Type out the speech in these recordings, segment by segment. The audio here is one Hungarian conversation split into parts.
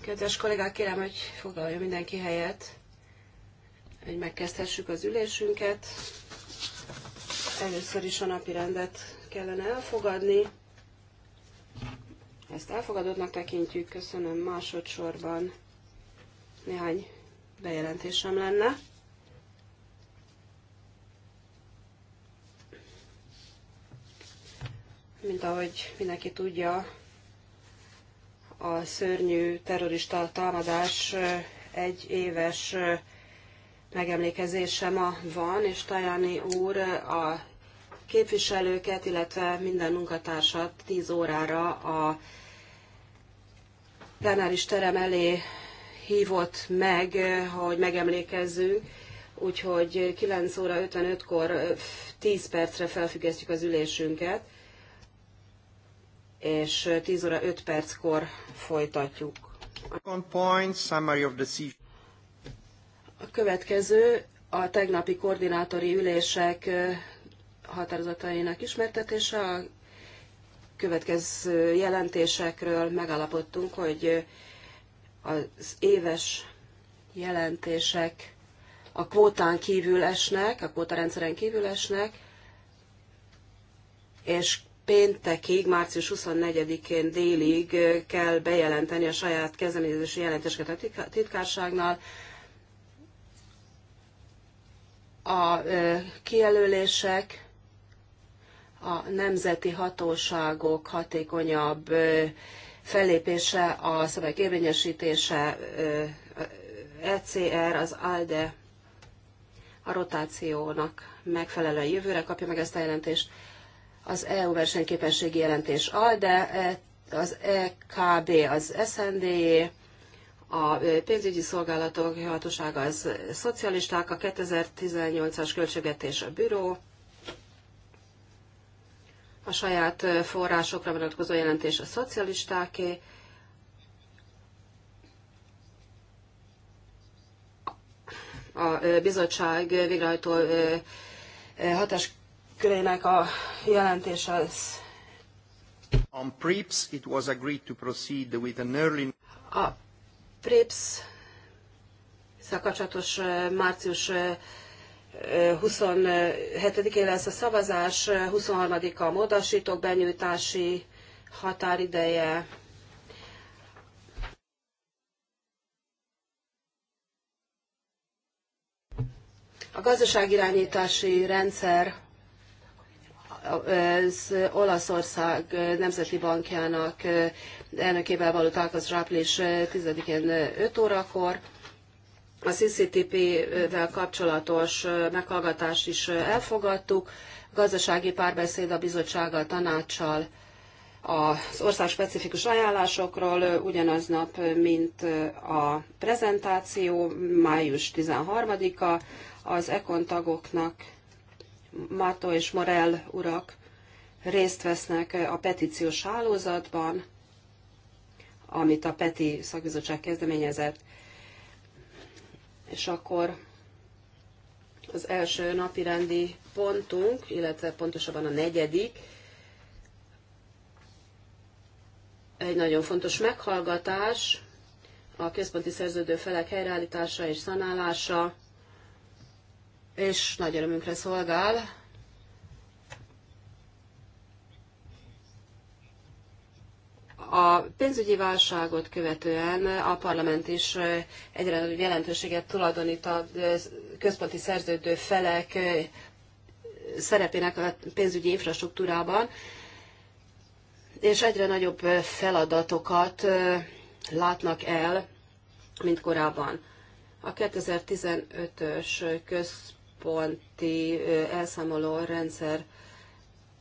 Kedves kollégák, kérem, hogy foglaljon mindenki helyet, hogy megkezdhessük az ülésünket. Először is a napi rendet kellene elfogadni. Ezt elfogadottnak tekintjük, köszönöm másodszorban. Néhány bejelentésem lenne. Mint ahogy mindenki tudja, a szörnyű terrorista támadás egy éves megemlékezése ma van, és Tajani úr a képviselőket, illetve minden munkatársat 10 órára a plenáris terem elé hívott meg, hogy megemlékezzünk, úgyhogy 9 óra 55-kor 10 percre felfüggesztjük az ülésünket és 10 óra 5 perckor folytatjuk. A következő a tegnapi koordinátori ülések határozatainak ismertetése. A következő jelentésekről megalapodtunk, hogy az éves jelentések a kvótán kívül esnek, a kvótarendszeren kívül esnek, és péntekig, március 24-én délig kell bejelenteni a saját kezdeményezési jelentéseket a titkárságnál. A kijelölések a nemzeti hatóságok hatékonyabb fellépése, a szöveg érvényesítése, ECR, az ALDE a rotációnak megfelelően jövőre kapja meg ezt a jelentést az EU versenyképességi jelentés ALDE, az EKB az SND, a pénzügyi szolgálatok hivatósága az szocialisták, a 2018-as költségvetés a büró, a saját forrásokra vonatkozó jelentés a szocialistáké, a bizottság végrehajtó hatás Grének a jelentése az. On PRIPS it was agreed to proceed with an early... A PRIPS szakacsatos március 27-én lesz a szavazás, 23-a a módosítók benyújtási határideje. A gazdaságirányítási rendszer az Olaszország Nemzeti Bankjának elnökével való találkozás április 10-én 5 órakor. A CCTP-vel kapcsolatos meghallgatást is elfogadtuk. Gazdasági párbeszéd a bizottsággal, tanácssal az ország specifikus ajánlásokról ugyanaznap, mint a prezentáció, május 13-a, az ekon tagoknak Mato és Morel urak részt vesznek a petíciós hálózatban, amit a PETI szakbizottság kezdeményezett. És akkor az első napirendi pontunk, illetve pontosabban a negyedik, egy nagyon fontos meghallgatás, a központi szerződő felek helyreállítása és szanálása, és nagy örömünkre szolgál. A pénzügyi válságot követően a parlament is egyre nagyobb jelentőséget tulajdonít a központi szerződő felek szerepének a pénzügyi infrastruktúrában, és egyre nagyobb feladatokat látnak el, mint korábban. A 2015-ös központi központi elszámoló rendszer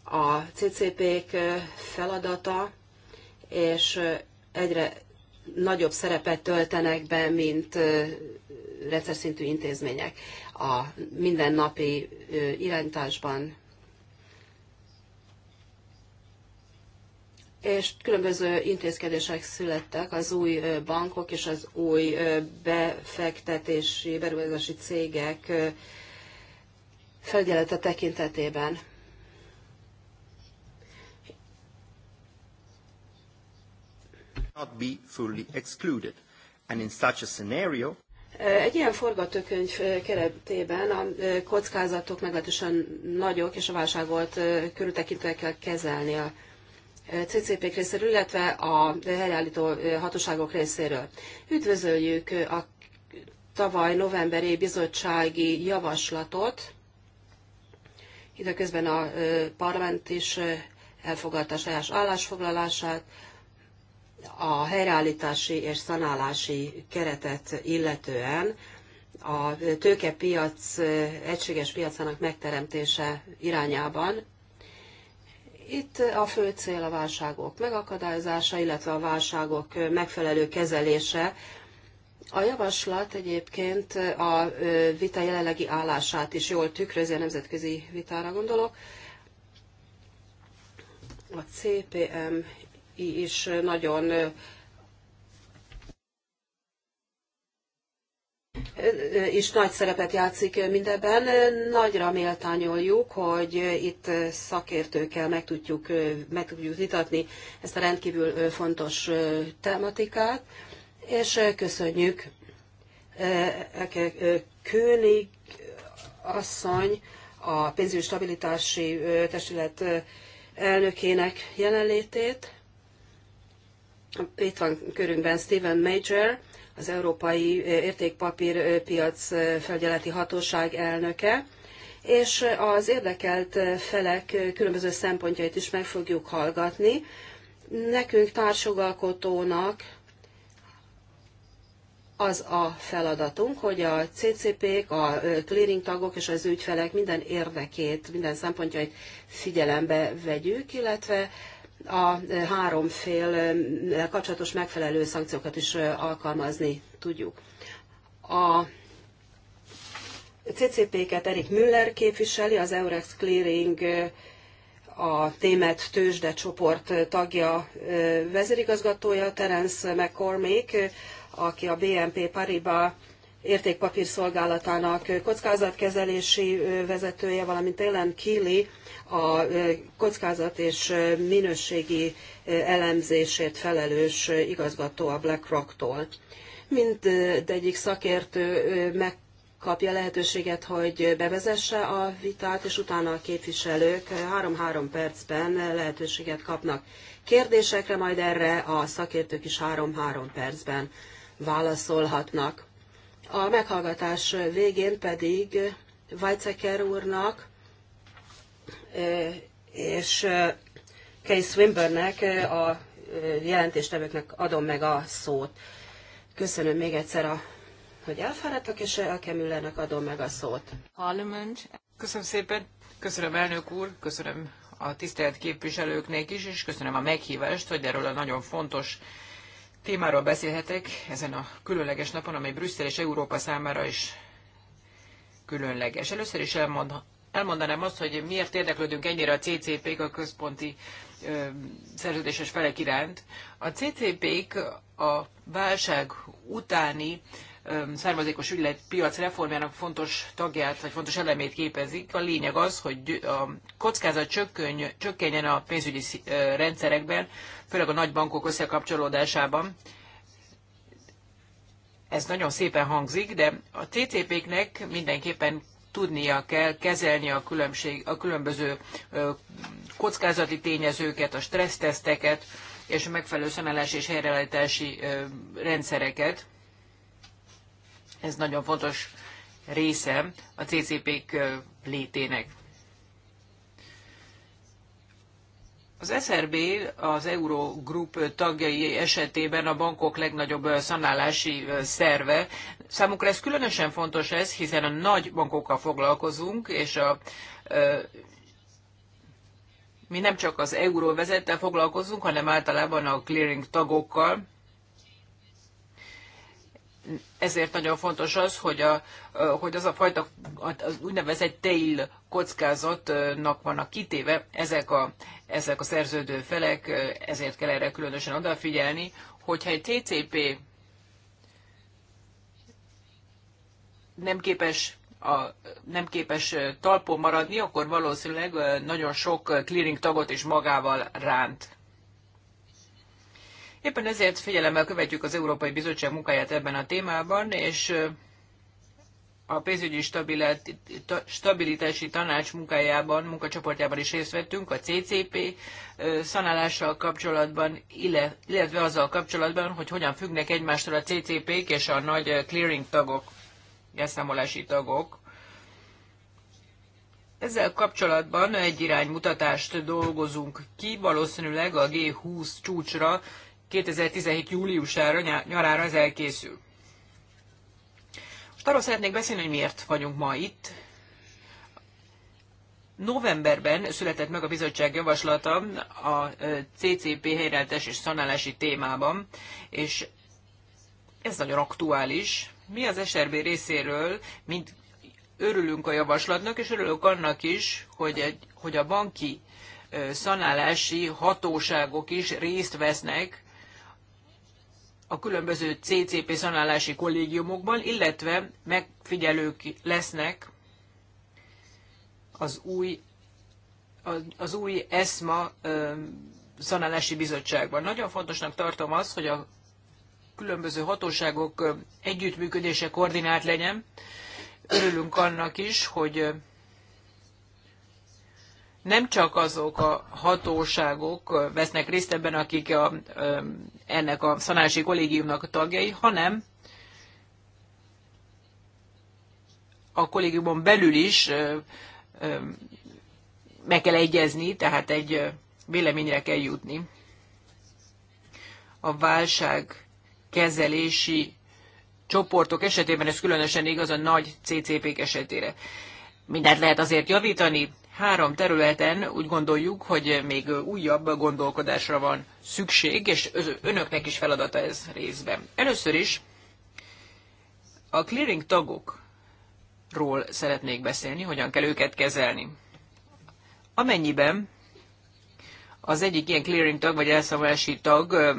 a CCP-k feladata, és egyre nagyobb szerepet töltenek be, mint rendszerszintű intézmények a mindennapi irányításban. És különböző intézkedések születtek az új bankok és az új befektetési, beruházási cégek felügyelete tekintetében. Not be fully excluded. And in such a scenario, egy ilyen forgatókönyv keretében a kockázatok meglehetősen nagyok, és a válságot körültekintően kell kezelni a CCP-k részéről, illetve a helyállító hatóságok részéről. Üdvözöljük a tavaly novemberi bizottsági javaslatot, Időközben a parlament is elfogadta saját állásfoglalását, a helyreállítási és szanálási keretet illetően a tőkepiac egységes piacának megteremtése irányában. Itt a fő cél a válságok megakadályozása, illetve a válságok megfelelő kezelése, a javaslat egyébként a vita jelenlegi állását is jól tükrözi, a nemzetközi vitára gondolok. A CPM is nagyon is nagy szerepet játszik mindebben. Nagyra méltányoljuk, hogy itt szakértőkkel meg tudjuk, meg tudjuk vitatni ezt a rendkívül fontos tematikát és köszönjük König asszony, a pénzügyi stabilitási testület elnökének jelenlétét. Itt van körünkben Stephen Major, az Európai Értékpapírpiac Felügyeleti Hatóság elnöke, és az érdekelt felek különböző szempontjait is meg fogjuk hallgatni. Nekünk társjogalkotónak az a feladatunk, hogy a CCP-k, a clearing tagok és az ügyfelek minden érdekét, minden szempontjait figyelembe vegyük, illetve a három fél kapcsolatos megfelelő szankciókat is alkalmazni tudjuk. A CCP-ket Erik Müller képviseli, az Eurex Clearing a témet tőzsde csoport tagja, vezérigazgatója, Terence McCormick, aki a BNP Paribas értékpapír szolgálatának kockázatkezelési vezetője, valamint Ellen Kili a kockázat és minőségi elemzését felelős igazgató a BlackRock-tól. Mindegyik szakértő megkapja lehetőséget, hogy bevezesse a vitát, és utána a képviselők 3-3 percben lehetőséget kapnak kérdésekre, majd erre a szakértők is 3-3 percben válaszolhatnak. A meghallgatás végén pedig Weizsäcker úrnak és Kay Swinburne-nek, a jelentéstevőknek adom meg a szót. Köszönöm még egyszer, a, hogy elfáradtak, és Elke Müllernek adom meg a szót. Parliament. Köszönöm szépen, köszönöm elnök úr, köszönöm a tisztelt képviselőknek is, és köszönöm a meghívást, hogy erről a nagyon fontos témáról beszélhetek ezen a különleges napon, amely Brüsszel és Európa számára is különleges. Először is elmond, elmondanám azt, hogy miért érdeklődünk ennyire a CCP-k a központi ö, szerződéses felek iránt. A CCP-k a válság utáni ö, származékos ügylet piac reformjának fontos tagját, vagy fontos elemét képezik. A lényeg az, hogy a kockázat csökkenjen a pénzügyi rendszerekben, főleg a nagy bankok összekapcsolódásában. Ez nagyon szépen hangzik, de a CCP-knek mindenképpen tudnia kell kezelni a, különbség, a különböző kockázati tényezőket, a stresszteszteket és a megfelelő szemelés és helyreállítási rendszereket. Ez nagyon fontos része a CCP-k létének. Az SRB az Eurogroup tagjai esetében a bankok legnagyobb szanálási szerve. Számukra ez különösen fontos ez, hiszen a nagy bankokkal foglalkozunk, és a, mi nem csak az euróvezettel foglalkozunk, hanem általában a clearing tagokkal ezért nagyon fontos az, hogy, a, hogy az a fajta az úgynevezett tail kockázatnak vannak kitéve ezek a, ezek a szerződő felek, ezért kell erre különösen odafigyelni, hogyha egy TCP nem képes a, nem képes talpon maradni, akkor valószínűleg nagyon sok clearing tagot is magával ránt. Éppen ezért figyelemmel követjük az Európai Bizottság munkáját ebben a témában, és a pénzügyi stabilitási tanács munkájában, munkacsoportjában is részt vettünk, a CCP szanálással kapcsolatban, illetve azzal kapcsolatban, hogy hogyan függnek egymástól a CCP-k és a nagy clearing tagok, elszámolási tagok. Ezzel kapcsolatban egy iránymutatást dolgozunk ki, valószínűleg a G20 csúcsra 2017 júliusára, nyarára ez elkészül. Most arról szeretnék beszélni, hogy miért vagyunk ma itt. Novemberben született meg a bizottság javaslata a CCP helyreállítás és szanálási témában, és ez nagyon aktuális. Mi az SRB részéről mind örülünk a javaslatnak, és örülök annak is, hogy, egy, hogy a banki szanálási hatóságok is részt vesznek a különböző CCP szanálási kollégiumokban, illetve megfigyelők lesznek az új, az új ESMA szanálási bizottságban. Nagyon fontosnak tartom azt, hogy a különböző hatóságok együttműködése koordinált legyen. Örülünk annak is, hogy nem csak azok a hatóságok vesznek részt ebben, akik a, ennek a szanási kollégiumnak a tagjai, hanem a kollégiumon belül is meg kell egyezni, tehát egy véleményre kell jutni. A válság kezelési csoportok esetében ez különösen igaz a nagy CCP-k esetére. Mindent lehet azért javítani, három területen úgy gondoljuk, hogy még újabb gondolkodásra van szükség, és önöknek is feladata ez részben. Először is a clearing tagokról szeretnék beszélni, hogyan kell őket kezelni. Amennyiben az egyik ilyen clearing tag vagy elszámolási tag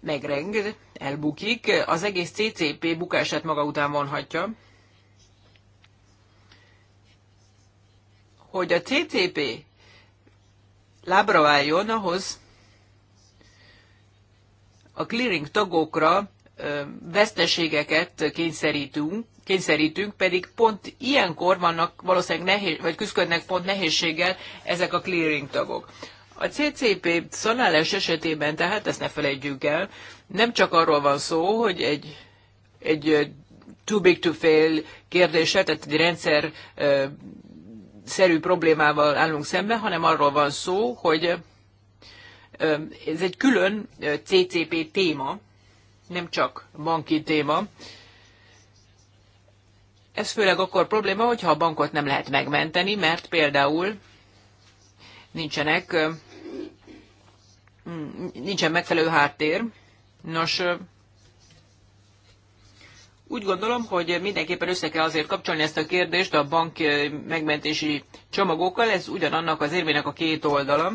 megreng, elbukik, az egész CCP bukását maga után vonhatja, hogy a TTP lábra váljon, ahhoz a clearing tagokra veszteségeket kényszerítünk, kényszerítünk, pedig pont ilyenkor vannak valószínűleg nehéz, vagy küzdködnek pont nehézséggel ezek a clearing tagok. A CCP szanálás esetében, tehát ezt ne felejtjük el, nem csak arról van szó, hogy egy, egy too big to fail kérdése, tehát egy rendszer szerű problémával állunk szemben, hanem arról van szó, hogy ez egy külön CCP téma, nem csak banki téma. Ez főleg akkor probléma, hogyha a bankot nem lehet megmenteni, mert például nincsenek, nincsen megfelelő háttér. Nos, úgy gondolom, hogy mindenképpen össze kell azért kapcsolni ezt a kérdést a bank eh, megmentési csomagokkal, ez ugyanannak az érvének a két oldala.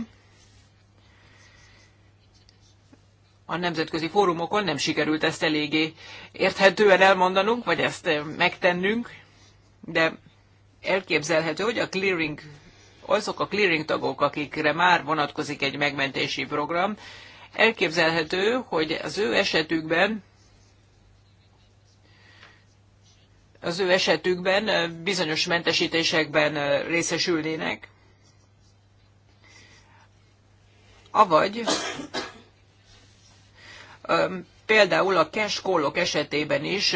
a nemzetközi fórumokon nem sikerült ezt eléggé érthetően elmondanunk, vagy ezt eh, megtennünk, de elképzelhető, hogy a clearing, azok a clearing tagok, akikre már vonatkozik egy megmentési program, elképzelhető, hogy az ő esetükben az ő esetükben bizonyos mentesítésekben részesülnének, avagy például a cash call-ok esetében is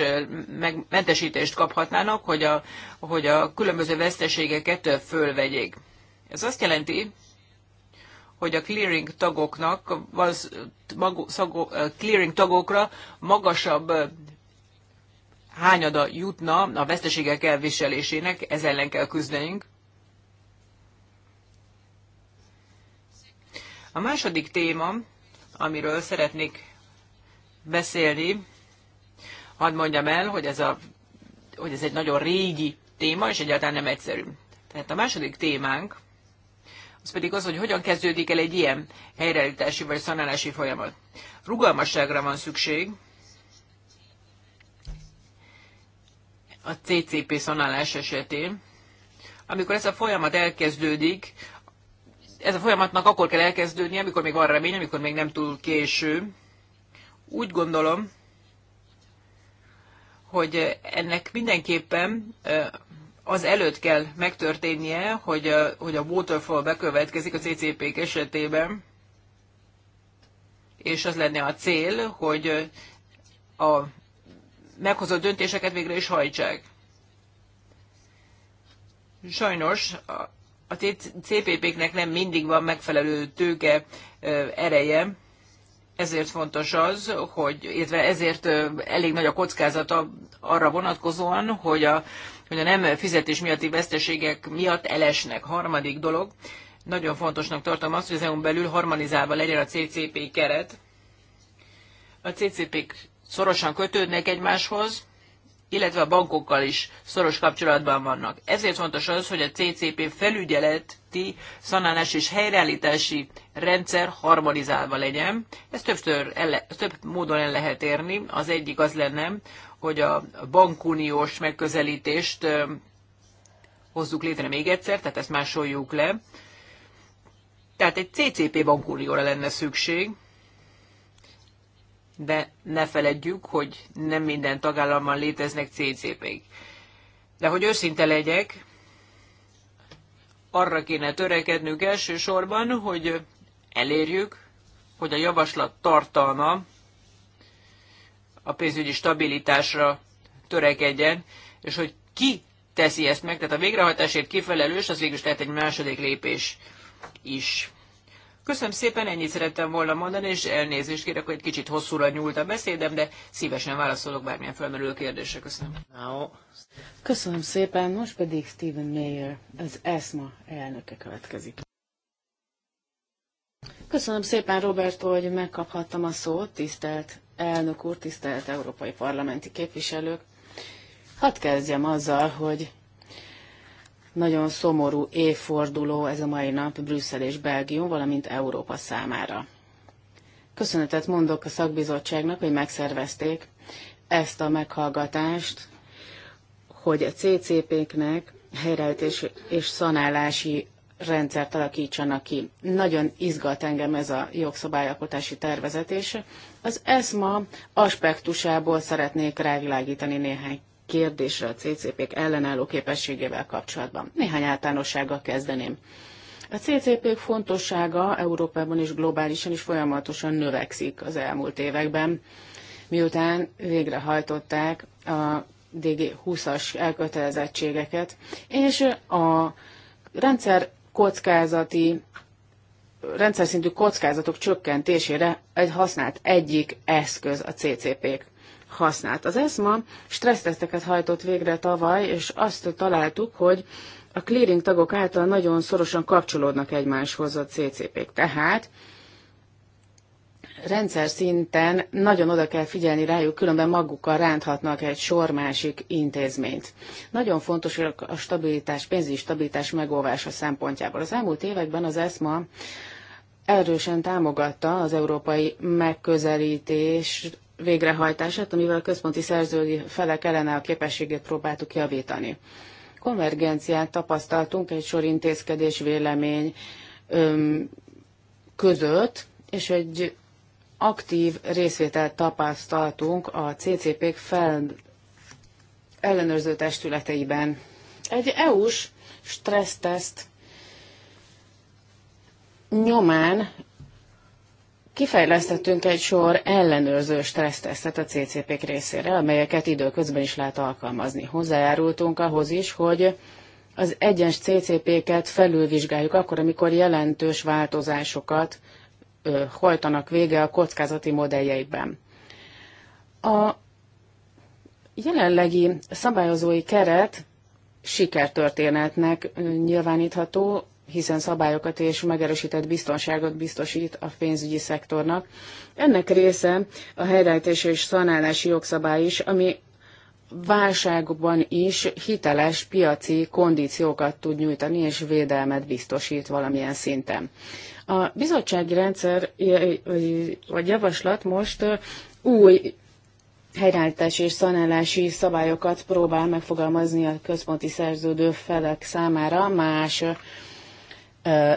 mentesítést kaphatnának, hogy a, hogy a különböző veszteségeket fölvegyék. Ez azt jelenti, hogy a clearing tagoknak, az, magó, clearing tagokra magasabb hányada jutna a veszteségek elviselésének, ez ellen kell küzdenünk. A második téma, amiről szeretnék beszélni, hadd mondjam el, hogy ez, a, hogy ez egy nagyon régi téma, és egyáltalán nem egyszerű. Tehát a második témánk, az pedig az, hogy hogyan kezdődik el egy ilyen helyreállítási vagy szanálási folyamat. Rugalmasságra van szükség, a CCP szanálás esetén. Amikor ez a folyamat elkezdődik, ez a folyamatnak akkor kell elkezdődni, amikor még van remény, amikor még nem túl késő. Úgy gondolom, hogy ennek mindenképpen az előtt kell megtörténnie, hogy a, hogy a waterfall bekövetkezik a ccp esetében, és az lenne a cél, hogy a meghozott döntéseket végre is hajtsák. Sajnos a CPP-knek nem mindig van megfelelő tőke ereje, ezért fontos az, hogy, illetve ezért elég nagy a kockázata arra vonatkozóan, hogy a, hogy a nem fizetés miatti veszteségek miatt elesnek. Harmadik dolog, nagyon fontosnak tartom azt, hogy az EU-n belül harmonizálva legyen a CCP keret. A ccp szorosan kötődnek egymáshoz, illetve a bankokkal is szoros kapcsolatban vannak. Ezért fontos az, hogy a CCP felügyeleti szanálás és helyreállítási rendszer harmonizálva legyen. Ezt többször ele, több módon el lehet érni. Az egyik az lenne, hogy a bankuniós megközelítést hozzuk létre még egyszer, tehát ezt másoljuk le. Tehát egy CCP bankunióra lenne szükség, de ne feledjük, hogy nem minden tagállamban léteznek CCP-k. De hogy őszinte legyek, arra kéne törekednünk elsősorban, hogy elérjük, hogy a javaslat tartalma a pénzügyi stabilitásra törekedjen, és hogy ki teszi ezt meg, tehát a végrehajtásért kifelelős, az végül is lehet egy második lépés is. Köszönöm szépen, ennyit szerettem volna mondani, és elnézést kérek, hogy egy kicsit hosszúra nyúlt a beszédem, de szívesen válaszolok bármilyen felmerülő kérdésre. Köszönöm. Köszönöm szépen, most pedig Stephen Mayer, az ESMA elnöke következik. Köszönöm szépen, Roberto, hogy megkaphattam a szót, tisztelt elnök úr, tisztelt európai parlamenti képviselők. Hadd kezdjem azzal, hogy nagyon szomorú évforduló ez a mai nap Brüsszel és Belgium, valamint Európa számára. Köszönetet mondok a szakbizottságnak, hogy megszervezték ezt a meghallgatást, hogy a CCP-knek helyreállítás és szanálási rendszert alakítsanak ki. Nagyon izgat engem ez a jogszabályalkotási tervezet, és az ESMA aspektusából szeretnék rávilágítani néhány kérdésre a CCP-k ellenálló képességével kapcsolatban. Néhány általánossággal kezdeném. A CCP-k fontossága Európában és globálisan is folyamatosan növekszik az elmúlt években, miután végrehajtották a DG20-as elkötelezettségeket, és a rendszer kockázati rendszer szintű kockázatok csökkentésére egy használt egyik eszköz a CCP-k használt. Az ESMA stresszteszteket hajtott végre tavaly, és azt találtuk, hogy a clearing tagok által nagyon szorosan kapcsolódnak egymáshoz a CCP-k. Tehát rendszer szinten nagyon oda kell figyelni rájuk, különben magukkal ránthatnak egy sor másik intézményt. Nagyon fontos a stabilitás, pénzügyi stabilitás megóvása szempontjából. Az elmúlt években az ESMA erősen támogatta az európai megközelítés végrehajtását, amivel a központi szerződő felek ellene a képességét próbáltuk javítani. Konvergenciát tapasztaltunk egy sor intézkedés vélemény öm, között, és egy aktív részvételt tapasztaltunk a CCP-k fel ellenőrző testületeiben. Egy EU-s stresszteszt nyomán Kifejlesztettünk egy sor ellenőrző stressztesztet a CCP-k részére, amelyeket időközben is lehet alkalmazni. Hozzájárultunk ahhoz is, hogy az egyes CCP-ket felülvizsgáljuk akkor, amikor jelentős változásokat ö, hajtanak vége a kockázati modelljeikben. A jelenlegi szabályozói keret sikertörténetnek nyilvánítható, hiszen szabályokat és megerősített biztonságot biztosít a pénzügyi szektornak. Ennek része a helyreállítás és szanálási jogszabály is, ami válságban is hiteles piaci kondíciókat tud nyújtani és védelmet biztosít valamilyen szinten. A bizottsági rendszer vagy javaslat most új helyreállítási és szanálási szabályokat próbál megfogalmazni a központi szerződő felek számára más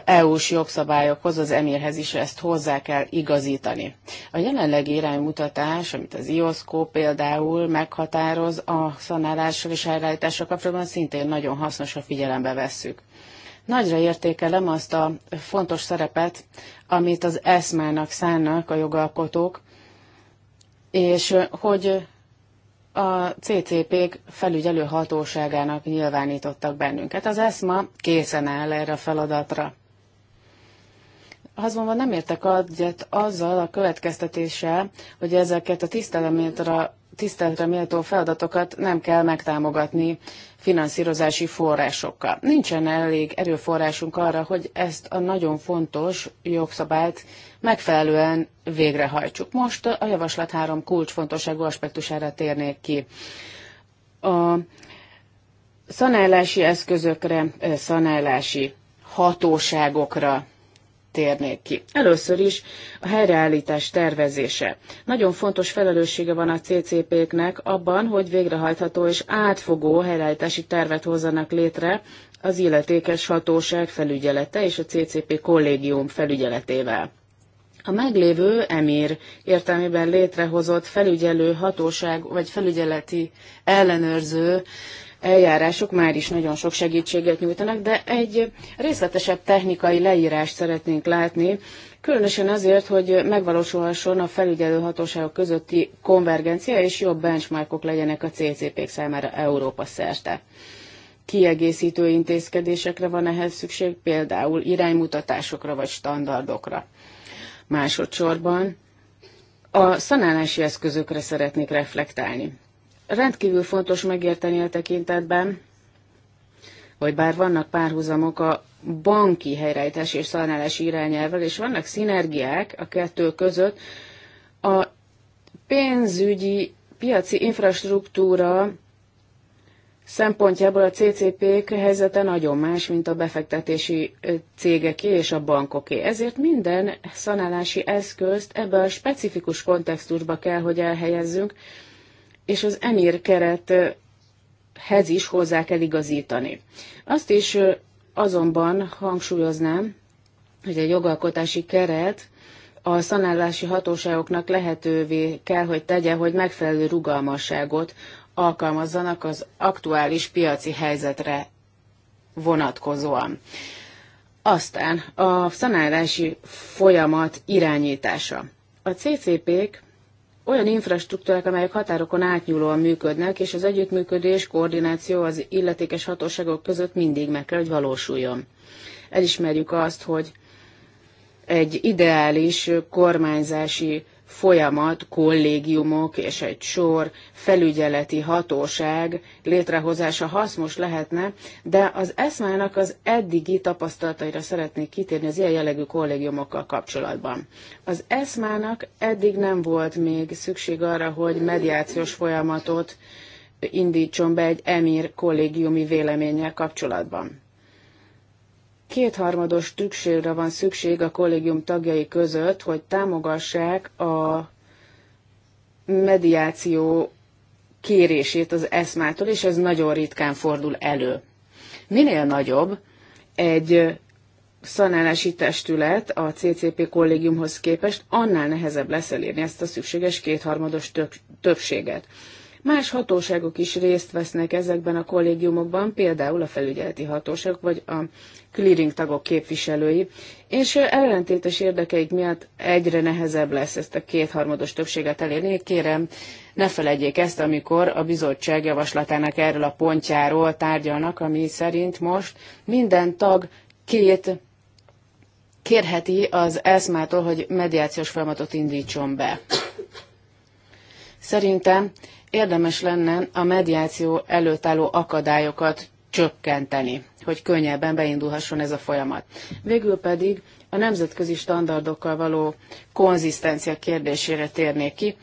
EU-s jogszabályokhoz, az emirhez is ezt hozzá kell igazítani. A jelenlegi iránymutatás, amit az IOSCO például meghatároz a szanálással és elrejtással kapcsolatban, szintén nagyon hasznos, ha figyelembe vesszük. Nagyra értékelem azt a fontos szerepet, amit az eszmának szánnak a jogalkotók, és hogy a CCP-k felügyelő hatóságának nyilvánítottak bennünket. Az ESMA készen áll erre a feladatra. Azonban nem értek egyet azzal a következtetéssel, hogy ezeket a tiszteletre méltó feladatokat nem kell megtámogatni finanszírozási forrásokkal. Nincsen elég erőforrásunk arra, hogy ezt a nagyon fontos jogszabályt megfelelően végrehajtsuk. Most a javaslat három kulcsfontosságú aspektusára térnék ki. A szanálási eszközökre, szanálási hatóságokra térnék ki. Először is a helyreállítás tervezése. Nagyon fontos felelőssége van a CCP-knek abban, hogy végrehajtható és átfogó helyreállítási tervet hozzanak létre az illetékes hatóság felügyelete és a CCP kollégium felügyeletével. A meglévő emír értelmében létrehozott felügyelő hatóság vagy felügyeleti ellenőrző eljárások már is nagyon sok segítséget nyújtanak, de egy részletesebb technikai leírást szeretnénk látni, különösen azért, hogy megvalósulhasson a felügyelő hatóságok közötti konvergencia, és jobb benchmarkok legyenek a CCP-k számára Európa szerte. Kiegészítő intézkedésekre van ehhez szükség, például iránymutatásokra vagy standardokra. Másodszorban a szanálási eszközökre szeretnék reflektálni. Rendkívül fontos megérteni a tekintetben, hogy bár vannak párhuzamok a banki helyreállítás és szanálási irányelvvel, és vannak szinergiák a kettő között, a pénzügyi piaci infrastruktúra szempontjából a CCP-k helyzete nagyon más, mint a befektetési cégeké és a bankoké. Ezért minden szanálási eszközt ebbe a specifikus kontextusba kell, hogy elhelyezzünk, és az ENIR kerethez is hozzá kell igazítani. Azt is azonban hangsúlyoznám, hogy a jogalkotási keret a szanálási hatóságoknak lehetővé kell, hogy tegye, hogy megfelelő rugalmasságot alkalmazzanak az aktuális piaci helyzetre vonatkozóan. Aztán a szanálási folyamat irányítása. A CCP-k olyan infrastruktúrák, amelyek határokon átnyúlóan működnek, és az együttműködés, koordináció az illetékes hatóságok között mindig meg kell, hogy valósuljon. Elismerjük azt, hogy egy ideális kormányzási folyamat, kollégiumok és egy sor felügyeleti hatóság létrehozása hasznos lehetne, de az eszmának az eddigi tapasztalataira szeretnék kitérni az ilyen jellegű kollégiumokkal kapcsolatban. Az eszmának eddig nem volt még szükség arra, hogy mediációs folyamatot indítson be egy emír kollégiumi véleménnyel kapcsolatban kétharmados tükségre van szükség a kollégium tagjai között, hogy támogassák a mediáció kérését az eszmától, és ez nagyon ritkán fordul elő. Minél nagyobb egy szanálási testület a CCP kollégiumhoz képest, annál nehezebb lesz elérni ezt a szükséges kétharmados többséget. Más hatóságok is részt vesznek ezekben a kollégiumokban, például a felügyeleti hatóságok vagy a clearing tagok képviselői, és ellentétes érdekeik miatt egyre nehezebb lesz ezt a kétharmados többséget elérni. Kérem, ne felejtjék ezt, amikor a bizottság javaslatának erről a pontjáról tárgyalnak, ami szerint most minden tag két kérheti az ESMA-tól, hogy mediációs folyamatot indítson be. Szerintem érdemes lenne a mediáció előtt álló akadályokat csökkenteni, hogy könnyebben beindulhasson ez a folyamat. Végül pedig a nemzetközi standardokkal való konzisztencia kérdésére térnék ki.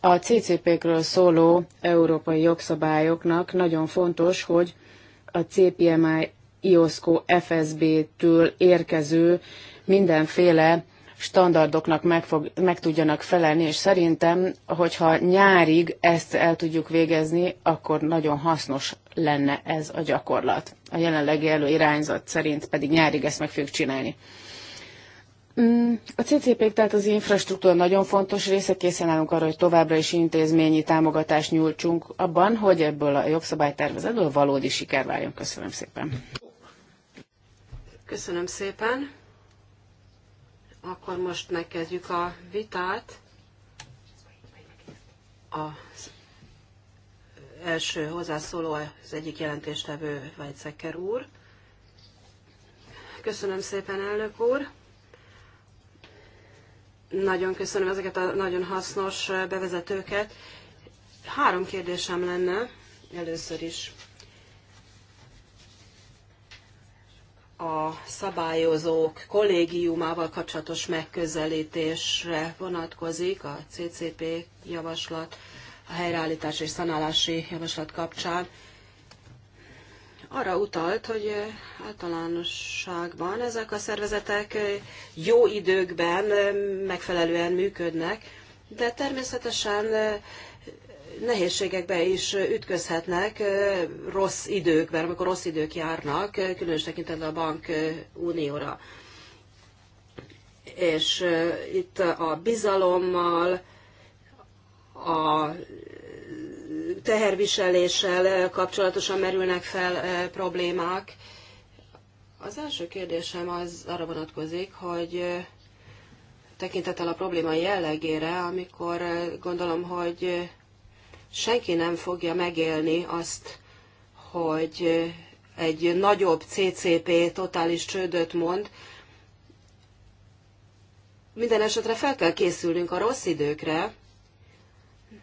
A CCP-kről szóló európai jogszabályoknak nagyon fontos, hogy a CPMI IOSCO FSB-től érkező mindenféle standardoknak meg, fog, meg tudjanak felelni, és szerintem, hogyha nyárig ezt el tudjuk végezni, akkor nagyon hasznos lenne ez a gyakorlat. A jelenlegi előirányzat szerint pedig nyárig ezt meg fogjuk csinálni. Mm, a ccp tehát az infrastruktúra nagyon fontos része, készen állunk arra, hogy továbbra is intézményi támogatást nyújtsunk abban, hogy ebből a jogszabálytervezetből valódi siker váljon. Köszönöm szépen. Köszönöm szépen. Akkor most megkezdjük a vitát. Az első hozzászóló az egyik jelentéstevő Vajcekker úr. Köszönöm szépen, elnök úr! Nagyon köszönöm ezeket a nagyon hasznos bevezetőket. Három kérdésem lenne először is. a szabályozók kollégiumával kapcsolatos megközelítésre vonatkozik, a CCP javaslat, a helyreállítás és szanálási javaslat kapcsán. Arra utalt, hogy általánosságban ezek a szervezetek jó időkben megfelelően működnek, de természetesen nehézségekbe is ütközhetnek rossz időkben, amikor rossz idők járnak, különös tekintetben a bank unióra. És itt a bizalommal, a teherviseléssel kapcsolatosan merülnek fel problémák. Az első kérdésem az arra vonatkozik, hogy tekintettel a probléma jellegére, amikor gondolom, hogy senki nem fogja megélni azt, hogy egy nagyobb CCP totális csődöt mond. Minden esetre fel kell készülnünk a rossz időkre.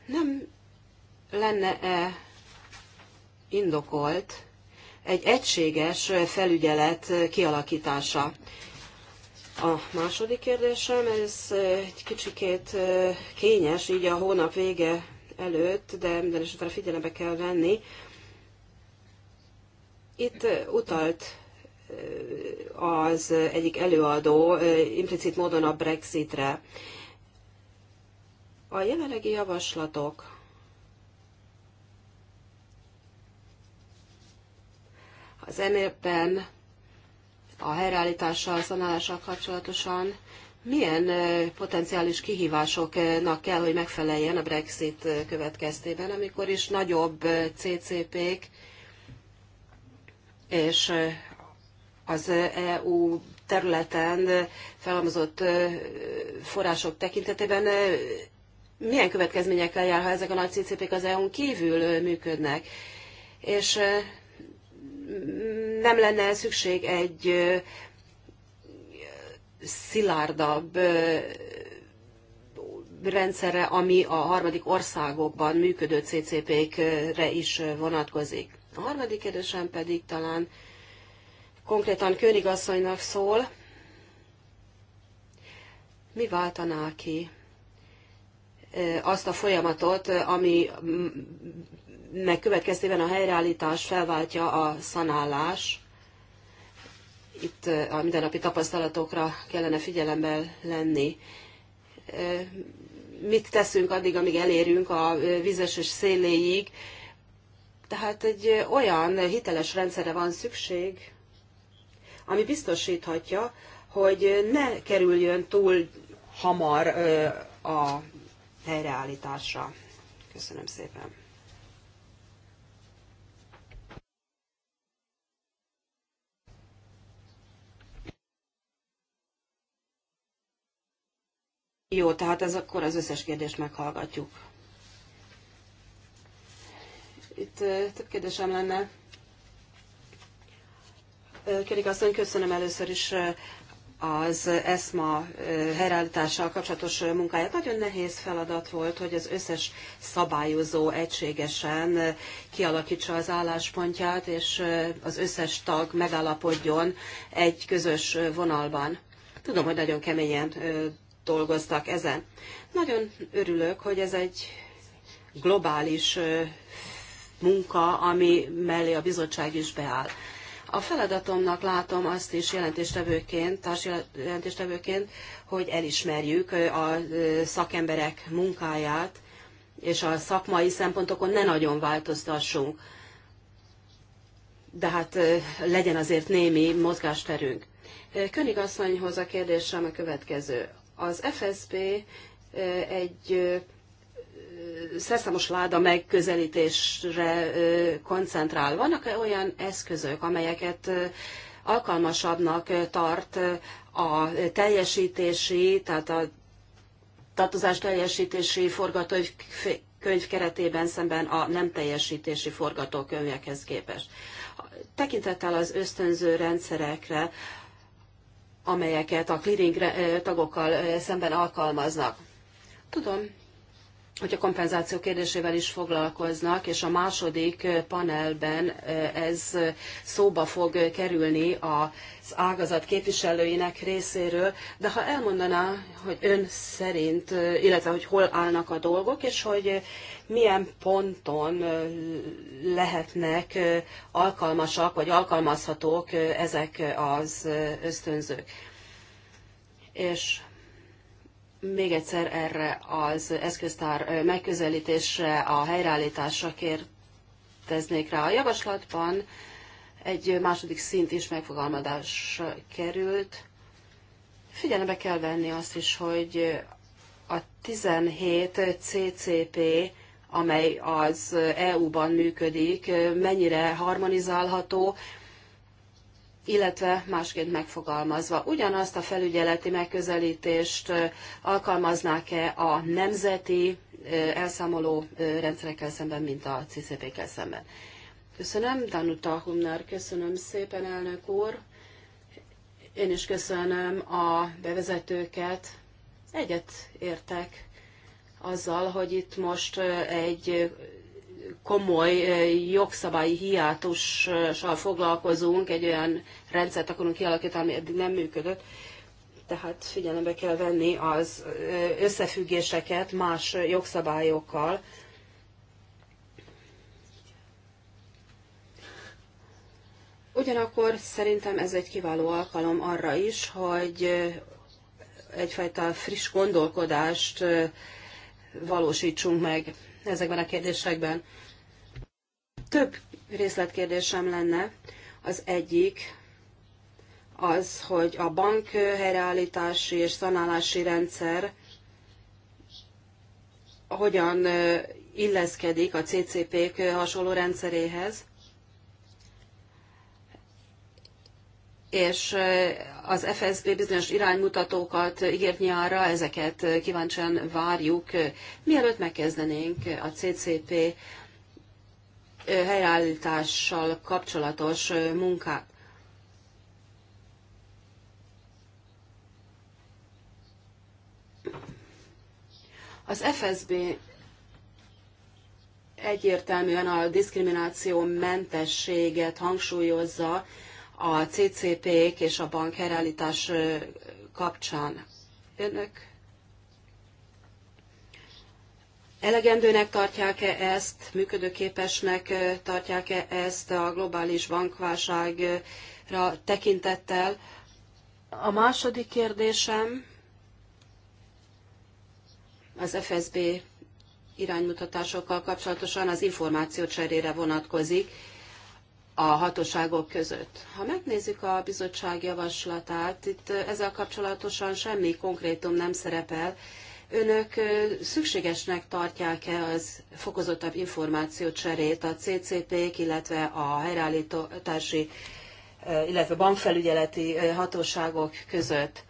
Nem lenne-e indokolt egy egységes felügyelet kialakítása? A második kérdésem, ez egy kicsikét kényes, így a hónap vége előtt, de minden esetre figyelembe kell venni. Itt utalt az egyik előadó implicit módon a Brexitre. A jelenlegi javaslatok az emérben a helyreállítással, szanálással kapcsolatosan milyen potenciális kihívásoknak kell, hogy megfeleljen a Brexit következtében, amikor is nagyobb CCP-k és az EU területen felhalmozott források tekintetében milyen következményekkel jár, ha ezek a nagy CCP-k az EU-n kívül működnek. És nem lenne szükség egy szilárdabb rendszere, ami a harmadik országokban működő CCP-kre is vonatkozik. A harmadik kérdésem pedig talán konkrétan Königasszonynak szól. Mi váltaná ki azt a folyamatot, ami meg következtében a helyreállítás felváltja a szanálás, itt eh, a mindennapi tapasztalatokra kellene figyelemmel lenni. Eh, mit teszünk addig, amíg elérünk a eh, vizes és széléig? Tehát egy olyan hiteles rendszerre van szükség, ami biztosíthatja, hogy ne kerüljön túl hamar a helyreállításra. Köszönöm szépen. Jó, tehát ez akkor az összes kérdést meghallgatjuk. Itt több kérdésem lenne. Kérik hogy köszönöm először is az ESMA helyreállítással kapcsolatos munkáját. Nagyon nehéz feladat volt, hogy az összes szabályozó egységesen kialakítsa az álláspontját, és az összes tag megállapodjon egy közös vonalban. Tudom, hogy nagyon keményen dolgoztak ezen. Nagyon örülök, hogy ez egy globális munka, ami mellé a bizottság is beáll. A feladatomnak látom azt is jelentéstevőként, jelentéstevőként, hogy elismerjük a szakemberek munkáját, és a szakmai szempontokon ne nagyon változtassunk. De hát legyen azért némi mozgásterünk. König asszonyhoz a kérdésem a következő. Az FSB egy szerszámos láda megközelítésre koncentrál. Vannak -e olyan eszközök, amelyeket alkalmasabbnak tart a teljesítési, tehát a tartozás teljesítési forgatókönyv keretében szemben a nem teljesítési forgatókönyvekhez képest. Tekintettel az ösztönző rendszerekre, amelyeket a clearing eh, tagokkal eh, szemben alkalmaznak. Tudom, hogy a kompenzáció kérdésével is foglalkoznak, és a második panelben ez szóba fog kerülni az ágazat képviselőinek részéről, de ha elmondaná, hogy ön szerint, illetve hogy hol állnak a dolgok, és hogy milyen ponton lehetnek alkalmasak vagy alkalmazhatók ezek az ösztönzők. És még egyszer erre az eszköztár megközelítésre, a helyreállításra kérdeznék rá. A javaslatban egy második szint is megfogalmazás került. Figyelembe kell venni azt is, hogy a 17 CCP, amely az EU-ban működik, mennyire harmonizálható, illetve másként megfogalmazva. Ugyanazt a felügyeleti megközelítést alkalmaznák-e a nemzeti elszámoló rendszerekkel szemben, mint a CCP-kkel szemben? Köszönöm, Danuta Humner, köszönöm szépen, elnök úr. Én is köszönöm a bevezetőket. Egyet értek azzal, hogy itt most egy komoly jogszabályi hiátussal foglalkozunk, egy olyan rendszert akarunk kialakítani, ami eddig nem működött. Tehát figyelembe kell venni az összefüggéseket más jogszabályokkal, Ugyanakkor szerintem ez egy kiváló alkalom arra is, hogy egyfajta friss gondolkodást valósítsunk meg ezekben a kérdésekben. Több részletkérdésem lenne. Az egyik az, hogy a bank helyreállítási és szanálási rendszer hogyan illeszkedik a CCP-k hasonló rendszeréhez, és az FSB bizonyos iránymutatókat ígért nyárra, ezeket kíváncsian várjuk. Mielőtt megkezdenénk a CCP helyreállítással kapcsolatos munkát, Az FSB egyértelműen a diszkrimináció mentességet hangsúlyozza a CCP-k és a bankerállítás kapcsán. Önök Elegendőnek tartják-e ezt, működőképesnek tartják-e ezt a globális bankválságra tekintettel? A második kérdésem az FSB iránymutatásokkal kapcsolatosan az információ cserére vonatkozik a hatóságok között. Ha megnézzük a bizottság javaslatát, itt ezzel kapcsolatosan semmi konkrétum nem szerepel. Önök szükségesnek tartják-e az fokozottabb információcserét a CCP-k, illetve a helyreállítási, illetve bankfelügyeleti hatóságok között?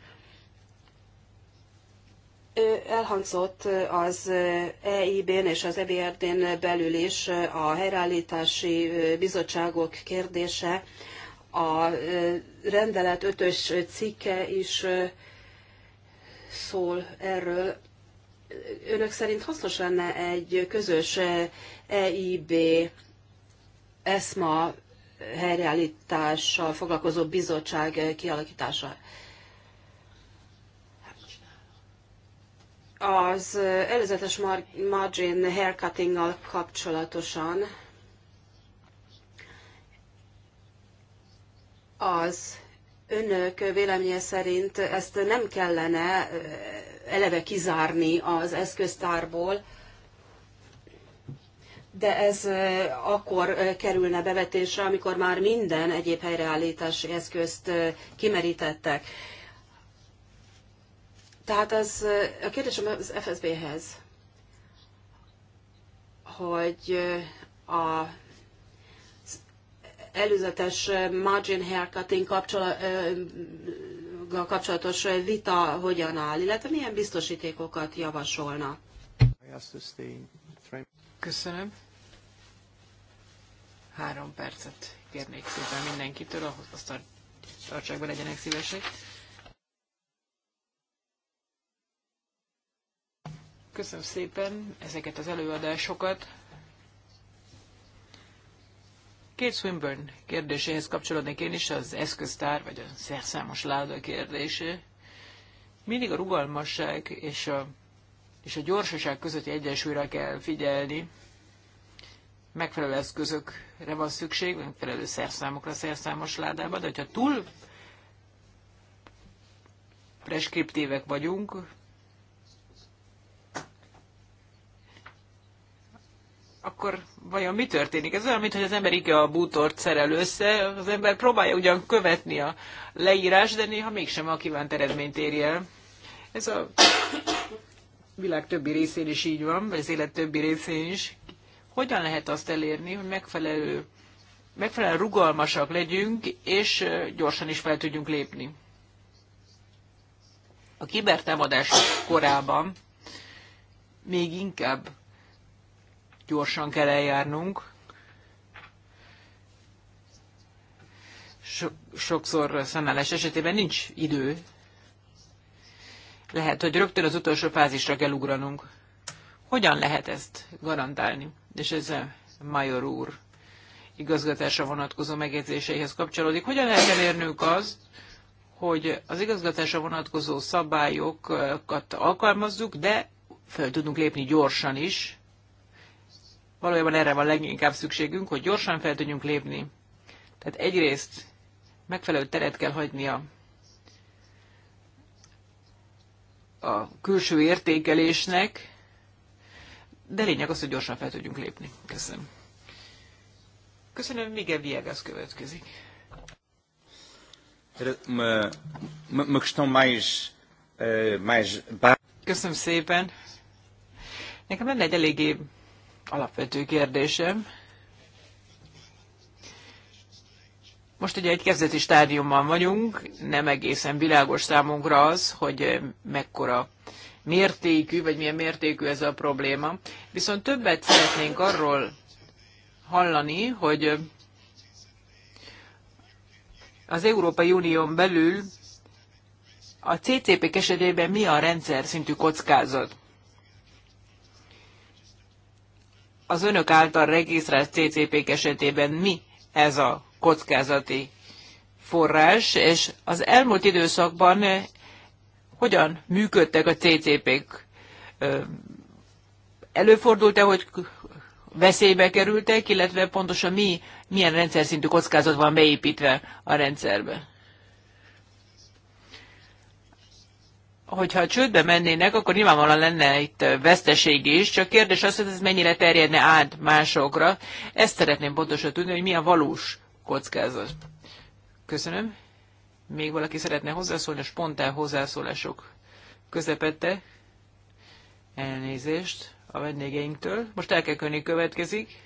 elhangzott az EIB-n és az EBRD-n belül is a helyreállítási bizottságok kérdése, a rendelet ötös cikke is szól erről. Önök szerint hasznos lenne egy közös EIB ESMA helyreállítással foglalkozó bizottság kialakítása? Az előzetes mar- margin haircuttinggal kapcsolatosan az önök véleménye szerint ezt nem kellene eleve kizárni az eszköztárból, de ez akkor kerülne bevetésre, amikor már minden egyéb helyreállítási eszközt kimerítettek. Tehát az a kérdésem az FSB-hez, hogy a előzetes margin haircutting kapcsolatos vita hogyan áll, illetve milyen biztosítékokat javasolna. Köszönöm. Három percet kérnék szépen mindenkitől, ahhoz azt tartsák be, legyenek szívesek. Köszönöm szépen ezeket az előadásokat. Kate Swinburne kérdéséhez kapcsolódnék én is, az eszköztár, vagy a szerszámos láda kérdése. Mindig a rugalmasság és a, és a gyorsaság közötti egyensúlyra kell figyelni. Megfelelő eszközökre van szükség, megfelelő szerszámokra, szerszámos ládába, de hogyha túl preskriptívek vagyunk, akkor vajon mi történik? Ez olyan, mintha az ember ige a bútort szerel össze, az ember próbálja ugyan követni a leírás, de néha mégsem a kívánt eredményt érje el. Ez a világ többi részén is így van, vagy az élet többi részén is. Hogyan lehet azt elérni, hogy megfelelő, megfelelően rugalmasak legyünk, és gyorsan is fel tudjunk lépni? A kibertámadás korában még inkább gyorsan kell eljárnunk. So- sokszor szemeles esetében nincs idő. Lehet, hogy rögtön az utolsó fázisra kell ugranunk. Hogyan lehet ezt garantálni? És ez a Major úr igazgatásra vonatkozó megjegyzéseihez kapcsolódik. Hogyan lehet elérnünk azt, hogy az igazgatásra vonatkozó szabályokat alkalmazzuk, de föl tudunk lépni gyorsan is, Valójában erre van leginkább szükségünk, hogy gyorsan fel tudjunk lépni. Tehát egyrészt megfelelő teret kell hagynia a külső értékelésnek, de lényeg az, hogy gyorsan fel tudjunk lépni. Köszönöm. Köszönöm, Miguel Viegas következik. Eh, Köszönöm szépen. Nekem lenne egy eléggé alapvető kérdésem. Most ugye egy kezdeti stádiumban vagyunk, nem egészen világos számunkra az, hogy mekkora mértékű, vagy milyen mértékű ez a probléma. Viszont többet szeretnénk arról hallani, hogy az Európai Unión belül a CCP esetében mi a rendszer szintű kockázat. az önök által regisztrált ccp esetében mi ez a kockázati forrás, és az elmúlt időszakban eh, hogyan működtek a CCP-k? Előfordult-e, hogy veszélybe kerültek, illetve pontosan mi, milyen rendszer szintű kockázat van beépítve a rendszerbe? hogyha csődbe mennének, akkor nyilvánvalóan lenne itt veszteség is, csak kérdés az, hogy ez mennyire terjedne át másokra. Ezt szeretném pontosan tudni, hogy mi a valós kockázat. Köszönöm. Még valaki szeretne hozzászólni a spontán hozzászólások közepette? Elnézést a vendégeinktől. Most el kell könni következik.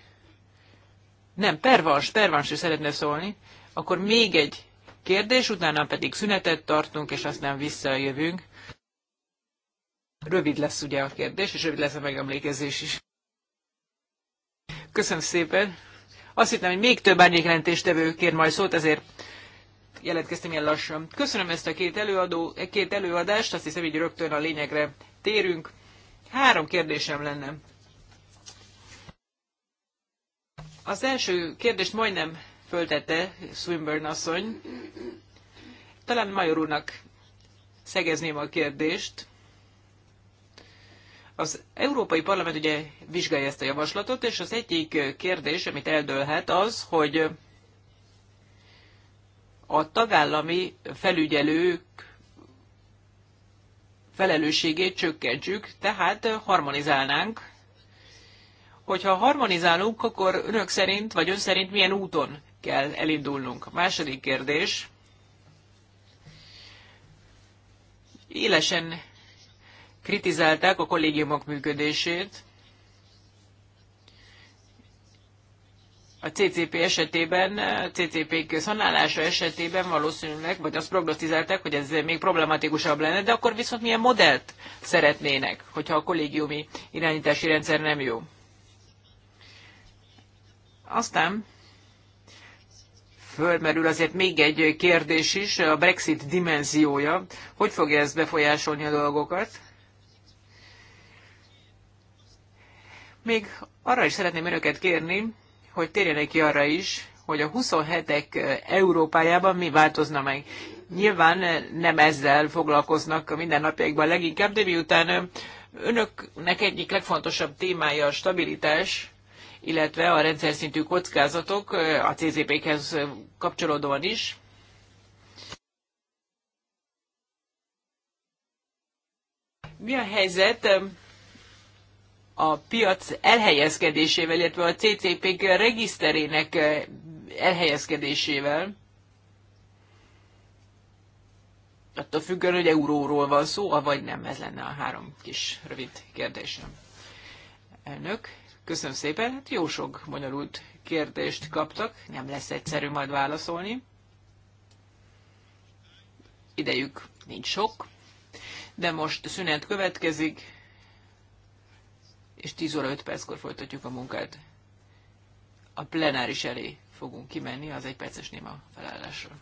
Nem, pervans, pervans is szeretne szólni. Akkor még egy kérdés, utána pedig szünetet tartunk, és aztán visszajövünk. Rövid lesz ugye a kérdés, és rövid lesz a megemlékezés is. Köszönöm szépen. Azt hittem, hogy még több árnyékjelentéstevő kér majd szót, ezért jelentkeztem ilyen lassan. Köszönöm ezt a két, előadó, két előadást, azt hiszem, hogy rögtön a lényegre térünk. Három kérdésem lenne. Az első kérdést majdnem föltette Swinburne asszony. Talán Major úrnak szegezném a kérdést. Az Európai Parlament ugye vizsgálja ezt a javaslatot, és az egyik kérdés, amit eldőlhet az, hogy a tagállami felügyelők felelősségét csökkentsük, tehát harmonizálnánk. Hogyha harmonizálunk, akkor önök szerint, vagy ön szerint milyen úton kell elindulnunk? Második kérdés. Élesen kritizálták a kollégiumok működését. A CCP esetében, a CCP szanálása esetében valószínűleg, vagy azt prognosztizálták, hogy ez még problematikusabb lenne, de akkor viszont milyen modellt szeretnének, hogyha a kollégiumi irányítási rendszer nem jó. Aztán fölmerül azért még egy kérdés is, a Brexit dimenziója. Hogy fogja ez befolyásolni a dolgokat? Még arra is szeretném önöket kérni, hogy térjenek ki arra is, hogy a 27-ek Európájában mi változna meg. Nyilván nem ezzel foglalkoznak a mindennapjaikban leginkább, de miután önöknek egyik legfontosabb témája a stabilitás, illetve a rendszer szintű kockázatok a CZP-hez kapcsolódóan is. Mi a helyzet a piac elhelyezkedésével, illetve a ccp regiszterének eh, elhelyezkedésével, attól függően, hogy euróról van szó, vagy nem, ez lenne a három kis rövid kérdésem. Elnök, köszönöm szépen, hát jó sok bonyolult kérdést kaptak, nem lesz egyszerű majd válaszolni. Idejük nincs sok, de most szünet következik, és 10 óra 5 perckor folytatjuk a munkát. A plenáris elé fogunk kimenni az egy perces néma felállásra.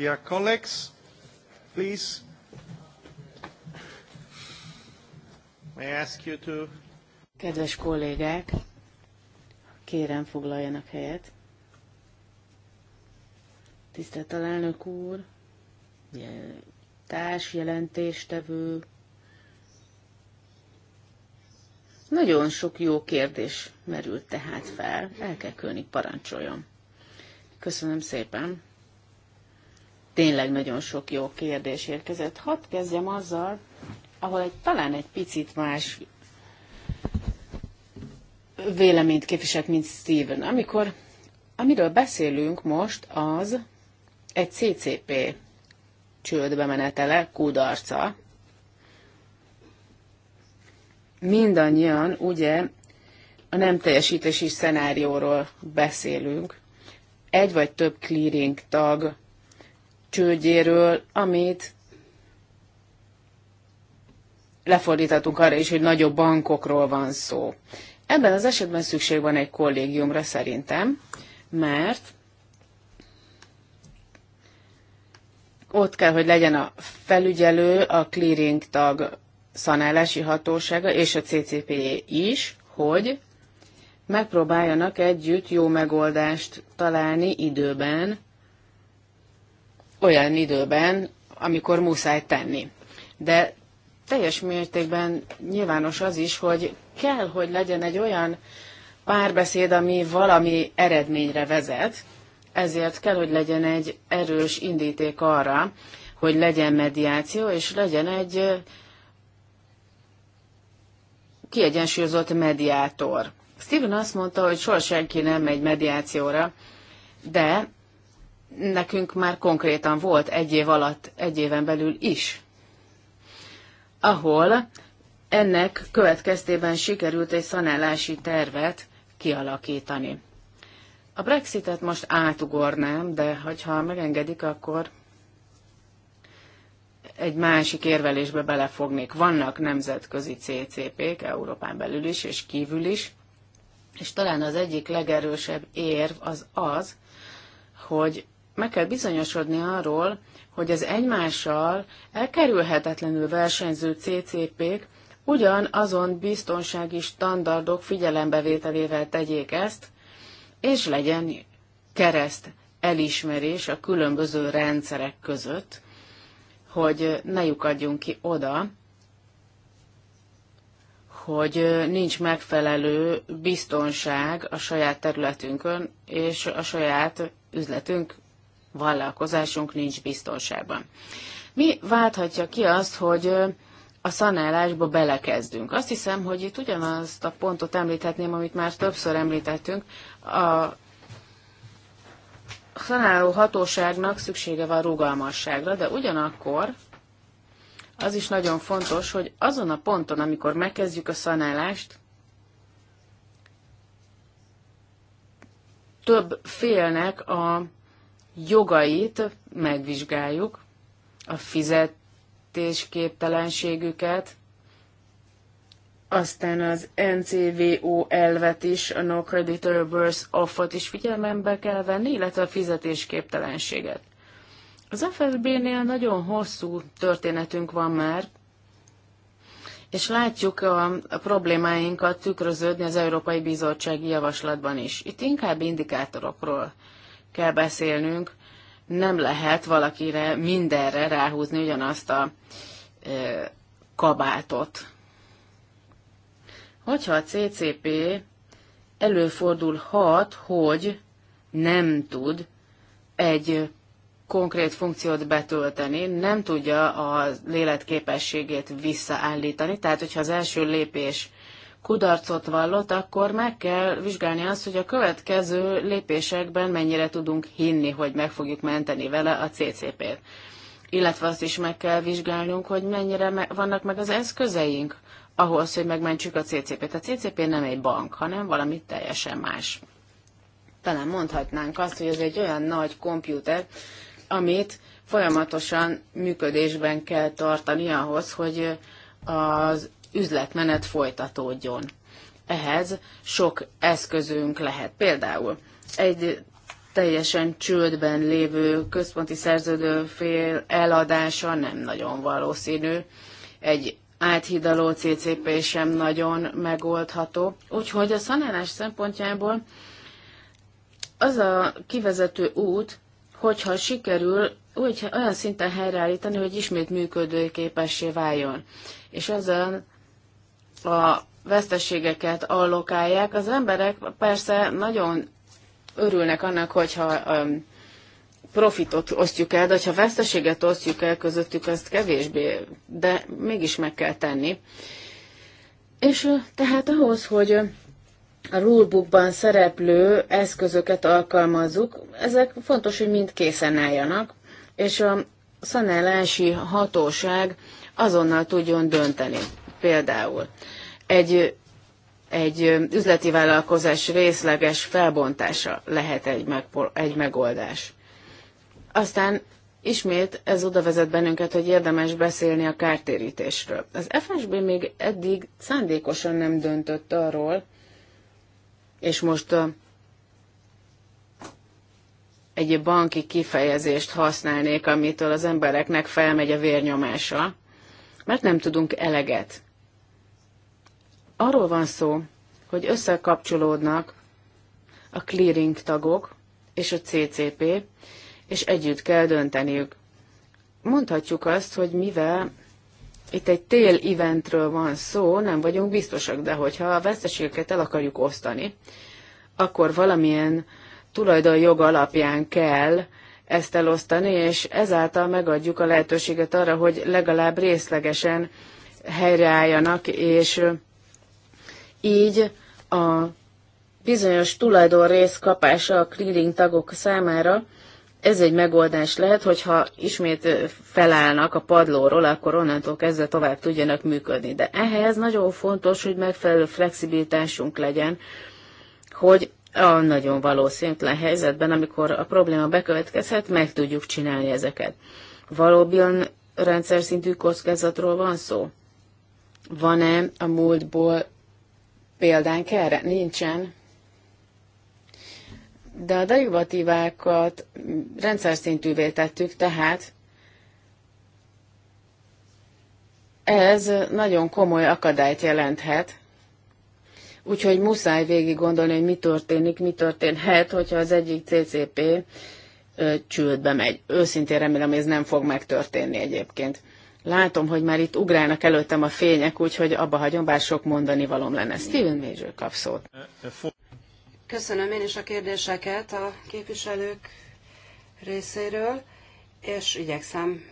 Dear colleagues, please, may I ask you to... Kedves kollégák, kérem foglaljanak helyet. Tisztelt alelnök úr, társjelentéstevő, Nagyon sok jó kérdés merült tehát fel. El kell külni, parancsoljon. Köszönöm szépen tényleg nagyon sok jó kérdés érkezett. Hadd kezdjem azzal, ahol egy, talán egy picit más véleményt képviselt, mint Steven. Amikor, amiről beszélünk most, az egy CCP csődbe menetele, kudarca. Mindannyian ugye a nem teljesítési szenárióról beszélünk. Egy vagy több clearing tag csődjéről, amit lefordíthatunk arra is, hogy nagyobb bankokról van szó. Ebben az esetben szükség van egy kollégiumra szerintem, mert ott kell, hogy legyen a felügyelő, a clearing tag szanálási hatósága és a ccp e is, hogy megpróbáljanak együtt jó megoldást találni időben olyan időben, amikor muszáj tenni. De teljes mértékben nyilvános az is, hogy kell, hogy legyen egy olyan párbeszéd, ami valami eredményre vezet, ezért kell, hogy legyen egy erős indíték arra, hogy legyen mediáció, és legyen egy kiegyensúlyozott mediátor. Steven azt mondta, hogy soha senki nem megy mediációra, de nekünk már konkrétan volt egy év alatt, egy éven belül is, ahol ennek következtében sikerült egy szanálási tervet kialakítani. A Brexitet most átugornám, de hogyha megengedik, akkor egy másik érvelésbe belefognék. Vannak nemzetközi CCP-k Európán belül is és kívül is, és talán az egyik legerősebb érv az az, hogy meg kell bizonyosodni arról, hogy az egymással elkerülhetetlenül versenyző CCP-k ugyanazon biztonsági standardok figyelembevételével tegyék ezt, és legyen kereszt elismerés a különböző rendszerek között, hogy ne lyukadjunk ki oda, hogy nincs megfelelő biztonság a saját területünkön és a saját üzletünk vállalkozásunk nincs biztonságban. Mi válthatja ki azt, hogy a szanálásba belekezdünk? Azt hiszem, hogy itt ugyanazt a pontot említhetném, amit már többször említettünk. A szanáló hatóságnak szüksége van rugalmasságra, de ugyanakkor az is nagyon fontos, hogy azon a ponton, amikor megkezdjük a szanálást, több félnek a jogait megvizsgáljuk, a fizetésképtelenségüket, aztán az NCVO elvet is, a No Creditor Burst off is figyelembe kell venni, illetve a fizetésképtelenséget. Az FSB-nél nagyon hosszú történetünk van már, és látjuk a, a problémáinkat tükröződni az Európai Bizottsági Javaslatban is. Itt inkább indikátorokról kell beszélnünk, nem lehet valakire mindenre ráhúzni ugyanazt a ö, kabátot. Hogyha a CCP előfordulhat, hogy nem tud egy konkrét funkciót betölteni, nem tudja a léletképességét visszaállítani, tehát hogyha az első lépés kudarcot vallott, akkor meg kell vizsgálni azt, hogy a következő lépésekben mennyire tudunk hinni, hogy meg fogjuk menteni vele a CCP-t. Illetve azt is meg kell vizsgálnunk, hogy mennyire me- vannak meg az eszközeink ahhoz, hogy megmentsük a CCP-t. A CCP nem egy bank, hanem valami teljesen más. Talán mondhatnánk azt, hogy ez egy olyan nagy kompjúter, amit folyamatosan működésben kell tartani ahhoz, hogy az üzletmenet folytatódjon. Ehhez sok eszközünk lehet. Például egy teljesen csődben lévő központi szerződő fél eladása nem nagyon valószínű. Egy áthidaló CCP sem nagyon megoldható. Úgyhogy a szanálás szempontjából az a kivezető út, hogyha sikerül úgy, olyan szinten helyreállítani, hogy ismét működőképessé váljon. És azzal a veszteségeket allokálják, az emberek persze nagyon örülnek annak, hogyha um, profitot osztjuk el, de ha veszteséget osztjuk el közöttük, azt kevésbé, de mégis meg kell tenni. És uh, tehát ahhoz, hogy uh, a rulebookban szereplő eszközöket alkalmazzuk, ezek fontos, hogy mind készen álljanak, és a szanálási hatóság azonnal tudjon dönteni. Például egy, egy üzleti vállalkozás részleges felbontása lehet egy, meg, egy megoldás. Aztán ismét ez oda vezet bennünket, hogy érdemes beszélni a kártérítésről. Az FSB még eddig szándékosan nem döntött arról, és most egy banki kifejezést használnék, amitől az embereknek felmegy a vérnyomása, mert nem tudunk eleget Arról van szó, hogy összekapcsolódnak a clearing tagok és a CCP, és együtt kell dönteniük. Mondhatjuk azt, hogy mivel itt egy tél eventről van szó, nem vagyunk biztosak, de hogyha a veszteségeket el akarjuk osztani, akkor valamilyen tulajdonjog alapján kell ezt elosztani, és ezáltal megadjuk a lehetőséget arra, hogy legalább részlegesen helyreálljanak, és így a bizonyos tulajdonrész kapása a clearing tagok számára, ez egy megoldás lehet, hogyha ismét felállnak a padlóról, akkor onnantól kezdve tovább tudjanak működni. De ehhez nagyon fontos, hogy megfelelő flexibilitásunk legyen, hogy a nagyon valószínűtlen helyzetben, amikor a probléma bekövetkezhet, meg tudjuk csinálni ezeket. Valóban rendszer szintű kockázatról van szó? Van-e a múltból példánk erre? Nincsen. De a derivatívákat rendszer szintűvé tettük, tehát ez nagyon komoly akadályt jelenthet. Úgyhogy muszáj végig gondolni, hogy mi történik, mi történhet, hogyha az egyik CCP csődbe megy. Őszintén remélem, hogy ez nem fog megtörténni egyébként. Látom, hogy már itt ugrálnak előttem a fények, úgyhogy abba hagyom, bár sok mondani valom lenne. Steven Major kap szót. Köszönöm én is a kérdéseket a képviselők részéről, és igyekszem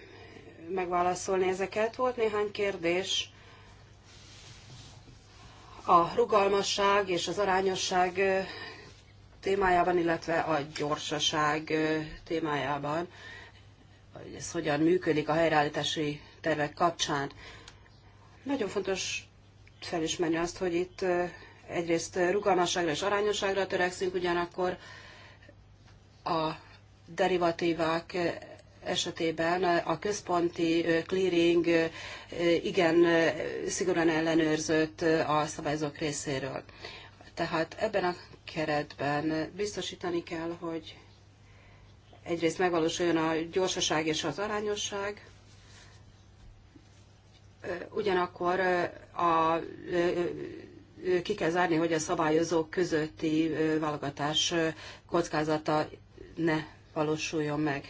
megválaszolni ezeket. Volt néhány kérdés a rugalmasság és az arányosság témájában, illetve a gyorsaság témájában, hogy ez hogyan működik a helyreállítási tervek kapcsán. Nagyon fontos felismerni azt, hogy itt egyrészt rugalmasságra és arányosságra törekszünk, ugyanakkor a derivatívák esetében a központi clearing igen szigorúan ellenőrzött a szabályzók részéről. Tehát ebben a keretben biztosítani kell, hogy egyrészt megvalósuljon a gyorsaság és az arányosság, ugyanakkor a, ki kell zárni, hogy a szabályozók közötti válogatás kockázata ne valósuljon meg.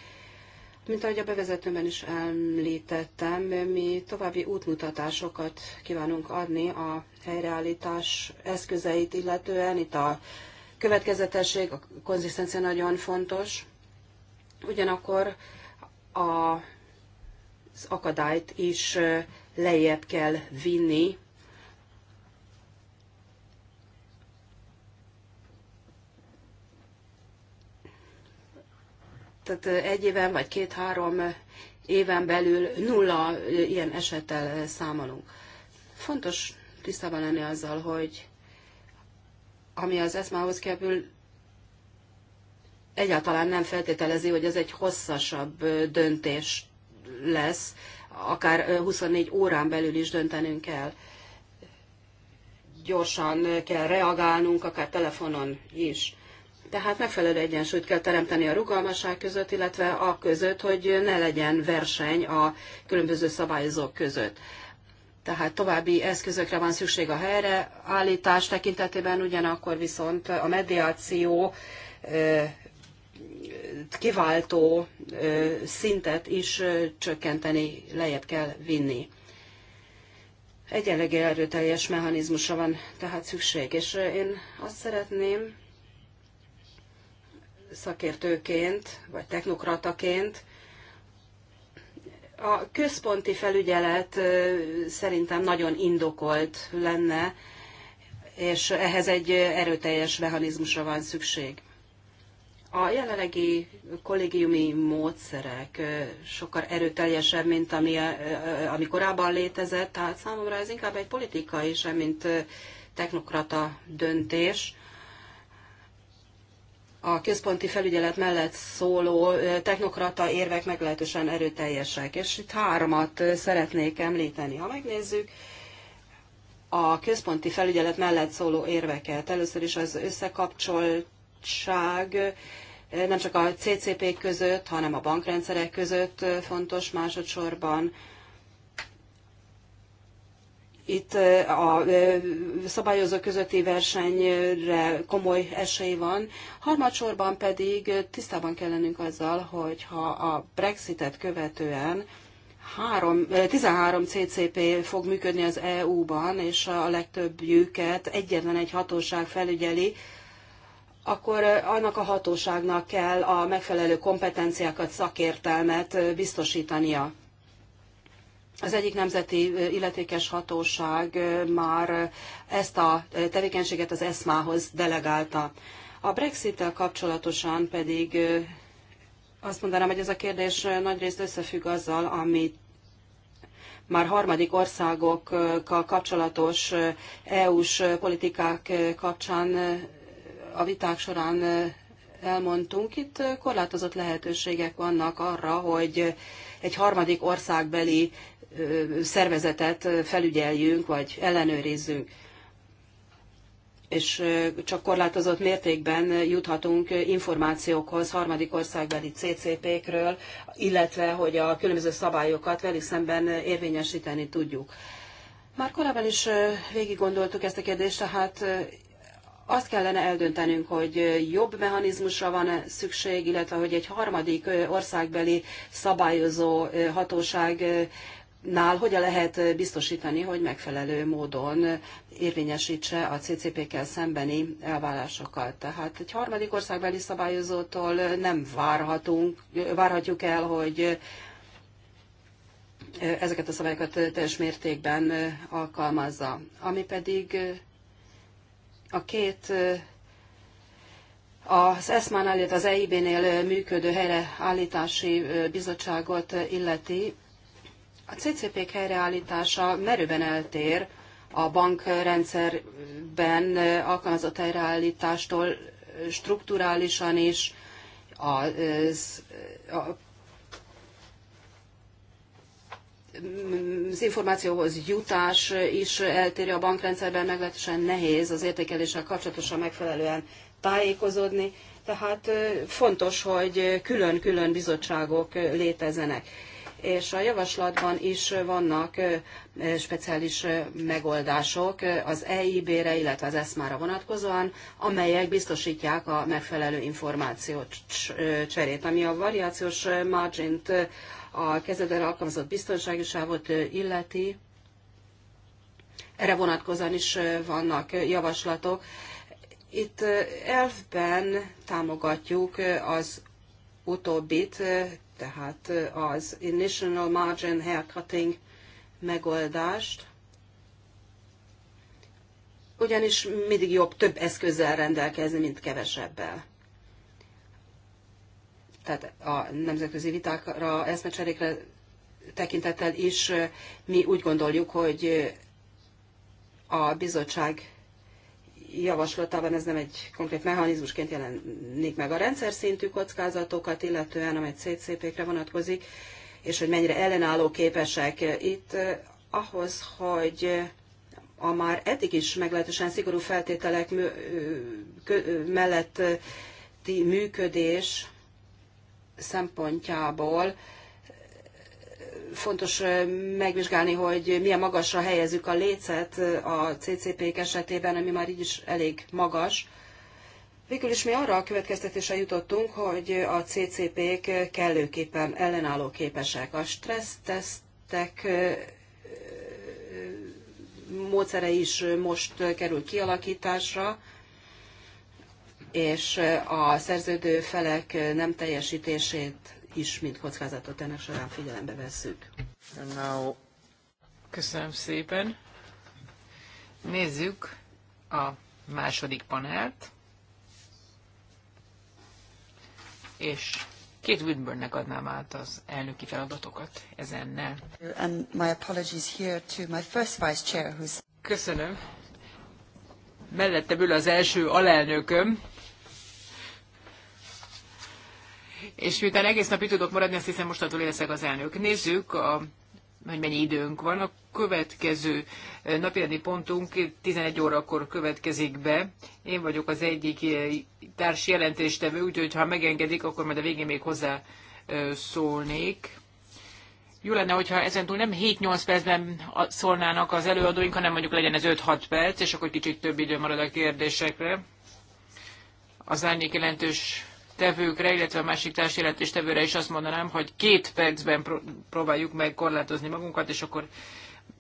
Mint ahogy a bevezetőben is említettem, mi további útmutatásokat kívánunk adni a helyreállítás eszközeit illetően. Itt a következetesség, a konzisztencia nagyon fontos. Ugyanakkor a, az akadályt is lejjebb kell vinni. Tehát egy éven vagy két-három éven belül nulla ilyen esettel számolunk. Fontos tisztában lenni azzal, hogy ami az eszmához kerül, egyáltalán nem feltételezi, hogy ez egy hosszasabb döntés lesz, akár 24 órán belül is döntenünk kell. Gyorsan kell reagálnunk, akár telefonon is. Tehát megfelelő egyensúlyt kell teremteni a rugalmasság között, illetve a között, hogy ne legyen verseny a különböző szabályozók között. Tehát további eszközökre van szükség a helyreállítás tekintetében, ugyanakkor viszont a mediáció kiváltó szintet is csökkenteni, lejjebb kell vinni. Egy eléggé erőteljes mechanizmusra van tehát szükség, és én azt szeretném szakértőként, vagy technokrataként, a központi felügyelet szerintem nagyon indokolt lenne, és ehhez egy erőteljes mechanizmusra van szükség. A jelenlegi kollégiumi módszerek sokkal erőteljesebb, mint ami, ami korábban létezett, tehát számomra ez inkább egy politikai sem, mint technokrata döntés. A központi felügyelet mellett szóló technokrata érvek meglehetősen erőteljesek, és itt hármat szeretnék említeni. Ha megnézzük, a központi felügyelet mellett szóló érveket. Először is az összekapcsolt nyitottság nem csak a ccp között, hanem a bankrendszerek között fontos másodszorban. Itt a szabályozók közötti versenyre komoly esély van, harmadsorban pedig tisztában kell lennünk azzal, hogy ha a Brexitet követően 3, 13 CCP fog működni az EU-ban, és a legtöbbjüket egyetlen egy hatóság felügyeli, akkor annak a hatóságnak kell a megfelelő kompetenciákat, szakértelmet biztosítania. Az egyik nemzeti illetékes hatóság már ezt a tevékenységet az ESMA-hoz delegálta. A Brexit-tel kapcsolatosan pedig azt mondanám, hogy ez a kérdés nagyrészt összefügg azzal, amit már harmadik országokkal kapcsolatos EU-s politikák kapcsán a viták során elmondtunk, itt korlátozott lehetőségek vannak arra, hogy egy harmadik országbeli szervezetet felügyeljünk, vagy ellenőrizzünk. És csak korlátozott mértékben juthatunk információkhoz harmadik országbeli CCP-kről, illetve hogy a különböző szabályokat velük szemben érvényesíteni tudjuk. Már korábban is végig gondoltuk ezt a kérdést, tehát azt kellene eldöntenünk, hogy jobb mechanizmusra van -e szükség, illetve hogy egy harmadik országbeli szabályozó hatóságnál hogyan lehet biztosítani, hogy megfelelő módon érvényesítse a CCP-kkel szembeni elvárásokat. Tehát egy harmadik országbeli szabályozótól nem várhatunk, várhatjuk el, hogy ezeket a szabályokat teljes mértékben alkalmazza. Ami pedig a két az ESMA-nál, illetve az EIB-nél működő helyreállítási bizottságot illeti, a ccp helyreállítása merőben eltér a bankrendszerben alkalmazott helyreállítástól strukturálisan is, az, a az információhoz jutás is eltérő a bankrendszerben, meglehetősen nehéz az értékeléssel kapcsolatosan megfelelően tájékozódni, tehát fontos, hogy külön-külön bizottságok létezenek. És a javaslatban is vannak speciális megoldások az EIB-re, illetve az ESMA-ra vonatkozóan, amelyek biztosítják a megfelelő információt cserét, ami a variációs margint a kezedre alkalmazott biztonsági sávot illeti, erre vonatkozóan is vannak javaslatok. Itt elfben támogatjuk az utóbbit, tehát az Initial Margin Haircutting megoldást, ugyanis mindig jobb több eszközzel rendelkezni, mint kevesebbel tehát a nemzetközi vitákra, eszmecserékre tekintettel is mi úgy gondoljuk, hogy a bizottság javaslatában ez nem egy konkrét mechanizmusként jelenik meg a rendszer szintű kockázatokat, illetően amely CCP-kre vonatkozik, és hogy mennyire ellenálló képesek itt ahhoz, hogy a már eddig is meglehetősen szigorú feltételek mellett működés szempontjából fontos megvizsgálni, hogy milyen magasra helyezzük a lécet a CCP-k esetében, ami már így is elég magas. Végül is mi arra a következtetésre jutottunk, hogy a CCP-k kellőképpen ellenálló képesek. A stressztesztek módszere is most kerül kialakításra, és a szerződő felek nem teljesítését is, mint kockázatot ennek során figyelembe vesszük. Now... Köszönöm szépen. Nézzük a második panelt, és két Whitburnnek adnám át az elnöki feladatokat ezennel. And my apologies here to my first vice chair, who's... Köszönöm. Mellette ül az első alelnököm, és miután egész napig tudok maradni, azt hiszem mostantól leszek az elnök. Nézzük, a, hogy mennyi időnk van. A következő eh, napirendi pontunk 11 órakor következik be. Én vagyok az egyik eh, társ jelentéstevő, úgyhogy ha megengedik, akkor majd a végén még hozzá eh, szólnék. Jó lenne, hogyha ezentúl nem 7-8 percben szólnának az előadóink, hanem mondjuk legyen ez 5-6 perc, és akkor kicsit több idő marad a kérdésekre. Az árnyék jelentős tevőkre, illetve a másik társjelentés tevőre is azt mondanám, hogy két percben próbáljuk meg korlátozni magunkat, és akkor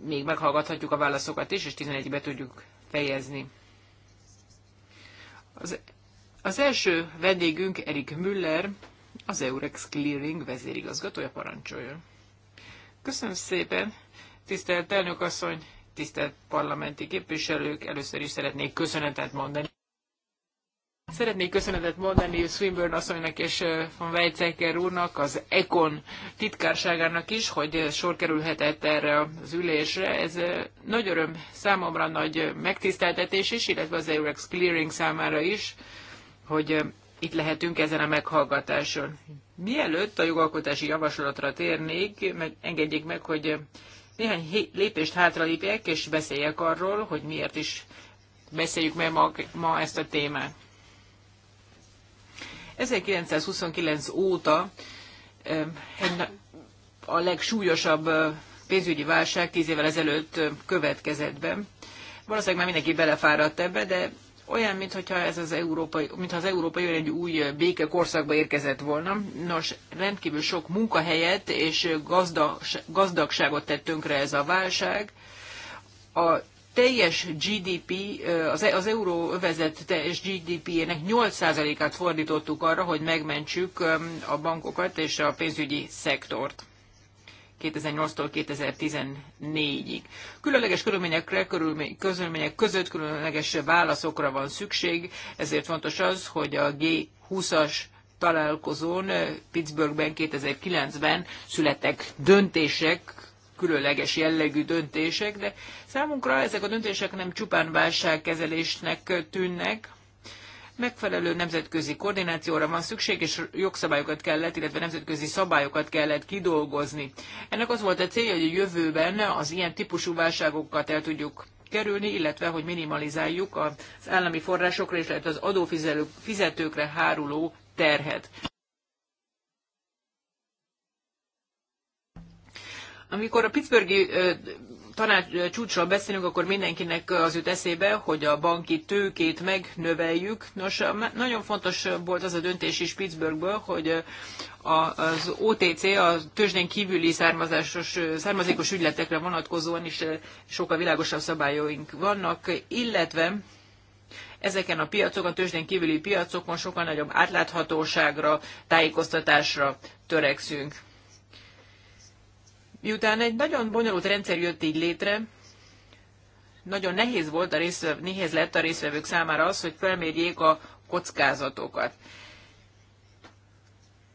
még meghallgathatjuk a válaszokat is, és 11-be tudjuk fejezni. Az, az első vendégünk Erik Müller, az Eurex Clearing vezérigazgatója parancsolja. Köszönöm szépen, tisztelt elnök asszony, tisztelt parlamenti képviselők, először is szeretnék köszönetet mondani. Szeretnék köszönetet mondani Swinburne asszonynak és von Weizsäcker úrnak, az Econ titkárságának is, hogy sor kerülhetett erre az ülésre. Ez nagy öröm számomra, nagy megtiszteltetés is, illetve az Eurex Clearing számára is, hogy itt lehetünk ezen a meghallgatáson. Mielőtt a jogalkotási javaslatra térnék, meg, engedjék meg, hogy néhány lépést hátralépjek, és beszéljek arról, hogy miért is beszéljük meg ma, ma ezt a témát. 1929 óta a legsúlyosabb pénzügyi válság tíz évvel ezelőtt következett be. Valószínűleg már mindenki belefáradt ebbe, de olyan, mintha ez az európai, mintha az európai olyan egy új béke korszakba érkezett volna. Nos, rendkívül sok munkahelyet és gazdag, gazdagságot tett tönkre ez a válság. A teljes GDP, az, e- az euróövezet teljes GDP-ének 8%-át fordítottuk arra, hogy megmentsük a bankokat és a pénzügyi szektort. 2008-tól 2014-ig. Különleges körülményekre, körülmények között különleges válaszokra van szükség, ezért fontos az, hogy a G20-as találkozón Pittsburghben 2009-ben születtek döntések különleges jellegű döntések, de számunkra ezek a döntések nem csupán válságkezelésnek tűnnek, megfelelő nemzetközi koordinációra van szükség, és jogszabályokat kellett, illetve nemzetközi szabályokat kellett kidolgozni. Ennek az volt a célja, hogy a jövőben az ilyen típusú válságokat el tudjuk kerülni, illetve hogy minimalizáljuk az állami forrásokra, és lehet az adófizetőkre háruló terhet. Amikor a Pittsburghi tanács csúcsról beszélünk, akkor mindenkinek az jut eszébe, hogy a banki tőkét megnöveljük. Nos, nagyon fontos volt az a döntés is Pittsburghből, hogy az OTC, a tőzsdén kívüli származásos, származékos ügyletekre vonatkozóan is sokkal világosabb szabályoink vannak, illetve ezeken a piacokon, tőzsdén kívüli piacokon sokkal nagyobb átláthatóságra, tájékoztatásra törekszünk Miután egy nagyon bonyolult rendszer jött így létre, nagyon nehéz volt a részve, nehéz lett a részvevők számára az, hogy felmérjék a kockázatokat.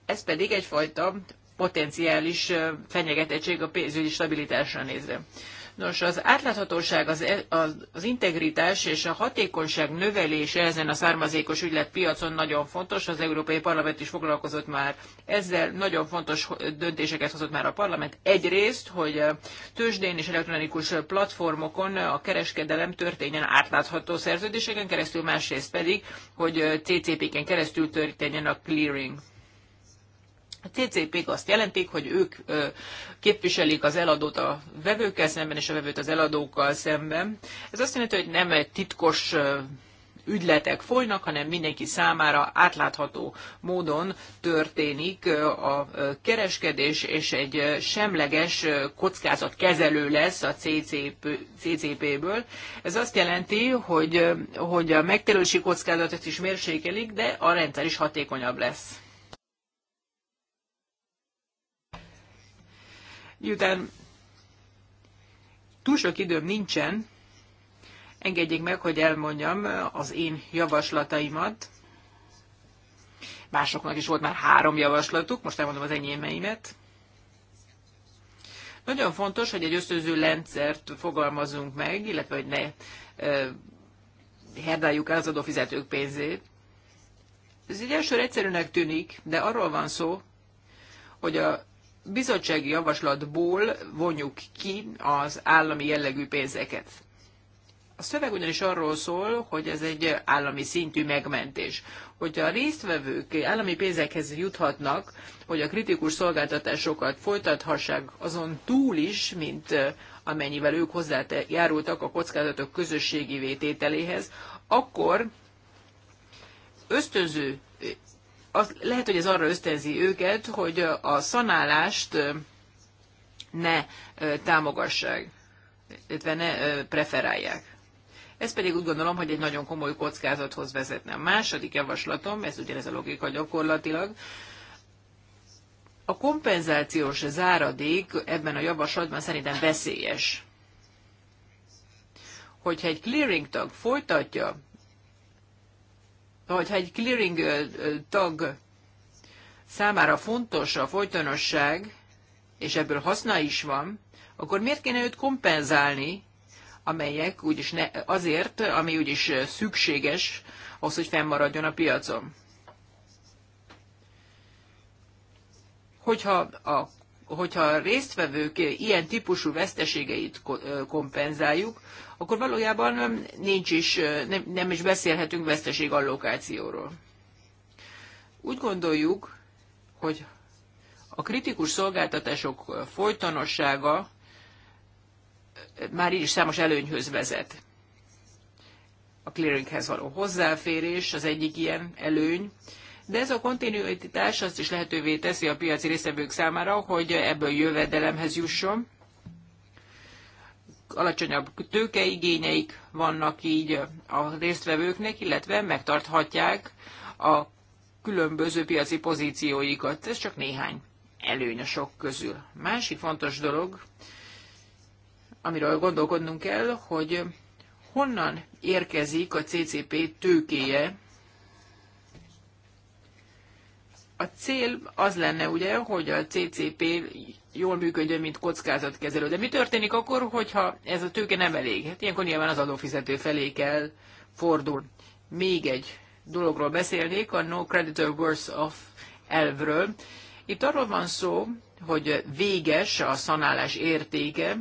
Ez pedig egyfajta potenciális fenyegetettség a pénzügyi stabilitásra nézve. Nos, az átláthatóság, az, e- az, az integritás és a hatékonyság növelése ezen a származékos piacon nagyon fontos. Az Európai Parlament is foglalkozott már ezzel, nagyon fontos döntéseket hozott már a parlament. Egyrészt, hogy tőzsdén és elektronikus platformokon a kereskedelem történjen átlátható szerződéseken keresztül, másrészt pedig, hogy CCP-ken keresztül történjen a clearing. A CCP-k azt jelentik, hogy ők képviselik az eladót a vevőkkel szemben, és a vevőt az eladókkal szemben. Ez azt jelenti, hogy nem egy titkos ügyletek folynak, hanem mindenki számára átlátható módon történik a kereskedés, és egy semleges kezelő lesz a CCP-ből. Ez azt jelenti, hogy, hogy a megterülési kockázatot is mérsékelik, de a rendszer is hatékonyabb lesz. Miután túl sok időm nincsen, engedjék meg, hogy elmondjam az én javaslataimat. Másoknak is volt már három javaslatuk, most elmondom az enyémeimet. Nagyon fontos, hogy egy ösztönző rendszert fogalmazunk meg, illetve hogy ne e, herdáljuk el az adófizetők pénzét. Ez egy elsőre egyszerűnek tűnik, de arról van szó, hogy a bizottsági javaslatból vonjuk ki az állami jellegű pénzeket. A szöveg ugyanis arról szól, hogy ez egy állami szintű megmentés. Hogyha a résztvevők állami pénzekhez juthatnak, hogy a kritikus szolgáltatásokat folytathassák azon túl is, mint eh, amennyivel ők hozzájárultak a kockázatok közösségi vétételéhez, akkor ösztönző az, lehet, hogy ez arra ösztönzi őket, hogy a szanálást ne támogassák, illetve ne preferálják. Ez pedig úgy gondolom, hogy egy nagyon komoly kockázathoz vezetne. A második javaslatom, ez ugyanez a logika gyakorlatilag, a kompenzációs záradék ebben a javaslatban szerintem veszélyes. Hogyha egy clearing tag folytatja hogyha egy clearing tag számára fontos a folytonosság, és ebből haszna is van, akkor miért kéne őt kompenzálni, amelyek úgyis ne, azért, ami úgyis szükséges ahhoz, hogy fennmaradjon a piacon. Hogyha a hogyha a résztvevők ilyen típusú veszteségeit kompenzáljuk, akkor valójában nincs is, nem, nem is beszélhetünk veszteségallokációról. Úgy gondoljuk, hogy a kritikus szolgáltatások folytonossága már így is számos előnyhöz vezet. A clearinghez való hozzáférés az egyik ilyen előny, de ez a kontinuitás azt is lehetővé teszi a piaci részevők számára, hogy ebből jövedelemhez jusson. Alacsonyabb tőkeigényeik vannak így a résztvevőknek, illetve megtarthatják a különböző piaci pozícióikat. Ez csak néhány előny a sok közül. Másik fontos dolog, amiről gondolkodnunk kell, hogy honnan érkezik a CCP tőkéje a cél az lenne ugye, hogy a CCP jól működjön, mint kockázatkezelő. De mi történik akkor, hogyha ez a tőke nem elég? Hát ilyenkor nyilván az adófizető felé kell fordul. Még egy dologról beszélnék, a no creditor worth of elvről. Itt arról van szó, hogy véges a szanálás értéke,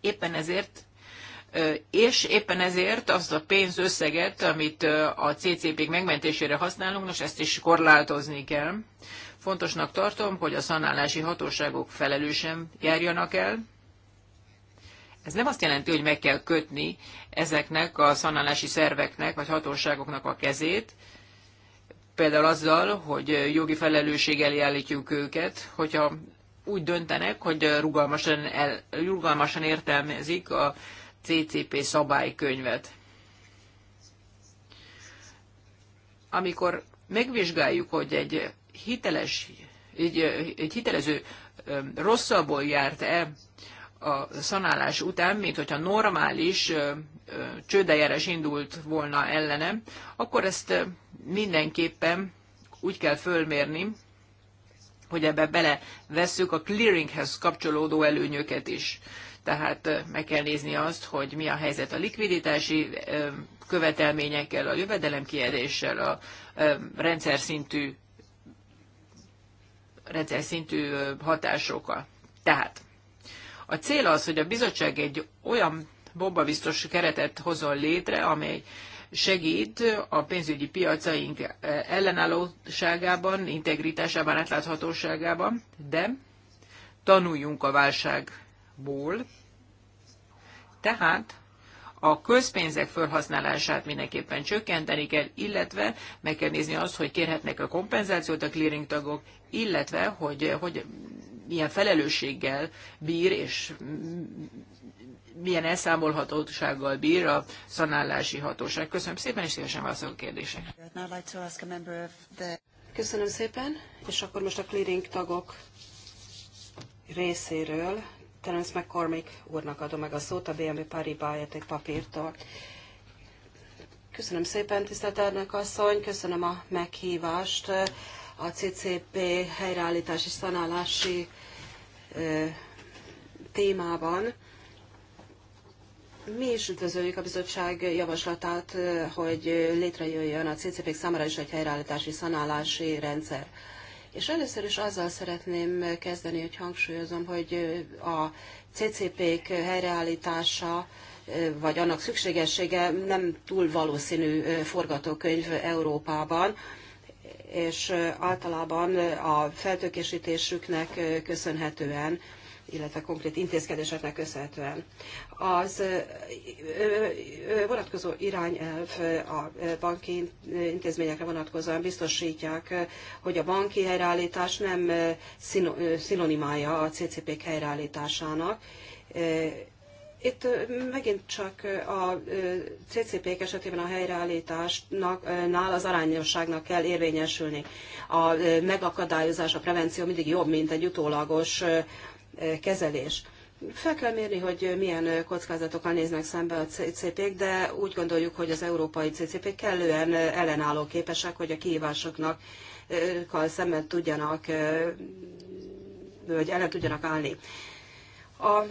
éppen ezért és éppen ezért azt a pénzösszeget, amit a CCP-k megmentésére használunk, most ezt is korlátozni kell. Fontosnak tartom, hogy a szanálási hatóságok felelősen járjanak el. Ez nem azt jelenti, hogy meg kell kötni ezeknek a szanálási szerveknek vagy hatóságoknak a kezét, például azzal, hogy jogi felelősség elé állítjuk őket, hogyha úgy döntenek, hogy rugalmasan, el, rugalmasan értelmezik a CCP szabálykönyvet. Amikor megvizsgáljuk, hogy egy hiteles, egy, egy hitelező rosszabbul járt-e a szanálás után, mint hogyha normális csődeljárás indult volna ellenem, akkor ezt mindenképpen úgy kell fölmérni, hogy ebbe bele vesszük a clearinghez kapcsolódó előnyöket is tehát meg kell nézni azt, hogy mi a helyzet a likviditási követelményekkel, a jövedelemkiedéssel, a rendszer szintű, rendszer szintű hatásokkal. Tehát a cél az, hogy a bizottság egy olyan bombabiztos keretet hozzon létre, amely segít a pénzügyi piacaink ellenállóságában, integritásában, átláthatóságában, de tanuljunk a válság ból. Tehát a közpénzek felhasználását mindenképpen csökkenteni kell, illetve meg kell nézni azt, hogy kérhetnek a kompenzációt a clearing tagok, illetve hogy, hogy milyen felelősséggel bír, és milyen elszámolhatósággal bír a szanállási hatóság. Köszönöm szépen, és szívesen válaszolok a kérdésekre. Köszönöm szépen, és akkor most a clearing tagok részéről Terence McCormick úrnak adom meg a szót a BNB Paribas papírtól. Köszönöm szépen, tisztelt elnök asszony, köszönöm a meghívást a CCP helyreállítási szanálási témában. Mi is üdvözöljük a bizottság javaslatát, hogy létrejöjjön a CCP számára is egy helyreállítási szanálási rendszer. És először is azzal szeretném kezdeni, hogy hangsúlyozom, hogy a CCP-k helyreállítása vagy annak szükségessége nem túl valószínű forgatókönyv Európában és általában a feltökésítésüknek köszönhetően illetve konkrét intézkedéseknek köszönhetően. Az vonatkozó irányelv a banki intézményekre vonatkozóan biztosítják, hogy a banki helyreállítás nem szinonimája a CCP-k helyreállításának, itt megint csak a ccp esetében a helyreállításnál az arányosságnak kell érvényesülni. A megakadályozás, a prevenció mindig jobb, mint egy utólagos kezelés. Fel kell mérni, hogy milyen kockázatokkal néznek szembe a CCP-k, de úgy gondoljuk, hogy az európai CCP-k kellően ellenálló képesek, hogy a kihívásoknak szemben tudjanak, vagy ellen tudjanak állni. A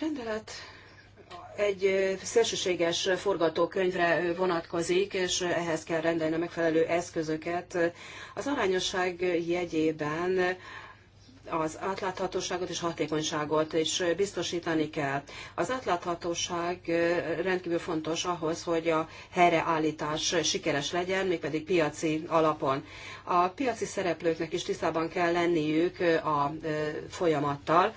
rendelet egy szélsőséges forgatókönyvre vonatkozik, és ehhez kell rendelni a megfelelő eszközöket. Az arányosság jegyében az átláthatóságot és hatékonyságot is biztosítani kell. Az átláthatóság rendkívül fontos ahhoz, hogy a helyreállítás sikeres legyen, mégpedig piaci alapon. A piaci szereplőknek is tisztában kell lenniük a folyamattal,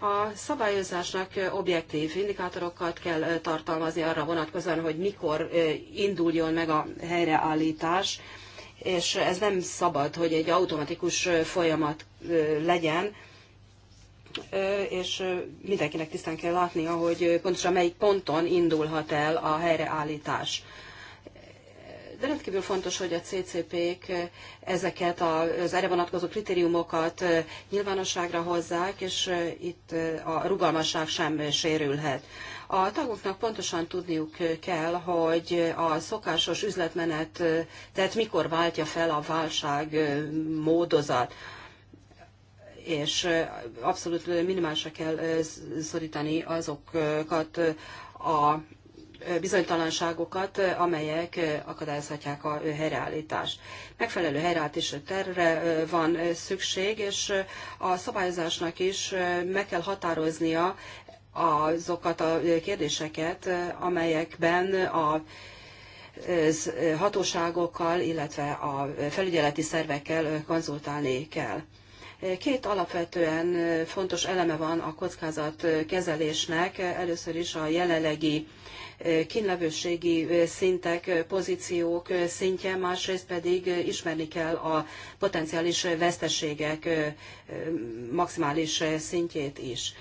a szabályozásnak objektív indikátorokat kell tartalmazni arra vonatkozóan, hogy mikor induljon meg a helyreállítás, és ez nem szabad, hogy egy automatikus folyamat legyen, és mindenkinek tisztán kell látnia, hogy pontosan melyik ponton indulhat el a helyreállítás. De rendkívül fontos, hogy a CCP-k ezeket az erre vonatkozó kritériumokat nyilvánosságra hozzák, és itt a rugalmasság sem sérülhet. A tagoknak pontosan tudniuk kell, hogy a szokásos üzletmenet, tehát mikor váltja fel a válság módozat és abszolút minimálisra kell szorítani azokat a bizonytalanságokat, amelyek akadályozhatják a helyreállítást. Megfelelő helyreállítási terre van szükség, és a szabályozásnak is meg kell határoznia azokat a kérdéseket, amelyekben a hatóságokkal, illetve a felügyeleti szervekkel konzultálni kell. Két alapvetően fontos eleme van a kockázatkezelésnek. Először is a jelenlegi kínlevőségi szintek, pozíciók szintje, másrészt pedig ismerni kell a potenciális veszteségek maximális szintjét is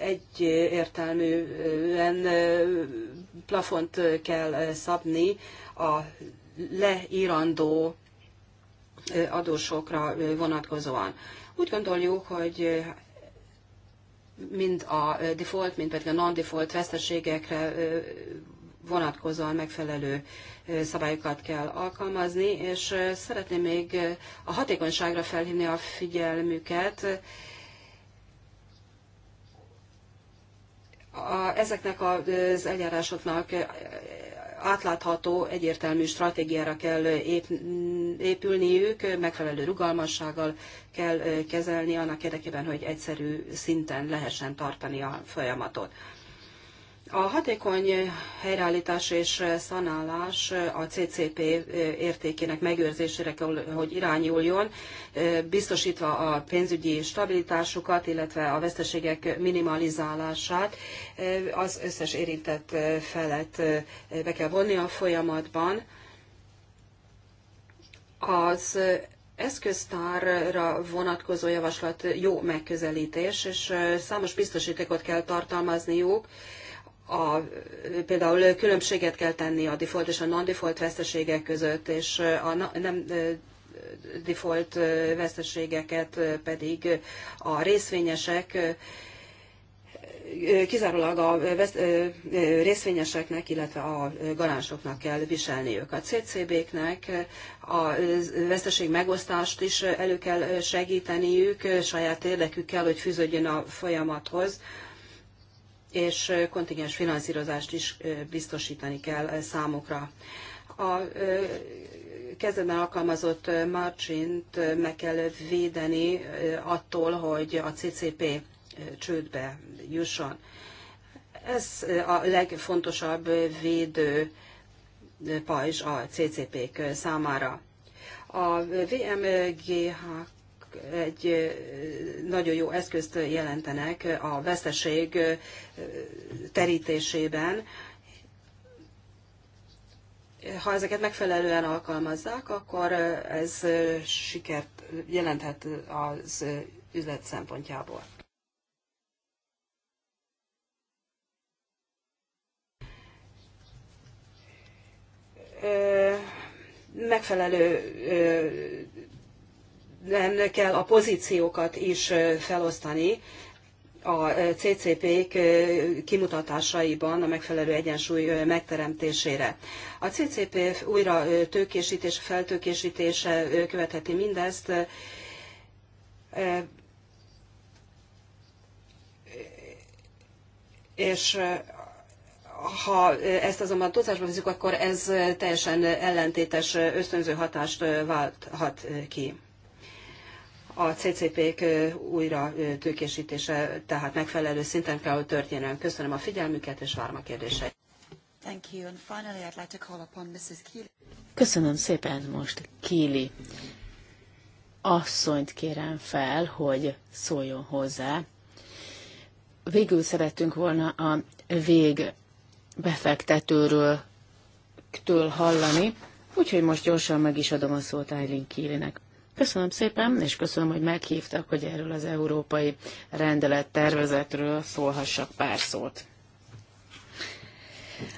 egyértelműen plafont kell szabni a leírandó adósokra vonatkozóan. Úgy gondoljuk, hogy mind a default, mind pedig a non-default veszteségekre vonatkozóan megfelelő szabályokat kell alkalmazni, és szeretném még a hatékonyságra felhívni a figyelmüket, a, ezeknek az eljárásoknak átlátható, egyértelmű stratégiára kell ép, épülniük, megfelelő rugalmassággal kell kezelni annak érdekében, hogy egyszerű szinten lehessen tartani a folyamatot. A hatékony helyreállítás és szanálás a CCP értékének megőrzésére kell, hogy irányuljon, biztosítva a pénzügyi stabilitásukat, illetve a veszteségek minimalizálását. Az összes érintett felet be kell vonni a folyamatban. Az eszköztárra vonatkozó javaslat jó megközelítés, és számos biztosítékot kell tartalmazniuk, a, például különbséget kell tenni a default és a non-default veszteségek között, és a nem default veszteségeket pedig a részvényesek kizárólag a részvényeseknek, illetve a garánsoknak kell viselniük. A CCB-knek a veszteség megosztást is elő kell segíteniük, saját érdekük kell, hogy fűződjön a folyamathoz és kontingens finanszírozást is biztosítani kell számukra. A kezdetben alkalmazott margint meg kell védeni attól, hogy a CCP csődbe jusson. Ez a legfontosabb védő pajzs a CCP-k számára. A VMGH egy nagyon jó eszközt jelentenek a veszteség terítésében. Ha ezeket megfelelően alkalmazzák, akkor ez sikert jelenthet az üzlet szempontjából. megfelelő nem kell a pozíciókat is felosztani a CCP-k kimutatásaiban a megfelelő egyensúly megteremtésére. A CCP újra tőkésítés, feltőkésítése követheti mindezt, és ha ezt azonban tudatosba veszük, akkor ez teljesen ellentétes ösztönző hatást válthat ki a CCP-k újra tőkésítése, tehát megfelelő szinten kell, hogy történjen. Köszönöm a figyelmüket, és várom a kérdéseit. Köszönöm szépen most Kili. Asszonyt kérem fel, hogy szóljon hozzá. Végül szerettünk volna a vég befektetőről től hallani, úgyhogy most gyorsan meg is adom a szót Eileen Kílinek. Köszönöm szépen, és köszönöm, hogy meghívtak, hogy erről az európai rendelet tervezetről szólhassak pár szót.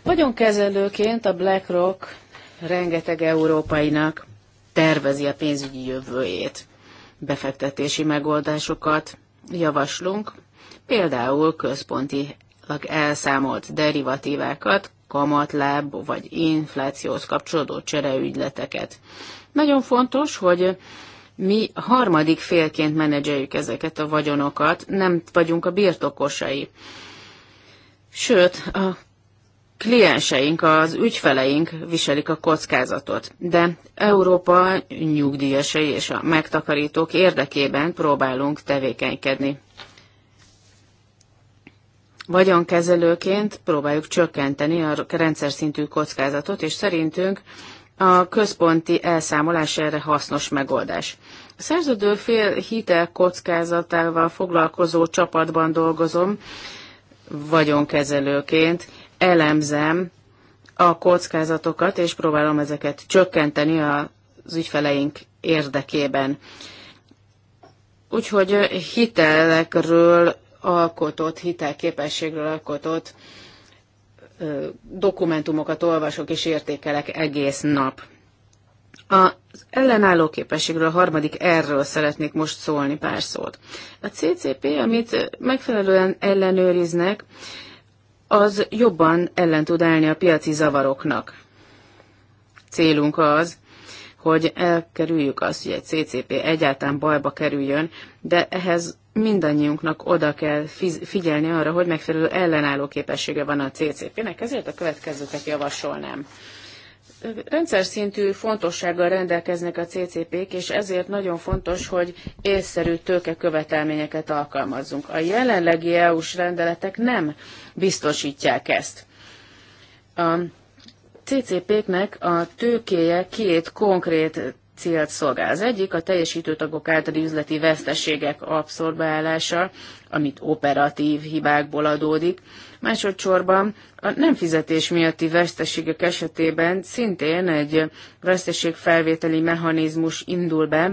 Vagyonkezelőként a BlackRock rengeteg európainak tervezi a pénzügyi jövőjét. Befektetési megoldásokat javaslunk, például központi elszámolt derivatívákat, kamatláb vagy inflációhoz kapcsolódó csereügyleteket. Nagyon fontos, hogy mi harmadik félként menedzseljük ezeket a vagyonokat, nem vagyunk a birtokosai. Sőt, a klienseink, az ügyfeleink viselik a kockázatot, de Európa nyugdíjasai és a megtakarítók érdekében próbálunk tevékenykedni. Vagyonkezelőként próbáljuk csökkenteni a rendszer szintű kockázatot, és szerintünk a központi elszámolás erre hasznos megoldás. A szerződő fél hitel kockázatával foglalkozó csapatban dolgozom, vagyonkezelőként elemzem a kockázatokat, és próbálom ezeket csökkenteni az ügyfeleink érdekében. Úgyhogy hitelekről alkotott, hitelképességről alkotott dokumentumokat olvasok és értékelek egész nap. Az ellenálló képességről, a harmadik erről szeretnék most szólni pár szót. A CCP, amit megfelelően ellenőriznek, az jobban ellen tud állni a piaci zavaroknak. Célunk az, hogy elkerüljük azt, hogy egy CCP egyáltalán bajba kerüljön, de ehhez mindannyiunknak oda kell figyelni arra, hogy megfelelő ellenálló képessége van a CCP-nek, ezért a következőket javasolnám. Rendszer szintű fontossággal rendelkeznek a CCP-k, és ezért nagyon fontos, hogy észszerű követelményeket alkalmazzunk. A jelenlegi EU-s rendeletek nem biztosítják ezt. A CCP-knek a tőkéje két konkrét célt szolgál. Az egyik a tagok általi üzleti veszteségek abszorbálása, amit operatív hibákból adódik. Másodszorban a nem fizetés miatti veszteségek esetében szintén egy veszteségfelvételi mechanizmus indul be,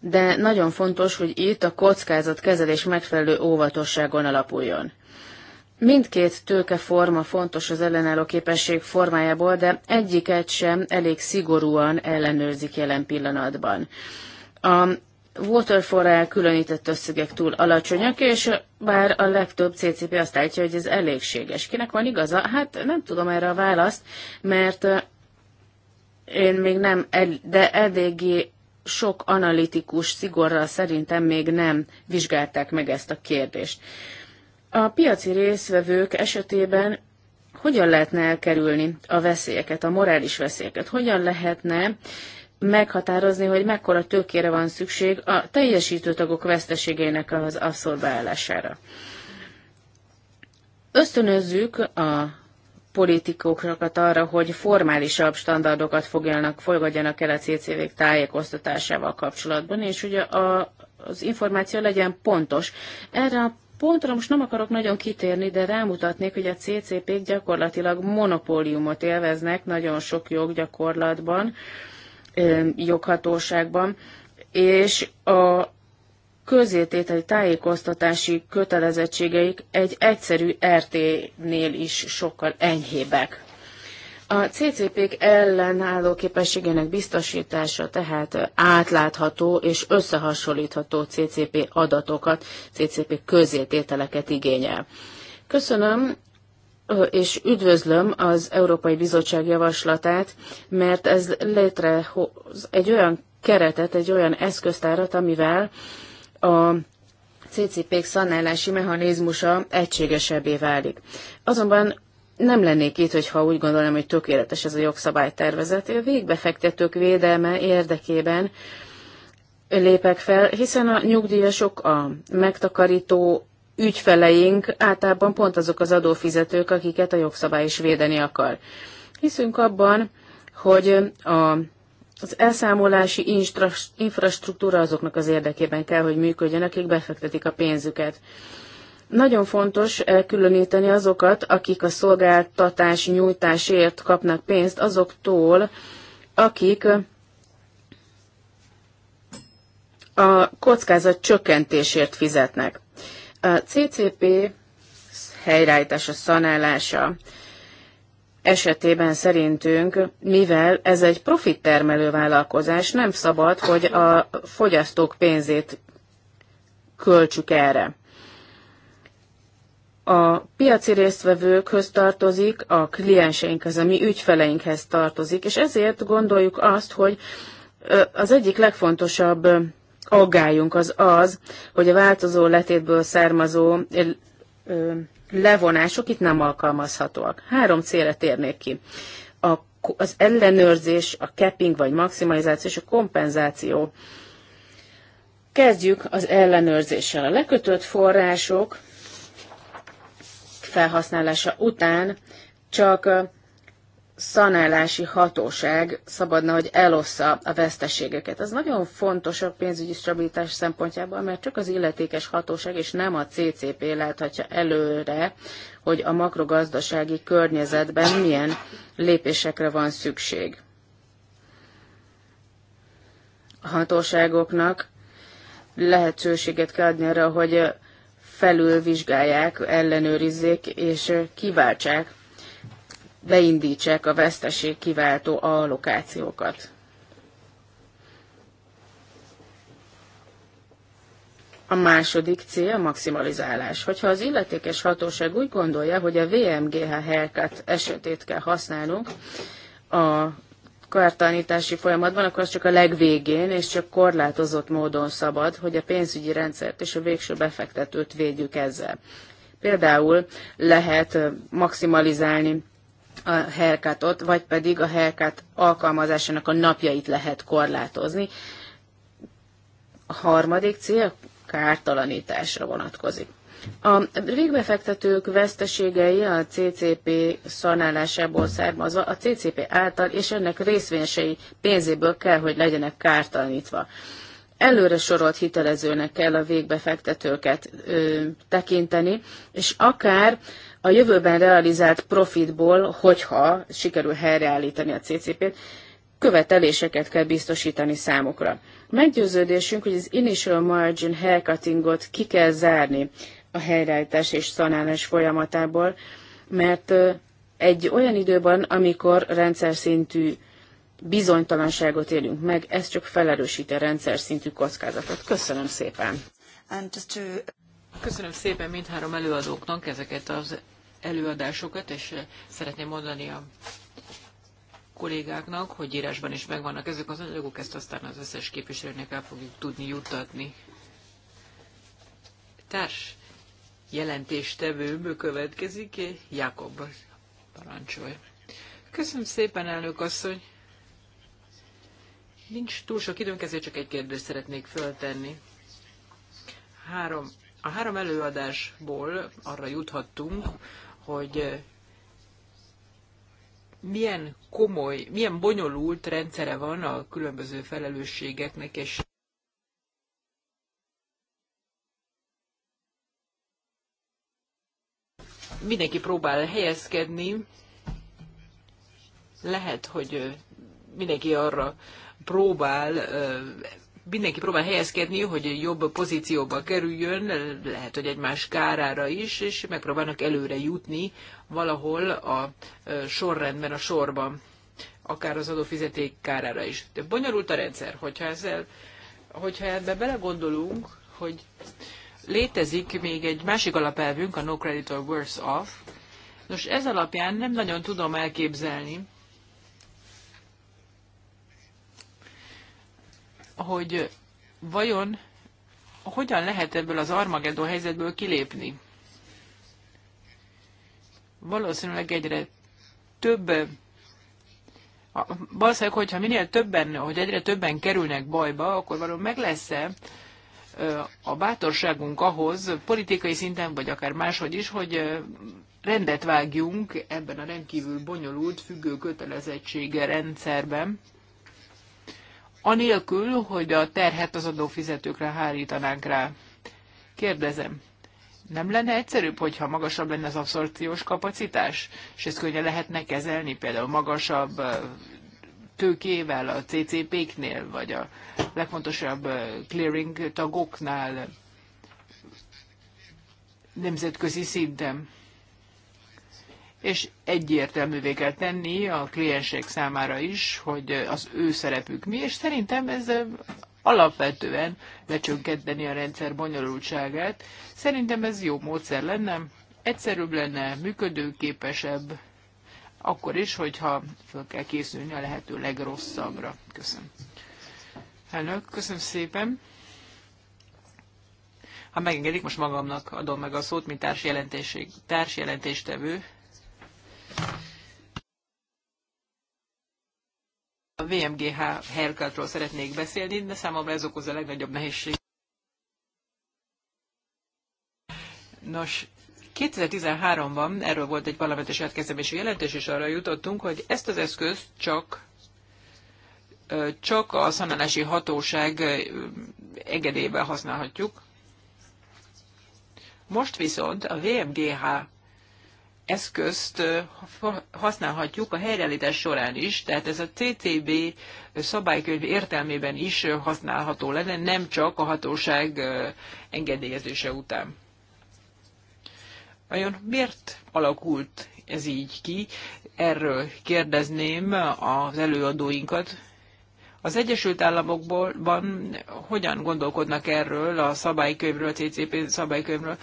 de nagyon fontos, hogy itt a kockázatkezelés megfelelő óvatosságon alapuljon. Mindkét tőkeforma fontos az ellenálló képesség formájából, de egyiket sem elég szigorúan ellenőrzik jelen pillanatban. A Waterfall különített összegek túl alacsonyak, és bár a legtöbb CCP azt állítja, hogy ez elégséges. Kinek van igaza? Hát nem tudom erre a választ, mert eh, én még nem, de eddigi sok analitikus szigorral szerintem még nem vizsgálták meg ezt a kérdést. A piaci részvevők esetében hogyan lehetne elkerülni a veszélyeket, a morális veszélyeket? Hogyan lehetne meghatározni, hogy mekkora tőkére van szükség a teljesítő tagok veszteségének az abszorbálására? Ösztönözzük a politikusokat arra, hogy formálisabb standardokat fogjanak, fogadjanak el a ccv tájékoztatásával kapcsolatban, és ugye a, az információ legyen pontos. Erre a pontra most nem akarok nagyon kitérni, de rámutatnék, hogy a CCP-k gyakorlatilag monopóliumot élveznek nagyon sok joggyakorlatban, joghatóságban, és a közétételi tájékoztatási kötelezettségeik egy egyszerű RT-nél is sokkal enyhébbek. A CCP-k ellenálló képességének biztosítása tehát átlátható és összehasonlítható CCP adatokat, CCP közétételeket igényel. Köszönöm, és üdvözlöm az Európai Bizottság javaslatát, mert ez létrehoz egy olyan keretet, egy olyan eszköztárat, amivel a CCP-k szanálási mechanizmusa egységesebbé válik. Azonban nem lennék itt, hogyha úgy gondolom, hogy tökéletes ez a jogszabálytervezet. A végbefektetők védelme érdekében lépek fel, hiszen a nyugdíjasok, a megtakarító ügyfeleink általában pont azok az adófizetők, akiket a jogszabály is védeni akar. Hiszünk abban, hogy a az elszámolási infrastruktúra azoknak az érdekében kell, hogy működjön, akik befektetik a pénzüket. Nagyon fontos eh, különíteni azokat, akik a szolgáltatás nyújtásért kapnak pénzt, azoktól, akik eh, a kockázat csökkentésért fizetnek. A CCP helyreállítása, szanálása esetében szerintünk, mivel ez egy profittermelő vállalkozás, nem szabad, hogy a fogyasztók pénzét költsük erre a piaci résztvevőkhöz tartozik, a klienseinkhez, a mi ügyfeleinkhez tartozik, és ezért gondoljuk azt, hogy az egyik legfontosabb aggályunk az az, hogy a változó letétből származó levonások itt nem alkalmazhatóak. Három célra térnék ki. A, az ellenőrzés, a capping vagy maximalizáció és a kompenzáció. Kezdjük az ellenőrzéssel. A lekötött források felhasználása után csak szanálási hatóság szabadna, hogy elossza a veszteségeket. Ez nagyon fontos a pénzügyi stabilitás szempontjából, mert csak az illetékes hatóság és nem a CCP láthatja előre, hogy a makrogazdasági környezetben milyen lépésekre van szükség. A hatóságoknak lehetőséget kell adni arra, hogy felülvizsgálják, ellenőrizzék és kiváltsák, beindítsák a veszteség kiváltó allokációkat. A második cél a maximalizálás. Hogyha az illetékes hatóság úgy gondolja, hogy a VMGH haircut esetét kell használnunk a kártalanítási folyamatban, akkor az csak a legvégén, és csak korlátozott módon szabad, hogy a pénzügyi rendszert és a végső befektetőt védjük ezzel. Például lehet maximalizálni a herkátot, vagy pedig a herkát alkalmazásának a napjait lehet korlátozni. A harmadik cél kártalanításra vonatkozik. A végbefektetők veszteségei a CCP szanálásából származva a CCP által és ennek részvényesei pénzéből kell, hogy legyenek kártalanítva. Előre sorolt hitelezőnek kell a végbefektetőket ö, tekinteni, és akár a jövőben realizált profitból, hogyha sikerül helyreállítani a CCP-t, követeléseket kell biztosítani számukra. Meggyőződésünk, hogy az initial margin haircuttingot ki kell zárni a helyreállítás és szanálás folyamatából, mert egy olyan időben, amikor rendszer szintű bizonytalanságot élünk meg, ez csak felerősíti a rendszer szintű kockázatot. Köszönöm szépen! Köszönöm szépen mindhárom előadóknak ezeket az előadásokat, és szeretném mondani a kollégáknak, hogy írásban is megvannak ezek az anyagok, ezt aztán az összes képviselőnek el fogjuk tudni juttatni. Társ jelentéstevőm következik, Jakob parancsolj. Köszönöm szépen, elnök asszony. Nincs túl sok időnk, ezért csak egy kérdést szeretnék föltenni. Három, a három előadásból arra juthattunk, hogy eh, milyen komoly, milyen bonyolult rendszere van a különböző felelősségeknek és mindenki próbál helyezkedni, lehet, hogy mindenki arra próbál, mindenki próbál helyezkedni, hogy jobb pozícióba kerüljön, lehet, hogy egymás kárára is, és megpróbálnak előre jutni valahol a sorrendben, a sorban, akár az adófizeték kárára is. De bonyolult a rendszer, hogyha ezzel, hogyha ebbe belegondolunk, hogy létezik még egy másik alapelvünk, a no creditor worse off. Nos, ez alapján nem nagyon tudom elképzelni, hogy vajon hogyan lehet ebből az Armageddon helyzetből kilépni. Valószínűleg egyre több valószínűleg, hogyha minél többen, hogy egyre többen kerülnek bajba, akkor valóban meg lesz-e a bátorságunk ahhoz, politikai szinten, vagy akár máshogy is, hogy rendet vágjunk ebben a rendkívül bonyolult függő kötelezettsége rendszerben, anélkül, hogy a terhet az adófizetőkre hárítanánk rá. Kérdezem, nem lenne egyszerűbb, hogyha magasabb lenne az abszorciós kapacitás, és ezt könnyen lehetne kezelni, például magasabb tőkével a CCP-knél, vagy a legfontosabb clearing tagoknál nemzetközi szinten. És egyértelművé kell tenni a kliensek számára is, hogy az ő szerepük mi, és szerintem ez alapvetően lecsökkenteni a rendszer bonyolultságát. Szerintem ez jó módszer lenne, egyszerűbb lenne, működőképesebb, akkor is, hogyha fel kell készülni a lehető legrosszabbra. Köszönöm. Elnök, köszönöm szépen. Ha megengedik, most magamnak adom meg a szót, mint társjelentéstevő. A VMGH haircutról szeretnék beszélni, de számomra ez okoz a legnagyobb nehézség. Nos, 2013-ban erről volt egy parlamentes átkezdemési jelentés, és arra jutottunk, hogy ezt az eszközt csak csak a szanálási hatóság engedélyével használhatjuk. Most viszont a VMGH eszközt használhatjuk a helyreállítás során is, tehát ez a CCB szabálykönyv értelmében is használható lenne, nem csak a hatóság engedélyezése után. Vajon miért alakult ez így ki? Erről kérdezném az előadóinkat. Az Egyesült Államokban hogyan gondolkodnak erről a szabálykönyvről, a CCP szabálykönyvről?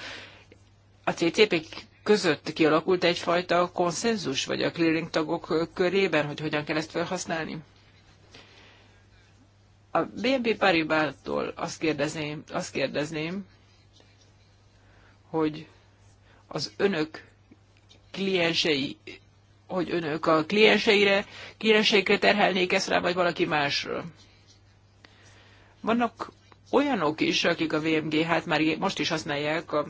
A CCP között kialakult egyfajta konszenzus, vagy a clearing tagok körében, hogy hogyan kell ezt felhasználni? A BNP Paribától azt kérdezném, azt kérdezném, hogy az önök kliensei, hogy önök a klienseire, klienseikre terhelnék ezt rá, vagy valaki másra. Vannak olyanok is, akik a VMG-hát már most is használják a,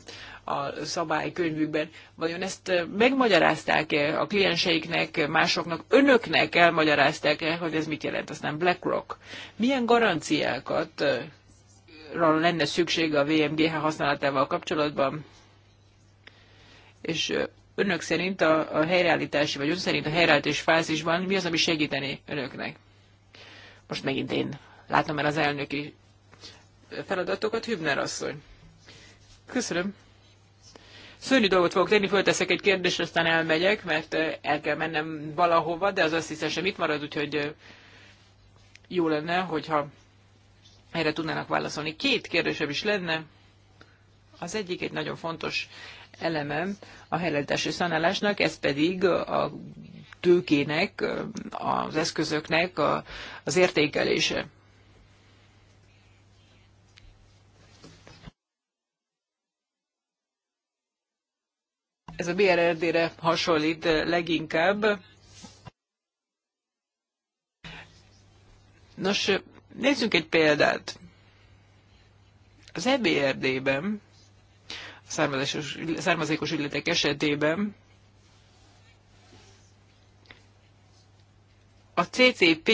a szabálykönyvükben. Vajon ezt eh, megmagyarázták-e a klienseiknek, másoknak, önöknek elmagyarázták-e, hogy ez mit jelent? Aztán BlackRock. Milyen garanciákat eh, lenne szüksége a VMGH használatával kapcsolatban? és önök szerint a, a helyreállítási, vagy ön szerint a helyreállítás fázisban mi az, ami segíteni önöknek? Most megint én látom el az elnöki feladatokat, Hübner asszony. Köszönöm. Szörnyű dolgot fogok tenni, fölteszek egy kérdést, aztán elmegyek, mert el kell mennem valahova, de az sem itt marad, úgyhogy jó lenne, hogyha erre tudnának válaszolni. Két kérdésem is lenne. Az egyik egy nagyon fontos eleme a helyreállítási szanálásnak, ez pedig a tőkének, az eszközöknek a, az értékelése. Ez a BRRD-re hasonlít leginkább. Nos, nézzünk egy példát. Az EBRD-ben származékos ügyletek esetében a CCP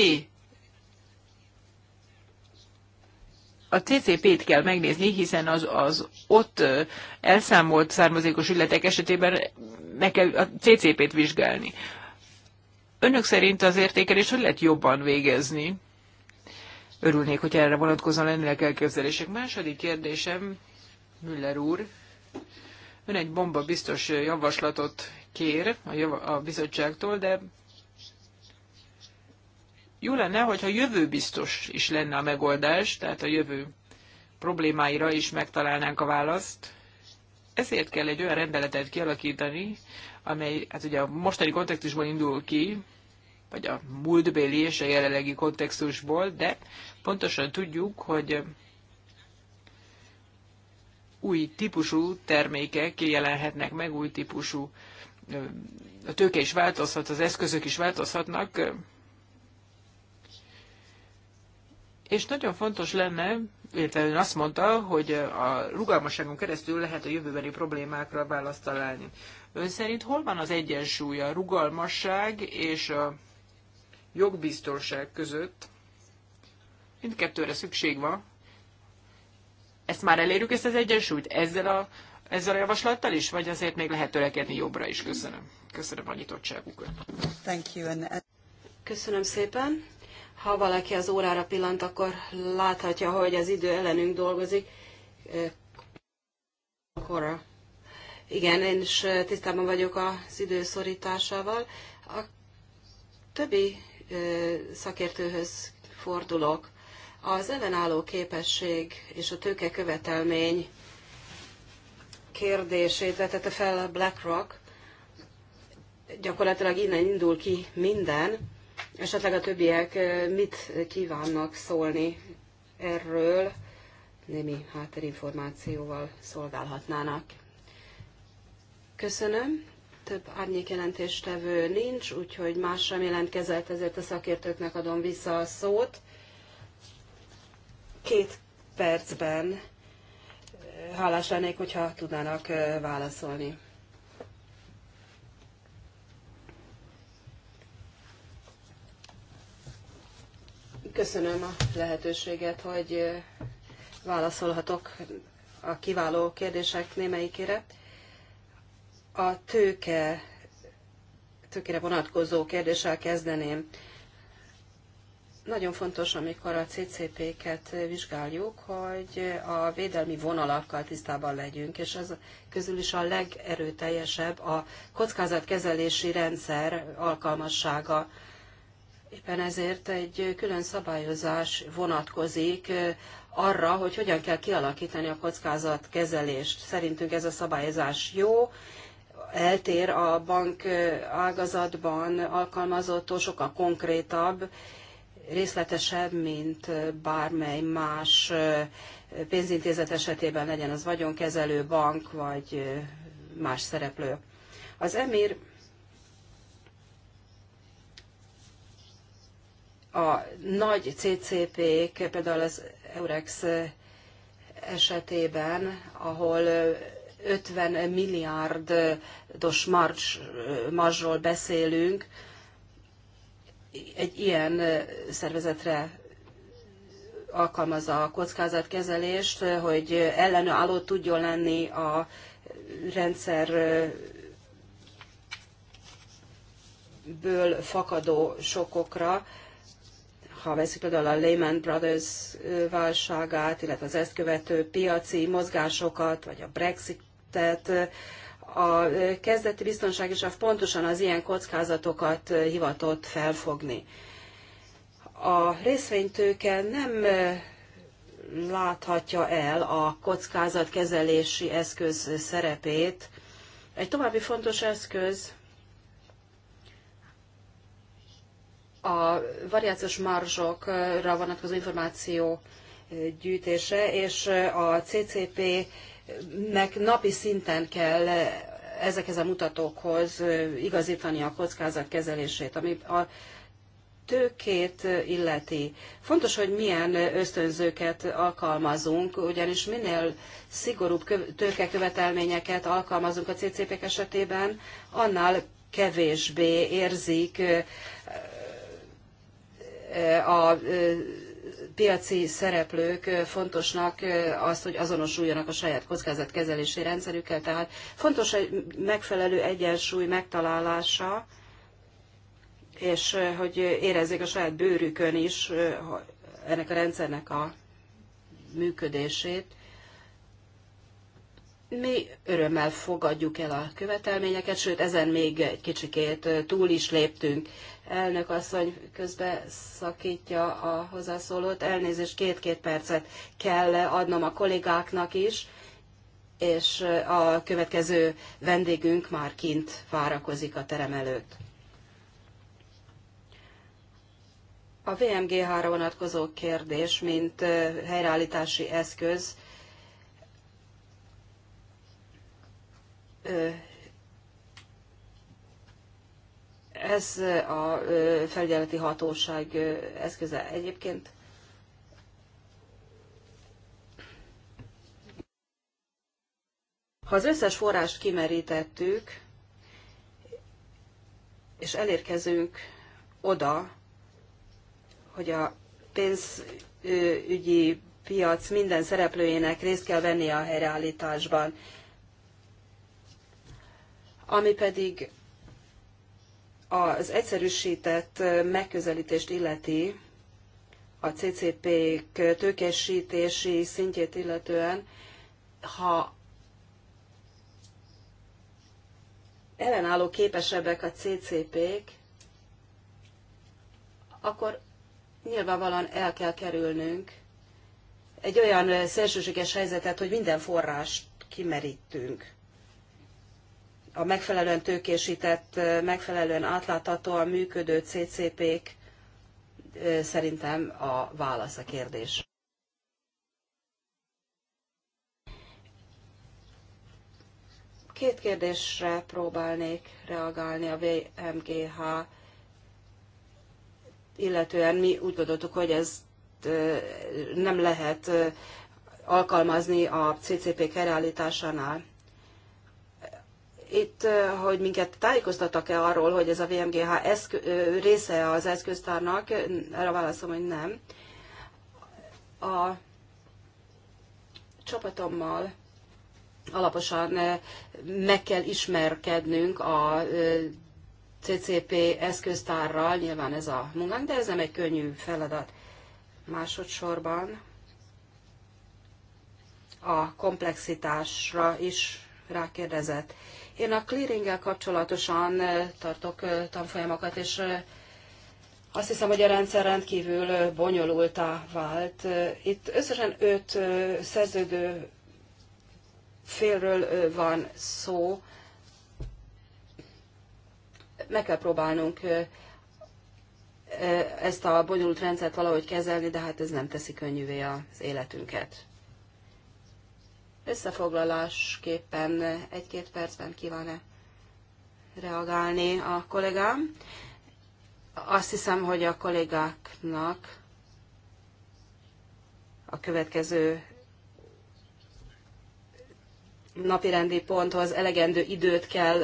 a CCP-t kell megnézni, hiszen az, az ott elszámolt származékos ügyletek esetében meg kell a CCP-t vizsgálni. Önök szerint az értékelés hogy lehet jobban végezni? Örülnék, hogy erre vonatkozóan lennének elképzelések. Második kérdésem, Müller úr, Ön egy bomba biztos javaslatot kér a, jav- a bizottságtól, de jó lenne, hogyha jövő biztos is lenne a megoldás, tehát a jövő problémáira is megtalálnánk a választ. Ezért kell egy olyan rendeletet kialakítani, amely hát ugye a mostani kontextusból indul ki, vagy a múltbéli és a jelenlegi kontextusból, de pontosan tudjuk, hogy új típusú termékek jelenhetnek meg, új típusú a tőke is változhat, az eszközök is változhatnak. És nagyon fontos lenne, illetve ön azt mondta, hogy a rugalmasságon keresztül lehet a jövőbeli problémákra választ találni. Ön szerint hol van az egyensúly a rugalmasság és a jogbiztonság között? Mindkettőre szükség van, ezt már elérjük, ezt az egyensúlyt ezzel a, ezzel a javaslattal is, vagy azért még lehet törekedni jobbra is? Köszönöm. Köszönöm a nyitottságukat. Thank you. And... Uh, Köszönöm szépen. Ha valaki az órára pillant, akkor láthatja, hogy az idő ellenünk dolgozik. Uh, Kora. Igen, én is uh, tisztában vagyok az időszorításával. A többi szakértőhöz fordulok. Az ellenálló képesség és a tőke követelmény kérdését vetette fel a BlackRock. Gyakorlatilag innen indul ki minden, esetleg a többiek eh, mit kívánnak szólni erről, némi háttérinformációval szolgálhatnának. Köszönöm. Több árnyék jelentéstevő nincs, úgyhogy más sem jelentkezett, ezért a szakértőknek adom vissza a szót két percben eh, hálás lennék, hogyha tudnának eh, válaszolni. Köszönöm a lehetőséget, hogy eh, válaszolhatok a kiváló kérdések némelyikére. A tőke, tőkére vonatkozó kérdéssel kezdeném. Nagyon fontos, amikor a CCP-ket vizsgáljuk, hogy a védelmi vonalakkal tisztában legyünk, és ez közül is a legerőteljesebb a kockázatkezelési rendszer alkalmassága. Éppen ezért egy külön szabályozás vonatkozik arra, hogy hogyan kell kialakítani a kockázatkezelést. Szerintünk ez a szabályozás jó, eltér a bank ágazatban alkalmazottól, sokkal konkrétabb, részletesebb, mint bármely más pénzintézet esetében legyen az vagyonkezelő, bank vagy más szereplő. Az EMIR a nagy CCP-k, például az Eurex esetében, ahol 50 milliárdos marzsról beszélünk, egy ilyen szervezetre alkalmazza a kockázatkezelést, hogy ellenálló tudjon lenni a rendszer ből fakadó sokokra, ha veszik például a Lehman Brothers válságát, illetve az ezt követő piaci mozgásokat, vagy a Brexitet, a kezdeti biztonsági sáv pontosan az ilyen kockázatokat hivatott felfogni. A részvénytőke nem láthatja el a kockázatkezelési eszköz szerepét. Egy további fontos eszköz a variációs marzsokra vonatkozó információ gyűjtése, és a CCP nek napi szinten kell ezekhez a mutatókhoz igazítani a kockázat kezelését, ami a tőkét illeti. Fontos, hogy milyen ösztönzőket alkalmazunk, ugyanis minél szigorúbb tőkekövetelményeket alkalmazunk a CCP-k esetében, annál kevésbé érzik a piaci szereplők fontosnak azt, hogy azonosuljanak a saját kockázatkezelési rendszerükkel, tehát fontos egy megfelelő egyensúly megtalálása, és hogy érezzék a saját bőrükön is ennek a rendszernek a működését mi örömmel fogadjuk el a követelményeket, sőt, ezen még egy kicsikét túl is léptünk. Elnök asszony közbe szakítja a hozzászólót, elnézést, két-két percet kell adnom a kollégáknak is, és a következő vendégünk már kint várakozik a terem előtt. A VMGH ra vonatkozó kérdés, mint helyreállítási eszköz, ez a felügyeleti hatóság eszköze egyébként. Ha az összes forrást kimerítettük, és elérkezünk oda, hogy a pénzügyi piac minden szereplőjének részt kell vennie a helyreállításban. Ami pedig az egyszerűsített megközelítést illeti, a CCP-k tőkesítési szintjét illetően, ha ellenálló képesebbek a CCP-k, akkor nyilvánvalóan el kell kerülnünk egy olyan szélsőséges helyzetet, hogy minden forrást kimerítünk a megfelelően tőkésített, megfelelően átláthatóan működő CCP-k szerintem a válasz a kérdés. Két kérdésre próbálnék reagálni a VMGH, illetően mi úgy gondoltuk, hogy ez nem lehet alkalmazni a CCP-k helyreállításánál itt, eh, hogy minket tájékoztattak-e arról, hogy ez a VMGH eszkö, eh, része az eszköztárnak, erre válaszom, hogy nem. A csapatommal alaposan eh, meg kell ismerkednünk a CCP eszköztárral, nyilván ez a munkánk, de ez nem egy könnyű feladat. Másodszorban a komplexitásra is rákérdezett. Én a clearinggel kapcsolatosan tartok tanfolyamokat, és azt hiszem, hogy a rendszer rendkívül bonyolultá vált. Itt összesen öt szerződő félről van szó. Meg kell próbálnunk ezt a bonyolult rendszert valahogy kezelni, de hát ez nem teszi könnyűvé az életünket. Összefoglalásképpen egy-két percben kíván-e reagálni a kollégám. Azt hiszem, hogy a kollégáknak a következő napirendi ponthoz elegendő időt kell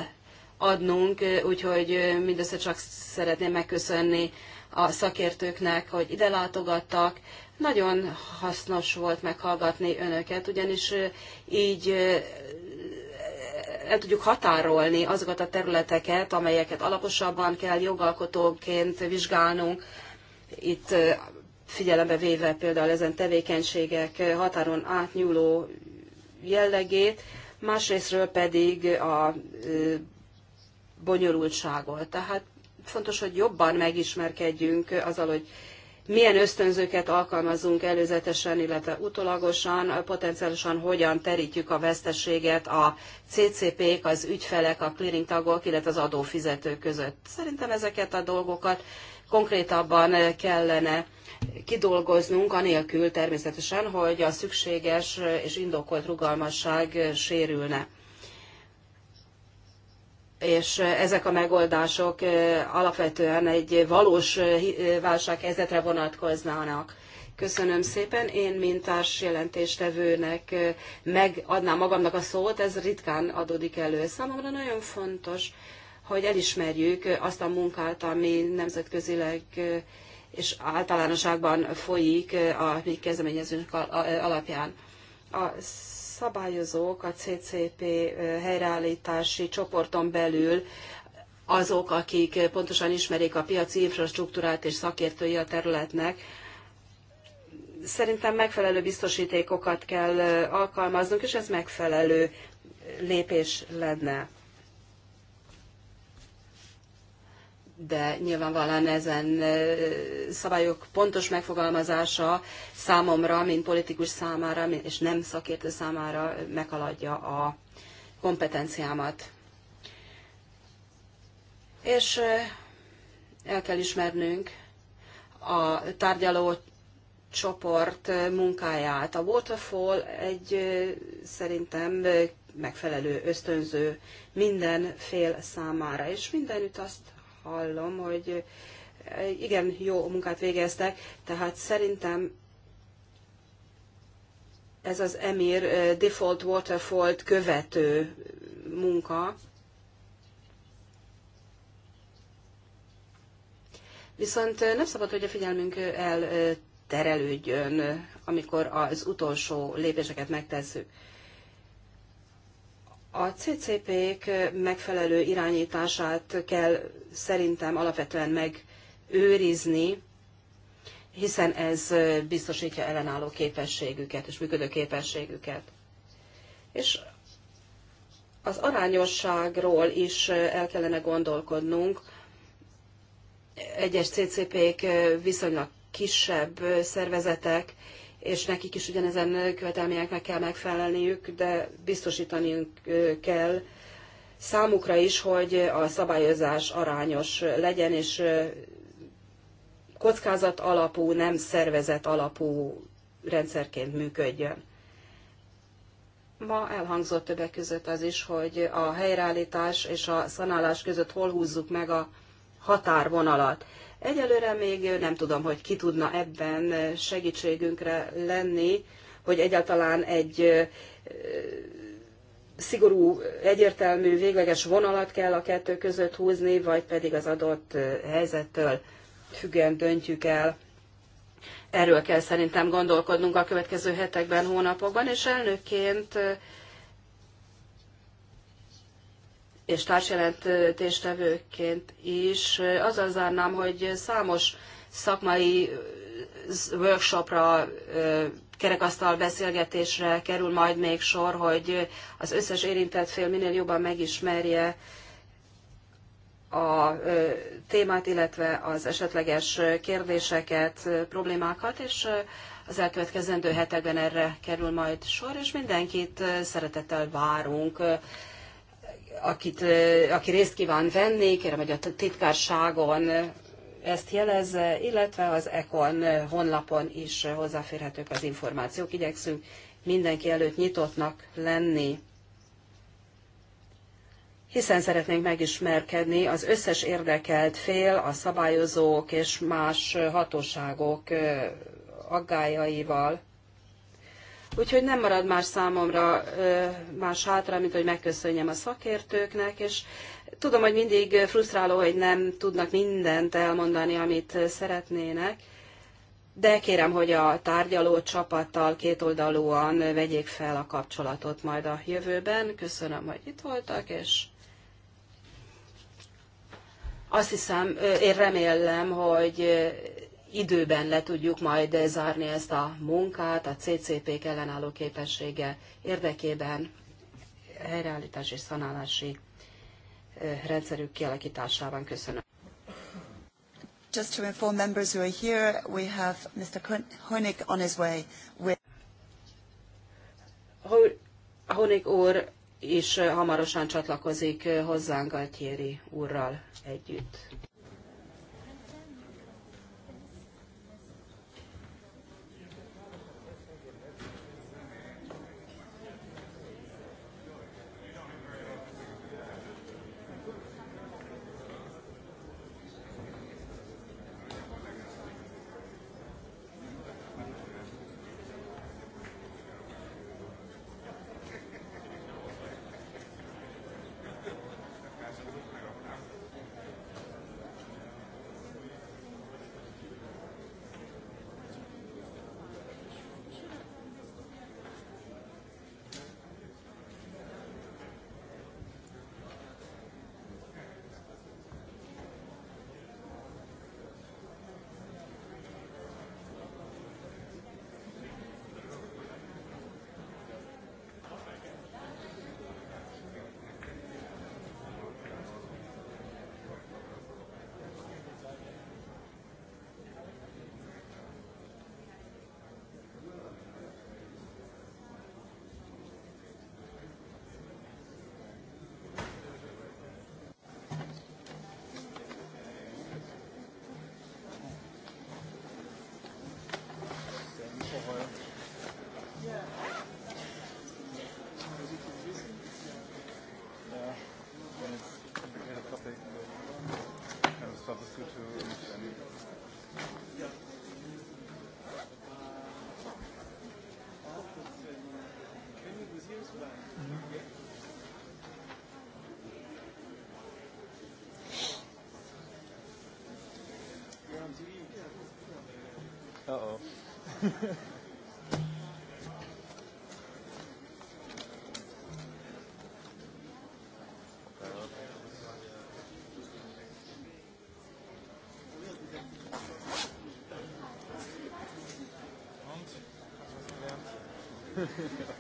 adnunk, úgyhogy mindössze csak szeretném megköszönni a szakértőknek, hogy ide látogattak, nagyon hasznos volt meghallgatni önöket, ugyanis így el tudjuk határolni azokat a területeket, amelyeket alaposabban kell jogalkotóként vizsgálnunk. Itt figyelembe véve például ezen tevékenységek határon átnyúló jellegét, másrésztről pedig a bonyolultságot. Tehát fontos, hogy jobban megismerkedjünk azzal, hogy milyen ösztönzőket alkalmazunk előzetesen, illetve utólagosan, potenciálisan hogyan terítjük a veszteséget a CCP-k, az ügyfelek, a clearing tagok, illetve az adófizetők között. Szerintem ezeket a dolgokat konkrétabban kellene kidolgoznunk, anélkül természetesen, hogy a szükséges és indokolt rugalmasság sérülne és ezek a megoldások alapvetően egy valós válsághelyzetre vonatkoznának. Köszönöm szépen. Én, mint jelentéstevőnek megadnám magamnak a szót, ez ritkán adódik elő. Számomra nagyon fontos, hogy elismerjük azt a munkát, ami nemzetközileg és általánosságban folyik a mi kezdeményezőnk alapján. A szabályozók a CCP helyreállítási csoporton belül azok, akik pontosan ismerik a piaci infrastruktúrát és szakértői a területnek, szerintem megfelelő biztosítékokat kell alkalmaznunk, és ez megfelelő lépés lenne. de nyilvánvalóan ezen szabályok pontos megfogalmazása számomra, mint politikus számára, és nem szakértő számára meghaladja a kompetenciámat. És el kell ismernünk a tárgyaló csoport munkáját. A Waterfall egy szerintem megfelelő ösztönző minden fél számára, és mindenütt azt hallom, hogy eh, igen jó munkát végeztek, tehát szerintem ez az Emir eh, Default Waterfall követő munka. Viszont eh, nem szabad, hogy a figyelmünk elterelődjön, amikor az utolsó lépéseket megtesszük. A CCP-k megfelelő irányítását kell szerintem alapvetően megőrizni, hiszen ez biztosítja ellenálló képességüket és működő képességüket. És az arányosságról is el kellene gondolkodnunk. Egyes CCP-k viszonylag kisebb szervezetek, és nekik is ugyanezen követelményeknek kell megfelelniük, de biztosítaniunk kell számukra is, hogy a szabályozás arányos legyen, és kockázat alapú, nem szervezet alapú rendszerként működjön. Ma elhangzott többek között az is, hogy a helyreállítás és a szanálás között hol húzzuk meg a határvonalat. Egyelőre még nem tudom, hogy ki tudna ebben segítségünkre lenni, hogy egyáltalán egy szigorú, egyértelmű, végleges vonalat kell a kettő között húzni, vagy pedig az adott helyzettől függően döntjük el. Erről kell szerintem gondolkodnunk a következő hetekben, hónapokban, és elnökként és társjelentéstevőként is. Azzal zárnám, hogy számos szakmai workshopra, kerekasztal beszélgetésre kerül majd még sor, hogy az összes érintett fél minél jobban megismerje a témát, illetve az esetleges kérdéseket, problémákat, és az elkövetkezendő hetekben erre kerül majd sor, és mindenkit szeretettel várunk akit, aki részt kíván venni, kérem, hogy a titkárságon ezt jelezze, illetve az ECON honlapon is hozzáférhetők az információk. Igyekszünk mindenki előtt nyitottnak lenni, hiszen szeretnénk megismerkedni az összes érdekelt fél, a szabályozók és más hatóságok aggájaival. Úgyhogy nem marad más számomra más hátra, mint hogy megköszönjem a szakértőknek, és tudom, hogy mindig frusztráló, hogy nem tudnak mindent elmondani, amit szeretnének, de kérem, hogy a tárgyaló csapattal kétoldalúan vegyék fel a kapcsolatot majd a jövőben. Köszönöm, hogy itt voltak, és azt hiszem, én remélem, hogy időben le tudjuk majd zárni ezt a munkát a CCP-k ellenálló képessége érdekében helyreállítás és szanálási rendszerük kialakításában. Köszönöm. Just to inform members who are here, we have Mr. Honig on his way with... Honig úr is hamarosan csatlakozik hozzánk Altieri úrral együtt. Uh-oh.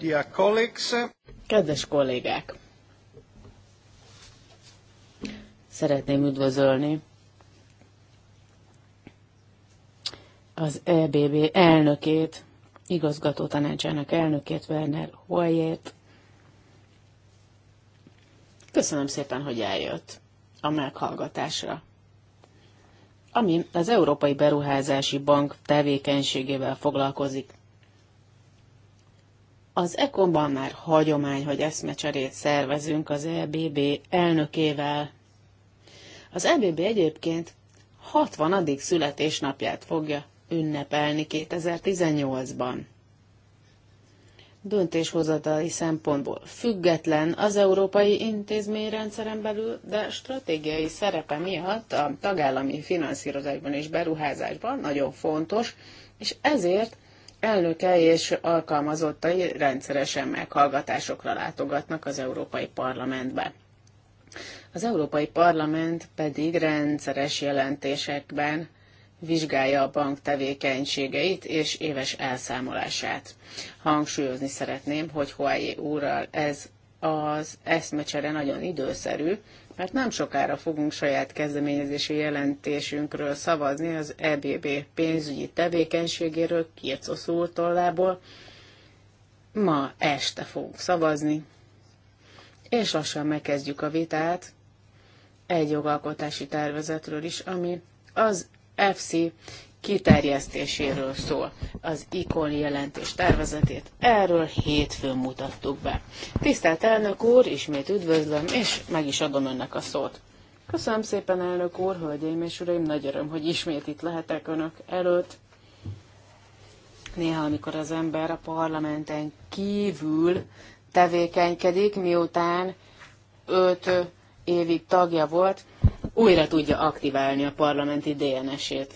Dear colleagues. Kedves kollégák! Szeretném üdvözölni az EBB elnökét, igazgató tanácsának elnökét, Werner Hoyét. Köszönöm szépen, hogy eljött a meghallgatásra ami az Európai Beruházási Bank tevékenységével foglalkozik. Az ECOM-ban már hagyomány, hogy eszmecserét szervezünk az EBB elnökével. Az EBB egyébként 60. születésnapját fogja ünnepelni 2018-ban. Döntéshozatali szempontból független az európai intézményrendszeren belül, de stratégiai szerepe miatt a tagállami finanszírozásban és beruházásban nagyon fontos, és ezért elnöke és alkalmazottai rendszeresen meghallgatásokra látogatnak az Európai Parlamentbe. Az Európai Parlament pedig rendszeres jelentésekben vizsgálja a bank tevékenységeit és éves elszámolását. Hangsúlyozni szeretném, hogy Hoájé úrral ez az eszmecsere nagyon időszerű, mert nem sokára fogunk saját kezdeményezési jelentésünkről szavazni az EBB pénzügyi tevékenységéről, Kircosz úr tollából. Ma este fogunk szavazni, és lassan megkezdjük a vitát egy jogalkotási tervezetről is, ami az FC kiterjesztéséről szól az ikon jelentés tervezetét. Erről hétfőn mutattuk be. Tisztelt elnök úr, ismét üdvözlöm, és meg is adom önnek a szót. Köszönöm szépen, elnök úr, hölgyeim és uraim, nagy öröm, hogy ismét itt lehetek önök előtt. Néha, amikor az ember a parlamenten kívül tevékenykedik, miután öt évig tagja volt, újra tudja aktiválni a parlamenti DNS-ét.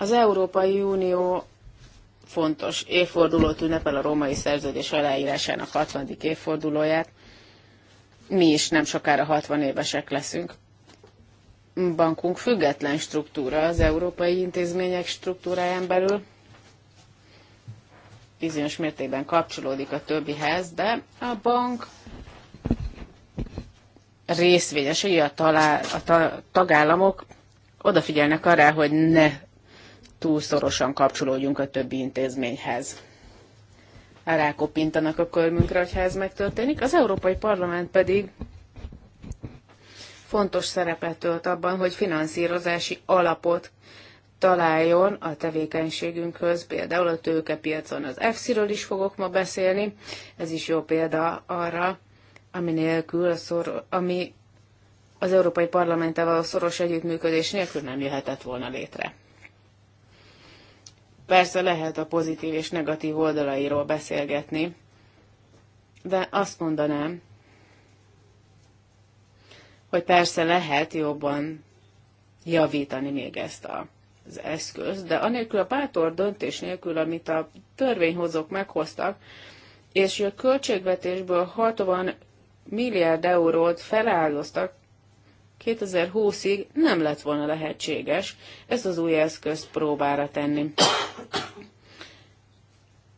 Az Európai Unió fontos évfordulót ünnepel a római szerződés aláírásának 60. évfordulóját. Mi is nem sokára 60 évesek leszünk. Bankunk független struktúra az európai intézmények struktúráján belül. Bizonyos mértékben kapcsolódik a többihez, de a bank részvényesei, a, talál, a ta, tagállamok odafigyelnek arra, hogy ne túl szorosan kapcsolódjunk a többi intézményhez. Rákopintanak a körmünkre, hogyha ez megtörténik. Az Európai Parlament pedig fontos szerepet tölt abban, hogy finanszírozási alapot találjon a tevékenységünkhöz, például a tőkepiacon. Az EFSZ-ről is fogok ma beszélni, ez is jó példa arra, ami nélkül, a szor, ami az Európai Parlamenttel való szoros együttműködés nélkül nem jöhetett volna létre. Persze lehet a pozitív és negatív oldalairól beszélgetni, de azt mondanám, hogy persze lehet jobban javítani még ezt a, az eszközt, de anélkül a bátor döntés nélkül, amit a törvényhozók meghoztak, és a költségvetésből 60 milliárd eurót feláldoztak 2020-ig nem lett volna lehetséges ezt az új eszközt próbára tenni.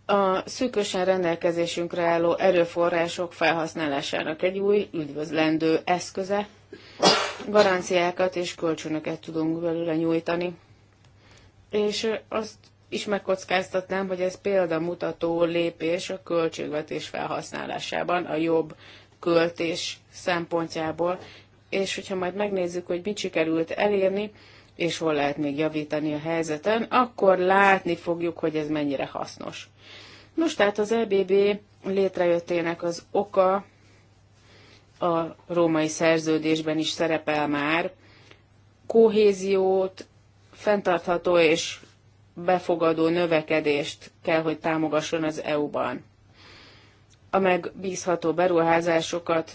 A szűkösen rendelkezésünkre álló erőforrások felhasználásának egy új, üdvözlendő eszköze. Garanciákat és kölcsönöket tudunk belőle nyújtani. És azt is megkockáztatnám, hogy ez példamutató lépés a költségvetés felhasználásában a jobb költés szempontjából, és hogyha majd megnézzük, hogy mit sikerült elérni, és hol lehet még javítani a helyzeten, akkor látni fogjuk, hogy ez mennyire hasznos. Nos, tehát az EBB létrejöttének az oka a római szerződésben is szerepel már, kohéziót, fenntartható és befogadó növekedést kell, hogy támogasson az EU-ban. A megbízható beruházásokat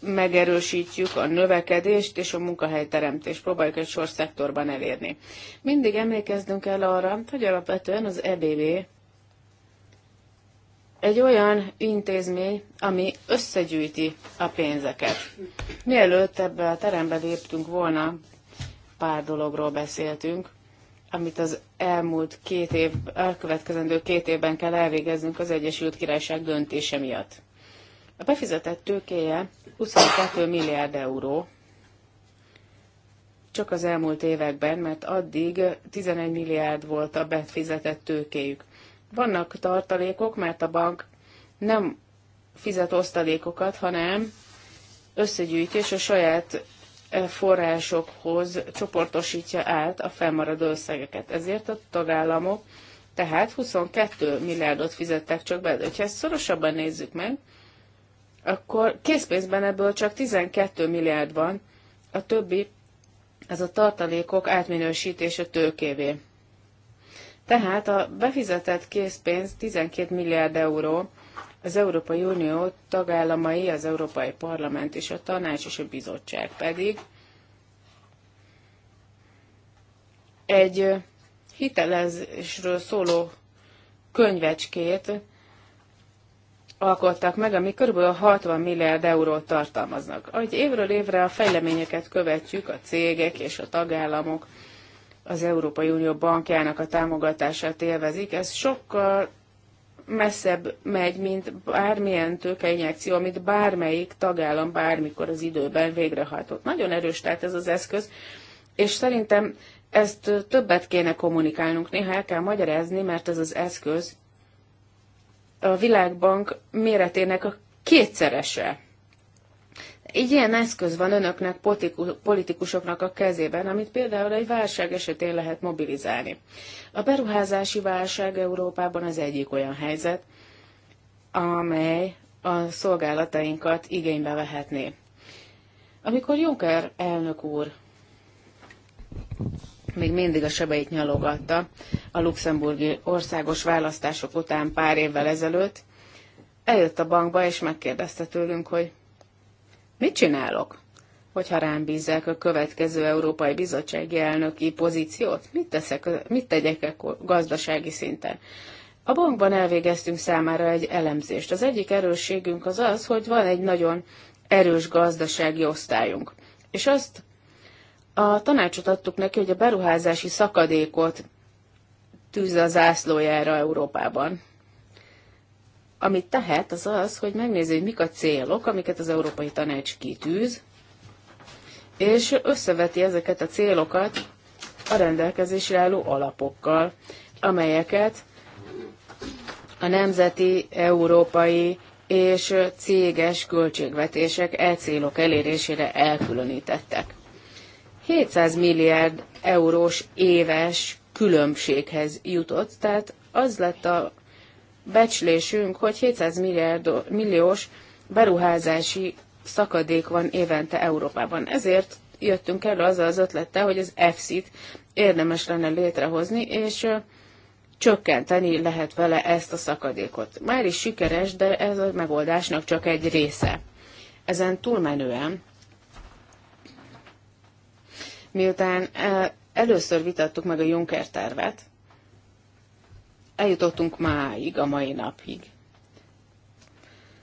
megerősítjük a növekedést és a munkahelyteremtést, próbáljuk egy sor szektorban elérni. Mindig emlékeznünk kell arra, hogy alapvetően az EBB egy olyan intézmény, ami összegyűjti a pénzeket. Mielőtt ebbe a terembe léptünk volna, pár dologról beszéltünk, amit az elmúlt két év, elkövetkezendő két évben kell elvégeznünk az Egyesült Királyság döntése miatt. A befizetett tőkéje 22 milliárd euró, csak az elmúlt években, mert addig 11 milliárd volt a befizetett tőkéjük. Vannak tartalékok, mert a bank nem fizet osztalékokat, hanem összegyűjti, és a saját eh, forrásokhoz csoportosítja át a felmaradó összegeket. Ezért a tagállamok tehát 22 milliárdot fizettek csak be. De ha ezt szorosabban nézzük meg, akkor készpénzben ebből csak 12 milliárd van, a többi ez a tartalékok átminősítése tőkévé. Tehát a befizetett készpénz 12 milliárd euró, az Európai Unió tagállamai, az Európai Parlament és a Tanács és a Bizottság pedig egy hitelezésről szóló könyvecskét alkottak meg, ami kb. 60 milliárd eurót tartalmaznak. Ahogy évről évre a fejleményeket követjük, a cégek és a tagállamok az Európai Unió bankjának a támogatását élvezik, ez sokkal messzebb megy, mint bármilyen tőkeinjekció, amit bármelyik tagállam bármikor az időben végrehajtott. Nagyon erős tehát ez az eszköz, és szerintem ezt többet kéne kommunikálnunk, néha el kell magyarázni, mert ez az eszköz a Világbank méretének a kétszerese. Így ilyen eszköz van önöknek, politikusoknak a kezében, amit például egy válság esetén lehet mobilizálni. A beruházási válság Európában az egyik olyan helyzet, amely a szolgálatainkat igénybe vehetné. Amikor Juncker elnök úr még mindig a sebeit nyalogatta a luxemburgi országos választások után pár évvel ezelőtt. Eljött a bankba, és megkérdezte tőlünk, hogy mit csinálok, hogyha rám bízzák a következő Európai Bizottsági elnöki pozíciót? Mit, teszek, mit tegyek a e gazdasági szinten? A bankban elvégeztünk számára egy elemzést. Az egyik erősségünk az az, hogy van egy nagyon erős gazdasági osztályunk. És azt a tanácsot adtuk neki, hogy a beruházási szakadékot tűz a zászlójára Európában. Amit tehet, az az, hogy megnézi, hogy mik a célok, amiket az Európai Tanács kitűz, és összeveti ezeket a célokat a rendelkezésre álló alapokkal, amelyeket a nemzeti, európai és céges költségvetések e célok elérésére elkülönítettek. 700 milliárd eurós éves különbséghez jutott, tehát az lett a becslésünk, hogy 700 milliárd, milliós beruházási szakadék van évente Európában. Ezért jöttünk el azzal az ötlettel, hogy az EFSZ-t érdemes lenne létrehozni, és csökkenteni lehet vele ezt a szakadékot. Már is sikeres, de ez a megoldásnak csak egy része. Ezen túlmenően Miután először vitattuk meg a Juncker tervet, eljutottunk máig, a mai napig.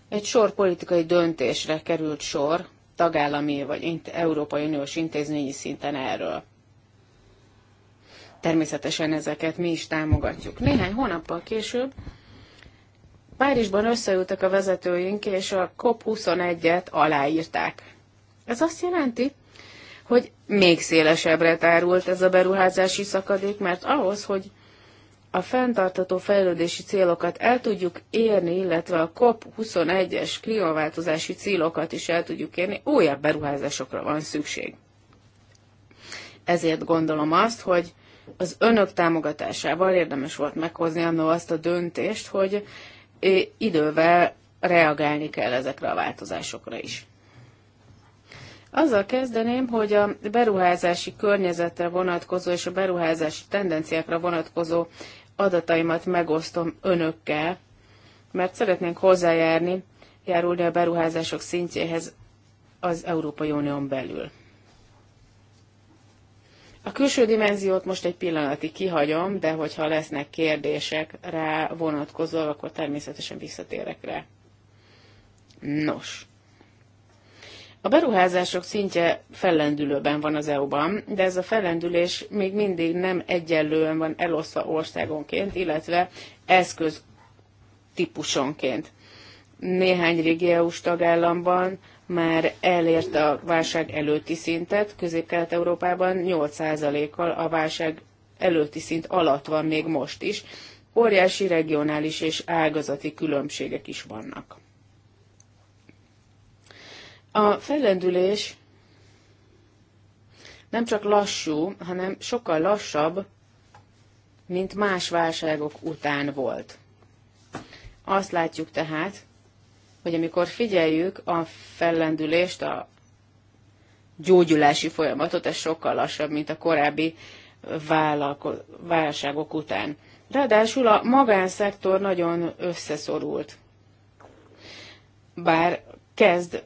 Egy sor politikai döntésre került sor tagállami vagy Európai Uniós intézményi szinten erről. Természetesen ezeket mi is támogatjuk. Néhány hónappal később Párizsban összeültek a vezetőink, és a COP21-et aláírták. Ez azt jelenti, hogy még szélesebbre tárult ez a beruházási szakadék, mert ahhoz, hogy a fenntartató fejlődési célokat el tudjuk érni, illetve a COP21-es klímaváltozási célokat is el tudjuk érni, újabb beruházásokra van szükség. Ezért gondolom azt, hogy az önök támogatásával érdemes volt meghozni annó azt a döntést, hogy eh, idővel reagálni kell ezekre a változásokra is. Azzal kezdeném, hogy a beruházási környezetre vonatkozó és a beruházási tendenciákra vonatkozó adataimat megosztom önökkel, mert szeretnénk hozzájárni, járulni a beruházások szintjéhez az Európai Unión belül. A külső dimenziót most egy pillanatig kihagyom, de hogyha lesznek kérdések rá vonatkozó, akkor természetesen visszatérek rá. Nos, a beruházások szintje fellendülőben van az EU-ban, de ez a fellendülés még mindig nem egyenlően van elosztva országonként, illetve eszköz típusonként. Néhány régi EU-s tagállamban már elért a válság előtti szintet, Közép-Kelet-Európában 8%-kal a válság előtti szint alatt van még most is. Óriási regionális és ágazati különbségek is vannak. A fellendülés nem csak lassú, hanem sokkal lassabb, mint más válságok után volt. Azt látjuk tehát, hogy amikor figyeljük a fellendülést, a gyógyulási folyamatot, ez sokkal lassabb, mint a korábbi válságok után. Ráadásul a magánszektor nagyon összeszorult. Bár kezd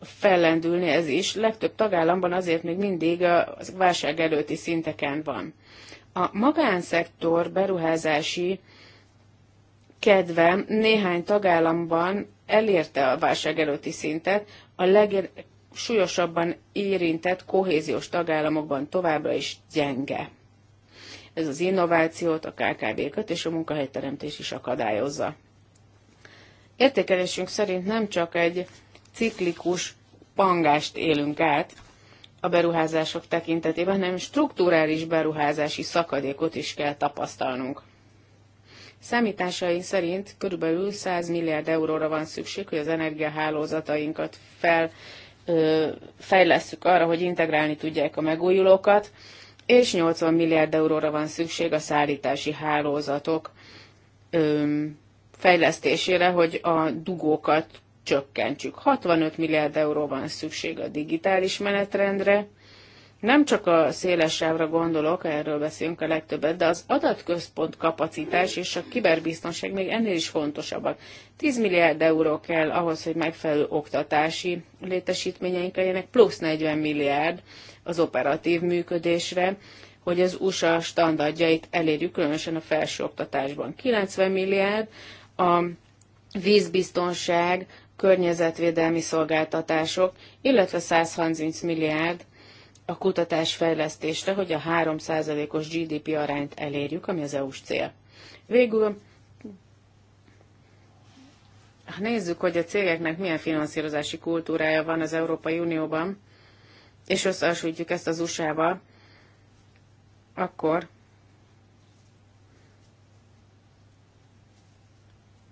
fellendülni ez is. Legtöbb tagállamban azért még mindig a válság előtti szinteken van. A magánszektor beruházási kedve néhány tagállamban elérte a válság előtti szintet, a legsúlyosabban érintett kohéziós tagállamokban továbbra is gyenge. Ez az innovációt, a kkv köt és a munkahelyteremtés is akadályozza. Értékelésünk szerint nem csak egy ciklikus pangást élünk át a beruházások tekintetében, hanem strukturális beruházási szakadékot is kell tapasztalnunk. Számításaink szerint körülbelül 100 milliárd euróra van szükség, hogy az energiahálózatainkat fel, fejlesszük arra, hogy integrálni tudják a megújulókat, és 80 milliárd euróra van szükség a szállítási hálózatok fejlesztésére, hogy a dugókat csökkentsük. 65 milliárd euró van szükség a digitális menetrendre. Nem csak a széles sávra gondolok, erről beszélünk a legtöbbet, de az adatközpont kapacitás és a kiberbiztonság még ennél is fontosabbak. 10 milliárd euró kell ahhoz, hogy megfelelő oktatási létesítményeink legyenek, plusz 40 milliárd az operatív működésre, hogy az USA standardjait elérjük, különösen a felső oktatásban 90 milliárd a vízbiztonság, környezetvédelmi szolgáltatások, illetve 130 milliárd a kutatás fejlesztésre, hogy a 3%-os GDP arányt elérjük, ami az EU-s cél. Végül nézzük, hogy a cégeknek milyen finanszírozási kultúrája van az Európai Unióban, és összehasonlítjuk ezt az USA-val, akkor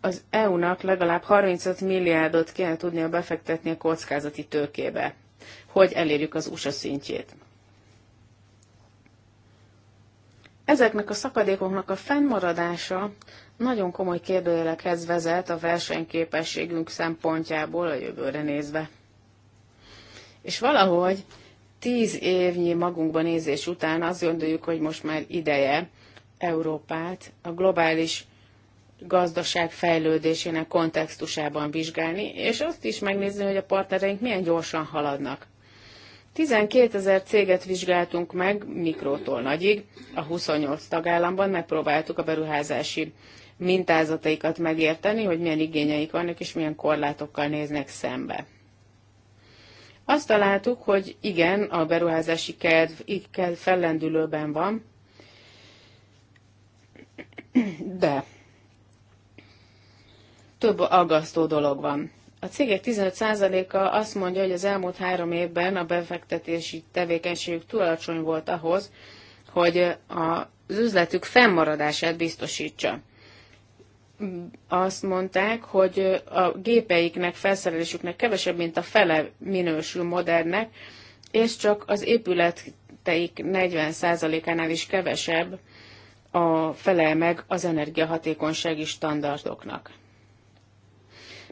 az EU-nak legalább 35 milliárdot kell tudnia befektetni a kockázati tőkébe, hogy elérjük az USA szintjét. Ezeknek a szakadékoknak a fennmaradása nagyon komoly kérdőjelekhez vezet a versenyképességünk szempontjából a jövőre nézve. És valahogy tíz évnyi magunkba nézés után azt gondoljuk, hogy most már ideje Európát a globális gazdaság fejlődésének kontextusában vizsgálni, és azt is megnézni, hogy a partnereink milyen gyorsan haladnak. 12 ezer céget vizsgáltunk meg, mikrótól nagyig, a 28 tagállamban megpróbáltuk a beruházási mintázataikat megérteni, hogy milyen igényeik vannak és milyen korlátokkal néznek szembe. Azt találtuk, hogy igen, a beruházási kedv, fellendülőben van, de több aggasztó dolog van. A cégek 15%-a azt mondja, hogy az elmúlt három évben a befektetési tevékenységük túl alacsony volt ahhoz, hogy az üzletük fennmaradását biztosítsa. Azt mondták, hogy a gépeiknek, felszerelésüknek kevesebb, mint a fele minősül modernnek, és csak az épületeik 40%-ánál is kevesebb a felel meg az energiahatékonysági standardoknak.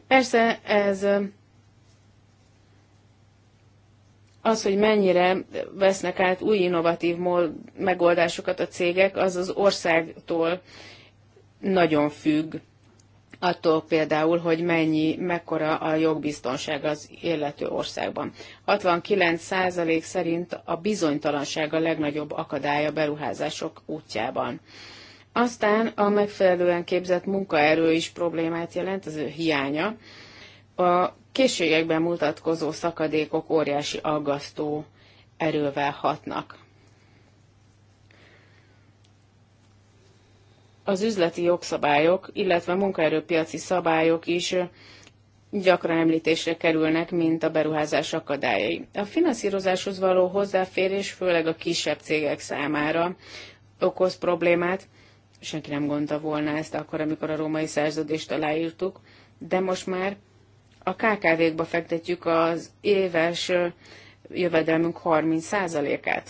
Persze ez az, hogy mennyire vesznek át új innovatív megoldásokat a cégek, az az országtól nagyon függ. Attól például, hogy mennyi, mekkora a jogbiztonság az illető országban. 69% szerint a bizonytalanság a legnagyobb akadálya beruházások útjában. Aztán a megfelelően képzett munkaerő is problémát jelent, az ő hiánya. A készségekben mutatkozó szakadékok óriási aggasztó erővel hatnak. Az üzleti jogszabályok, illetve munkaerőpiaci szabályok is gyakran említésre kerülnek, mint a beruházás akadályai. A finanszírozáshoz való hozzáférés főleg a kisebb cégek számára okoz problémát, senki nem gondolta volna ezt akkor, amikor a római szerződést aláírtuk, de most már a KKV-kba fektetjük az éves jövedelmünk 30%-át.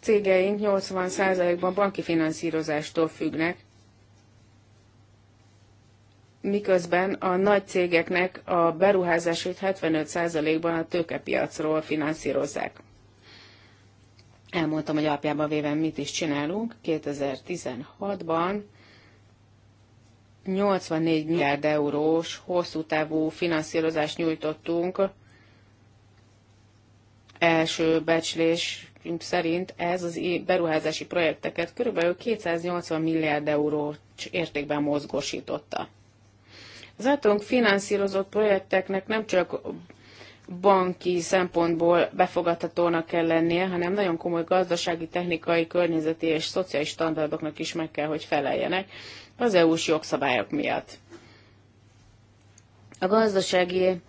Cégeink 80%-ban banki finanszírozástól függnek, miközben a nagy cégeknek a beruházásait 75%-ban a tőkepiacról finanszírozzák. Elmondtam, hogy alapjában véve mit is csinálunk. 2016-ban 84 milliárd eurós hosszú távú finanszírozást nyújtottunk. Első becslés szerint ez az beruházási projekteket kb. 280 milliárd euró értékben mozgósította. Az általunk finanszírozott projekteknek nem csak banki szempontból befogadhatónak kell lennie, hanem nagyon komoly gazdasági, technikai, környezeti és szociális standardoknak is meg kell, hogy feleljenek az EU-s jogszabályok miatt. A gazdasági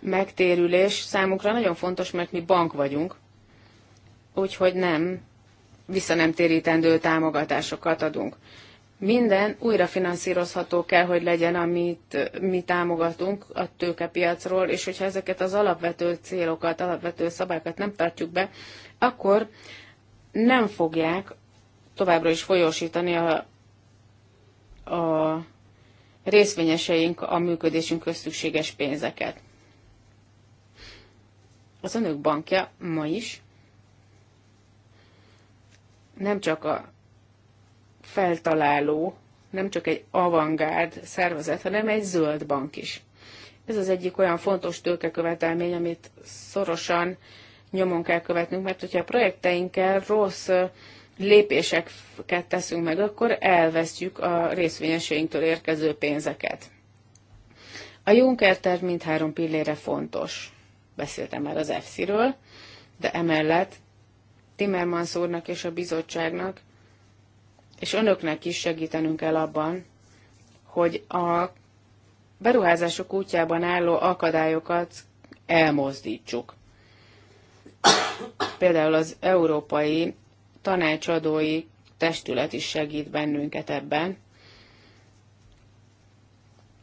megtérülés számunkra nagyon fontos, mert mi bank vagyunk, úgyhogy nem vissza nem térítendő támogatásokat adunk minden újra finanszírozható kell, hogy legyen, amit mi támogatunk a tőkepiacról, és hogyha ezeket az alapvető célokat, alapvető szabályokat nem tartjuk be, akkor nem fogják továbbra is folyósítani a, a részvényeseink a működésünk közszükséges pénzeket. Az önök bankja ma is nem csak a feltaláló, nem csak egy avangárd szervezet, hanem egy zöld bank is. Ez az egyik olyan fontos tőkekövetelmény, amit szorosan nyomon kell követnünk, mert hogyha a projekteinkkel rossz lépéseket teszünk meg, akkor elvesztjük a részvényeseinktől érkező pénzeket. A Juncker terv mindhárom pillére fontos. Beszéltem már az EFSZ-ről, de emellett Timmermans úrnak és a bizottságnak és önöknek is segítenünk kell abban, hogy a beruházások útjában álló akadályokat elmozdítsuk. Például az Európai Tanácsadói Testület is segít bennünket ebben,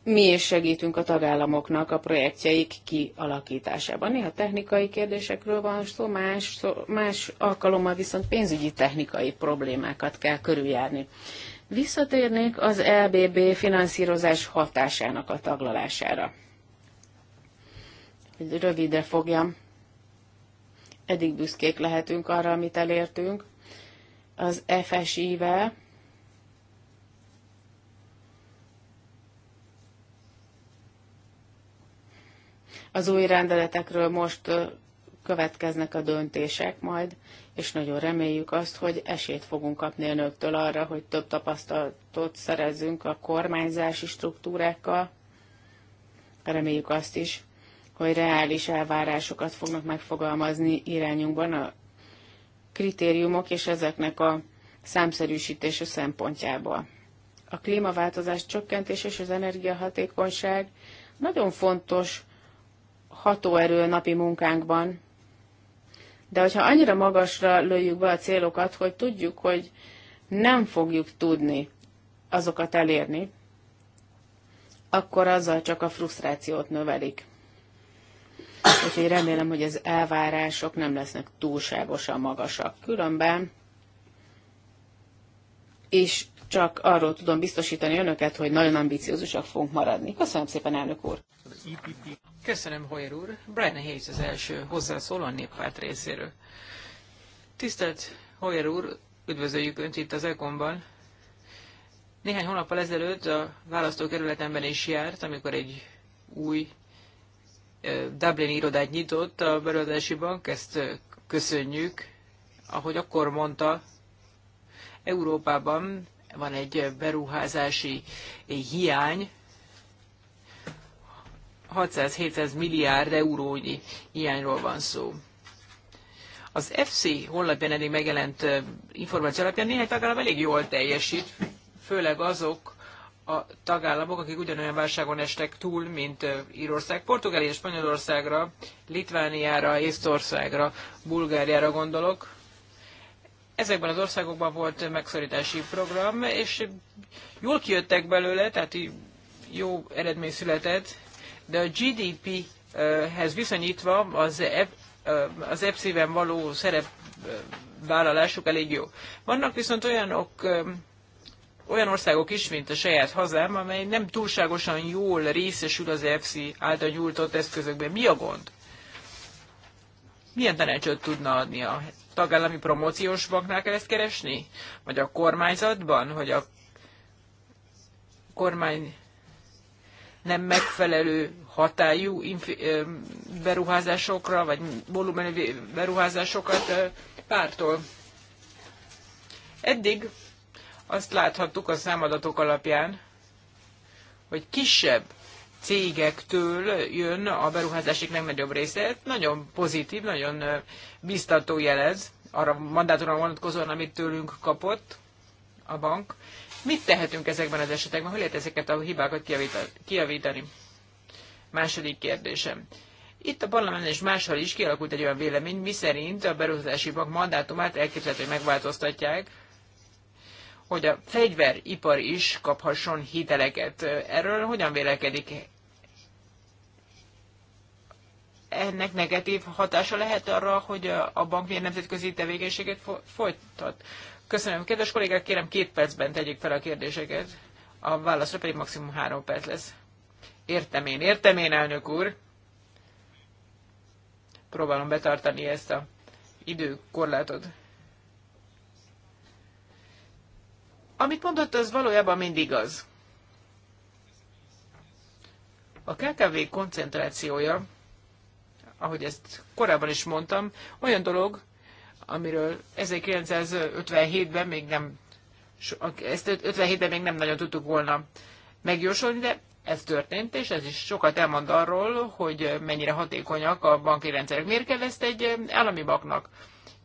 mi is segítünk a tagállamoknak a projektjeik kialakításában. Néha technikai kérdésekről van szó, más, más alkalommal viszont pénzügyi technikai problémákat kell körüljárni. Visszatérnék az LBB finanszírozás hatásának a taglalására. Hogy rövidre fogjam. Eddig büszkék lehetünk arra, amit elértünk. Az FSI-vel Az új rendeletekről most következnek a döntések majd, és nagyon reméljük azt, hogy esélyt fogunk kapni nőktől arra, hogy több tapasztalatot szerezzünk a kormányzási struktúrákkal. Reméljük azt is, hogy reális elvárásokat fognak megfogalmazni irányunkban a kritériumok és ezeknek a számszerűsítése szempontjából. A klímaváltozás csökkentés és az energiahatékonyság nagyon fontos hatóerő a napi munkánkban. De hogyha annyira magasra lőjük be a célokat, hogy tudjuk, hogy nem fogjuk tudni azokat elérni, akkor azzal csak a frusztrációt növelik. Úgyhogy remélem, hogy az elvárások nem lesznek túlságosan magasak. Különben és csak arról tudom biztosítani önöket, hogy nagyon ambiciózusak fogunk maradni. Köszönöm szépen, elnök úr! Köszönöm, Hoyer úr. Brian Hayes az első hozzászóló a néppárt részéről. Tisztelt Hoyer úr, üdvözöljük Önt itt az Ekonban. Néhány hónappal ezelőtt a választókerületemben is járt, amikor egy új Dublin irodát nyitott a Beruházási Bank, ezt köszönjük. Ahogy akkor mondta, Európában van egy beruházási hiány, 600-700 milliárd eurónyi hiányról van szó. Az FC honlapján eddig megjelent információ alapján néhány tagállam elég jól teljesít, főleg azok a tagállamok, akik ugyanolyan válságon estek túl, mint Írország, Portugália és Spanyolországra, Litvániára, Észtországra, Bulgáriára gondolok. Ezekben az országokban volt megszorítási program, és jól kijöttek belőle, tehát jó eredmény született, de a GDP-hez viszonyítva az, az EPSZ-ben való szerepvállalásuk elég jó. Vannak viszont olyanok, olyan országok is, mint a saját hazám, amely nem túlságosan jól részesül az EFSI által nyújtott eszközökben. Mi a gond? Milyen tanácsot tudna adni a tagállami promóciós banknál kell ezt keresni? Vagy a kormányzatban? vagy a kormány nem megfelelő hatályú beruházásokra, vagy volumenű beruházásokat pártol. Eddig azt láthattuk a számadatok alapján, hogy kisebb cégektől jön a beruházásik legnagyobb része. Nagyon pozitív, nagyon biztató jelez arra mandátumra vonatkozóan, amit tőlünk kapott a bank. Mit tehetünk ezekben az esetekben? Hogy lehet ezeket a hibákat kiavítani? Második kérdésem. Itt a parlamentben és máshol is kialakult egy olyan vélemény, miszerint a beruházási bank mandátumát elképzelhető, hogy megváltoztatják, hogy a fegyveripar is kaphasson hiteleket. Erről hogyan vélekedik? Ennek negatív hatása lehet arra, hogy a bank milyen nemzetközi tevékenységet folytat? Köszönöm, kedves kollégák, kérem két percben tegyék fel a kérdéseket. A válaszra pedig maximum három perc lesz. Értem én, értem én, elnök úr. Próbálom betartani ezt a időkorlátot. Amit mondott, az valójában mindig az. A KKV koncentrációja, ahogy ezt korábban is mondtam, olyan dolog, amiről 1957-ben még nem ezt 57-ben még nem nagyon tudtuk volna megjósolni, de ez történt, és ez is sokat elmond arról, hogy mennyire hatékonyak a banki rendszerek. Miért kell ezt egy állami banknak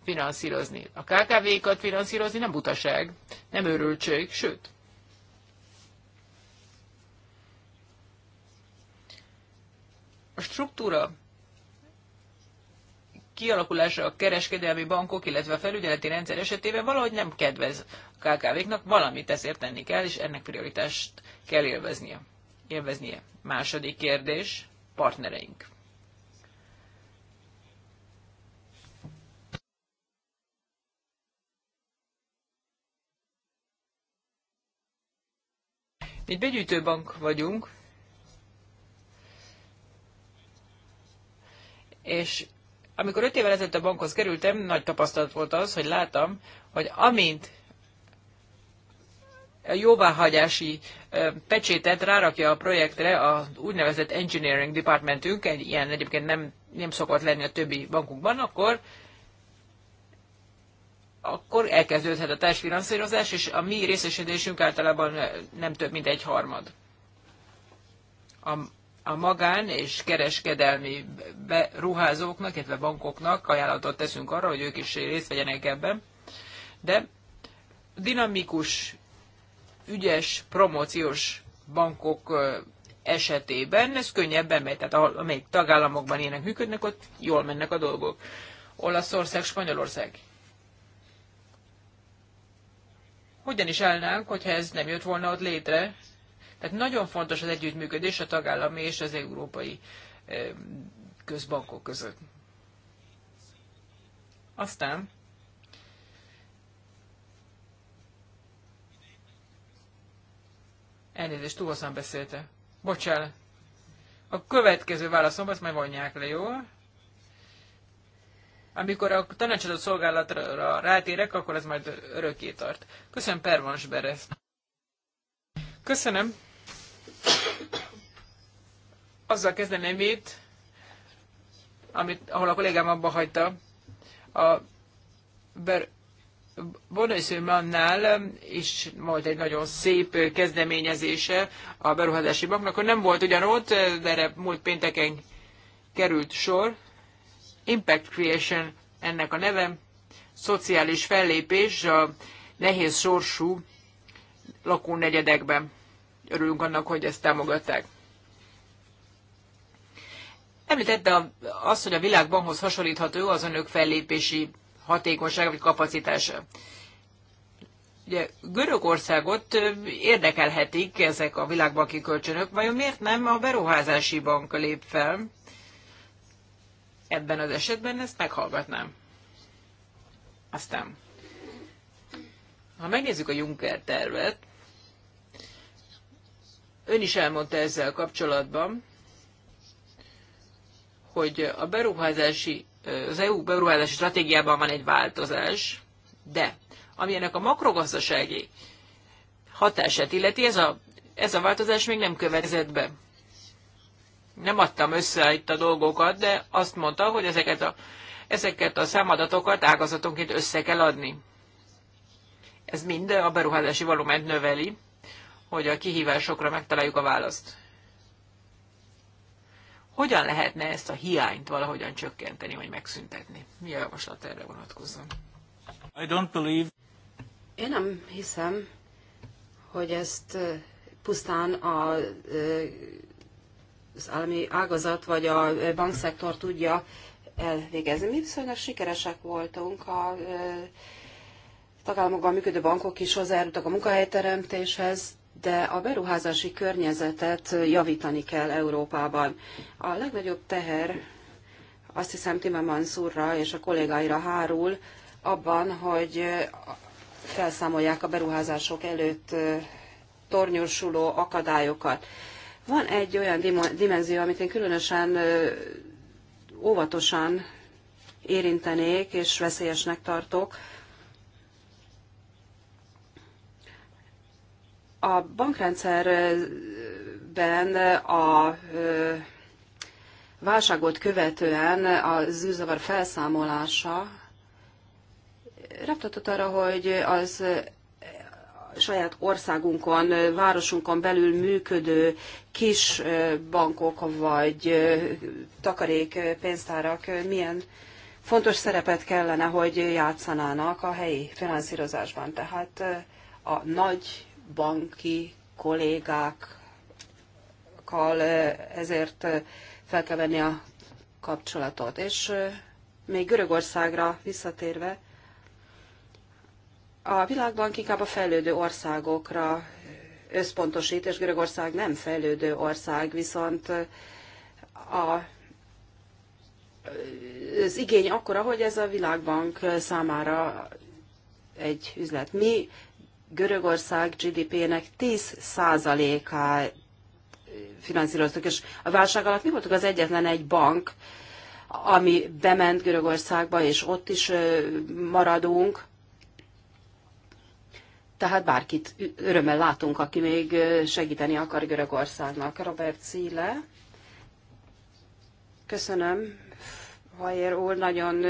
finanszírozni? A KKV-kat finanszírozni nem butaság, nem őrültség, sőt. A struktúra kialakulása a kereskedelmi bankok, illetve a felügyeleti rendszer esetében valahogy nem kedvez a KKV-knak, valamit ezért tenni kell, és ennek prioritást kell élveznie. élveznie. Második kérdés, partnereink. Egy begyűjtőbank vagyunk, és amikor öt évvel ezelőtt a bankhoz kerültem, nagy tapasztalat volt az, hogy láttam, hogy amint a jóváhagyási pecsétet rárakja a projektre az úgynevezett engineering departmentünk, egy ilyen egyébként nem, nem szokott lenni a többi bankunkban, akkor akkor elkezdődhet a társfinanszírozás, és a mi részesedésünk általában nem több, mint egy harmad. A a magán és kereskedelmi beruházóknak, illetve bankoknak ajánlatot teszünk arra, hogy ők is részt vegyenek ebben, de dinamikus, ügyes, promóciós bankok esetében ez könnyebben megy, tehát amelyik tagállamokban ilyenek működnek, ott jól mennek a dolgok. Olaszország, Spanyolország. Hogyan is állnánk, hogyha ez nem jött volna ott létre, tehát nagyon fontos az együttműködés a tagállami és az európai közbankok között. Aztán Elnézést, túl hosszan beszélte. Bocsánat. A következő válaszom, azt majd vonják le, jó? Amikor a tanácsadó szolgálatra rátérek, akkor ez majd örökké tart. Köszönöm, Pervans Berez. Köszönöm azzal kezdeném itt, amit, ahol a kollégám abba hagyta, a Ber Mannál um, is volt egy nagyon szép kezdeményezése a beruházási banknak, akkor nem volt ugyanott, de erre múlt pénteken került sor. Impact Creation ennek a nevem, szociális fellépés a nehéz sorsú lakónegyedekben örülünk annak, hogy ezt támogatták. Említette azt, hogy a világbankhoz hasonlítható az önök fellépési hatékonysága vagy kapacitása. Ugye Görögországot érdekelhetik ezek a világbanki kölcsönök, vajon miért nem a beruházási bank lép fel? Ebben az esetben ezt meghallgatnám. Aztán, ha megnézzük a Juncker tervet, Ön is elmondta ezzel kapcsolatban, hogy a beruházási, az EU beruházási stratégiában van egy változás, de ami ennek a makrogazdasági hatását illeti, ez a, ez a változás még nem következett be. Nem adtam össze itt a dolgokat, de azt mondta, hogy ezeket a, ezeket a számadatokat ágazatonként össze kell adni. Ez mind a beruházási volument növeli, hogy a kihívásokra megtaláljuk a választ. Hogyan lehetne ezt a hiányt valahogyan csökkenteni, vagy megszüntetni? Mi a javaslat erre vonatkozóan? I don't believe... Én nem hiszem, hogy ezt pusztán a, az állami ágazat vagy a bankszektor tudja elvégezni. Mi viszonylag sikeresek voltunk a tagállamokban működő bankok is hozzájárultak a munkahelyteremtéshez, de a beruházási környezetet javítani kell Európában. A legnagyobb teher, azt hiszem Timmermans úrra és a kollégáira hárul, abban, hogy felszámolják a beruházások előtt tornyosuló akadályokat. Van egy olyan dimenzió, amit én különösen óvatosan érintenék és veszélyesnek tartok, A bankrendszerben a válságot követően a zűrzavar felszámolása reptatott arra, hogy az saját országunkon, városunkon belül működő kis bankok vagy takarék pénztárak milyen fontos szerepet kellene, hogy játszanának a helyi finanszírozásban. Tehát a nagy banki kollégákkal, ezért fel kell venni a kapcsolatot. És még Görögországra visszatérve, a világbank inkább a fejlődő országokra összpontosít, és Görögország nem fejlődő ország, viszont a, az igény akkora, hogy ez a világbank számára egy üzlet. Mi Görögország GDP-nek 10 százaléka finanszíroztuk, és a válság alatt mi voltunk az egyetlen egy bank, ami bement Görögországba, és ott is maradunk. Tehát bárkit örömmel látunk, aki még segíteni akar Görögországnak. Robert Szíle. Köszönöm, Hajér úr, nagyon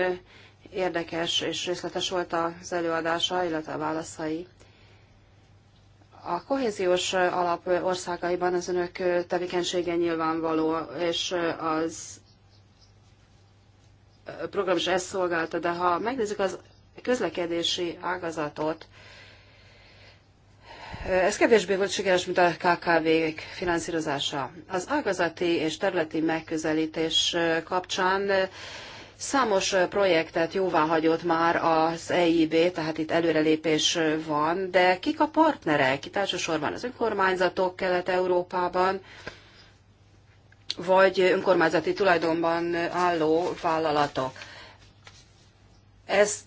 érdekes és részletes volt az előadása, illetve a válaszai. A kohéziós alap országaiban az önök tevékenysége nyilvánvaló, és az program is ezt szolgálta, de ha megnézzük az közlekedési ágazatot, ez kevésbé volt sikeres, mint a KKV-k finanszírozása. Az ágazati és területi megközelítés kapcsán Számos projektet jóvá hagyott már az EIB, tehát itt előrelépés van, de kik a partnerek? Itt elsősorban az önkormányzatok Kelet-Európában, vagy önkormányzati tulajdonban álló vállalatok. Ezt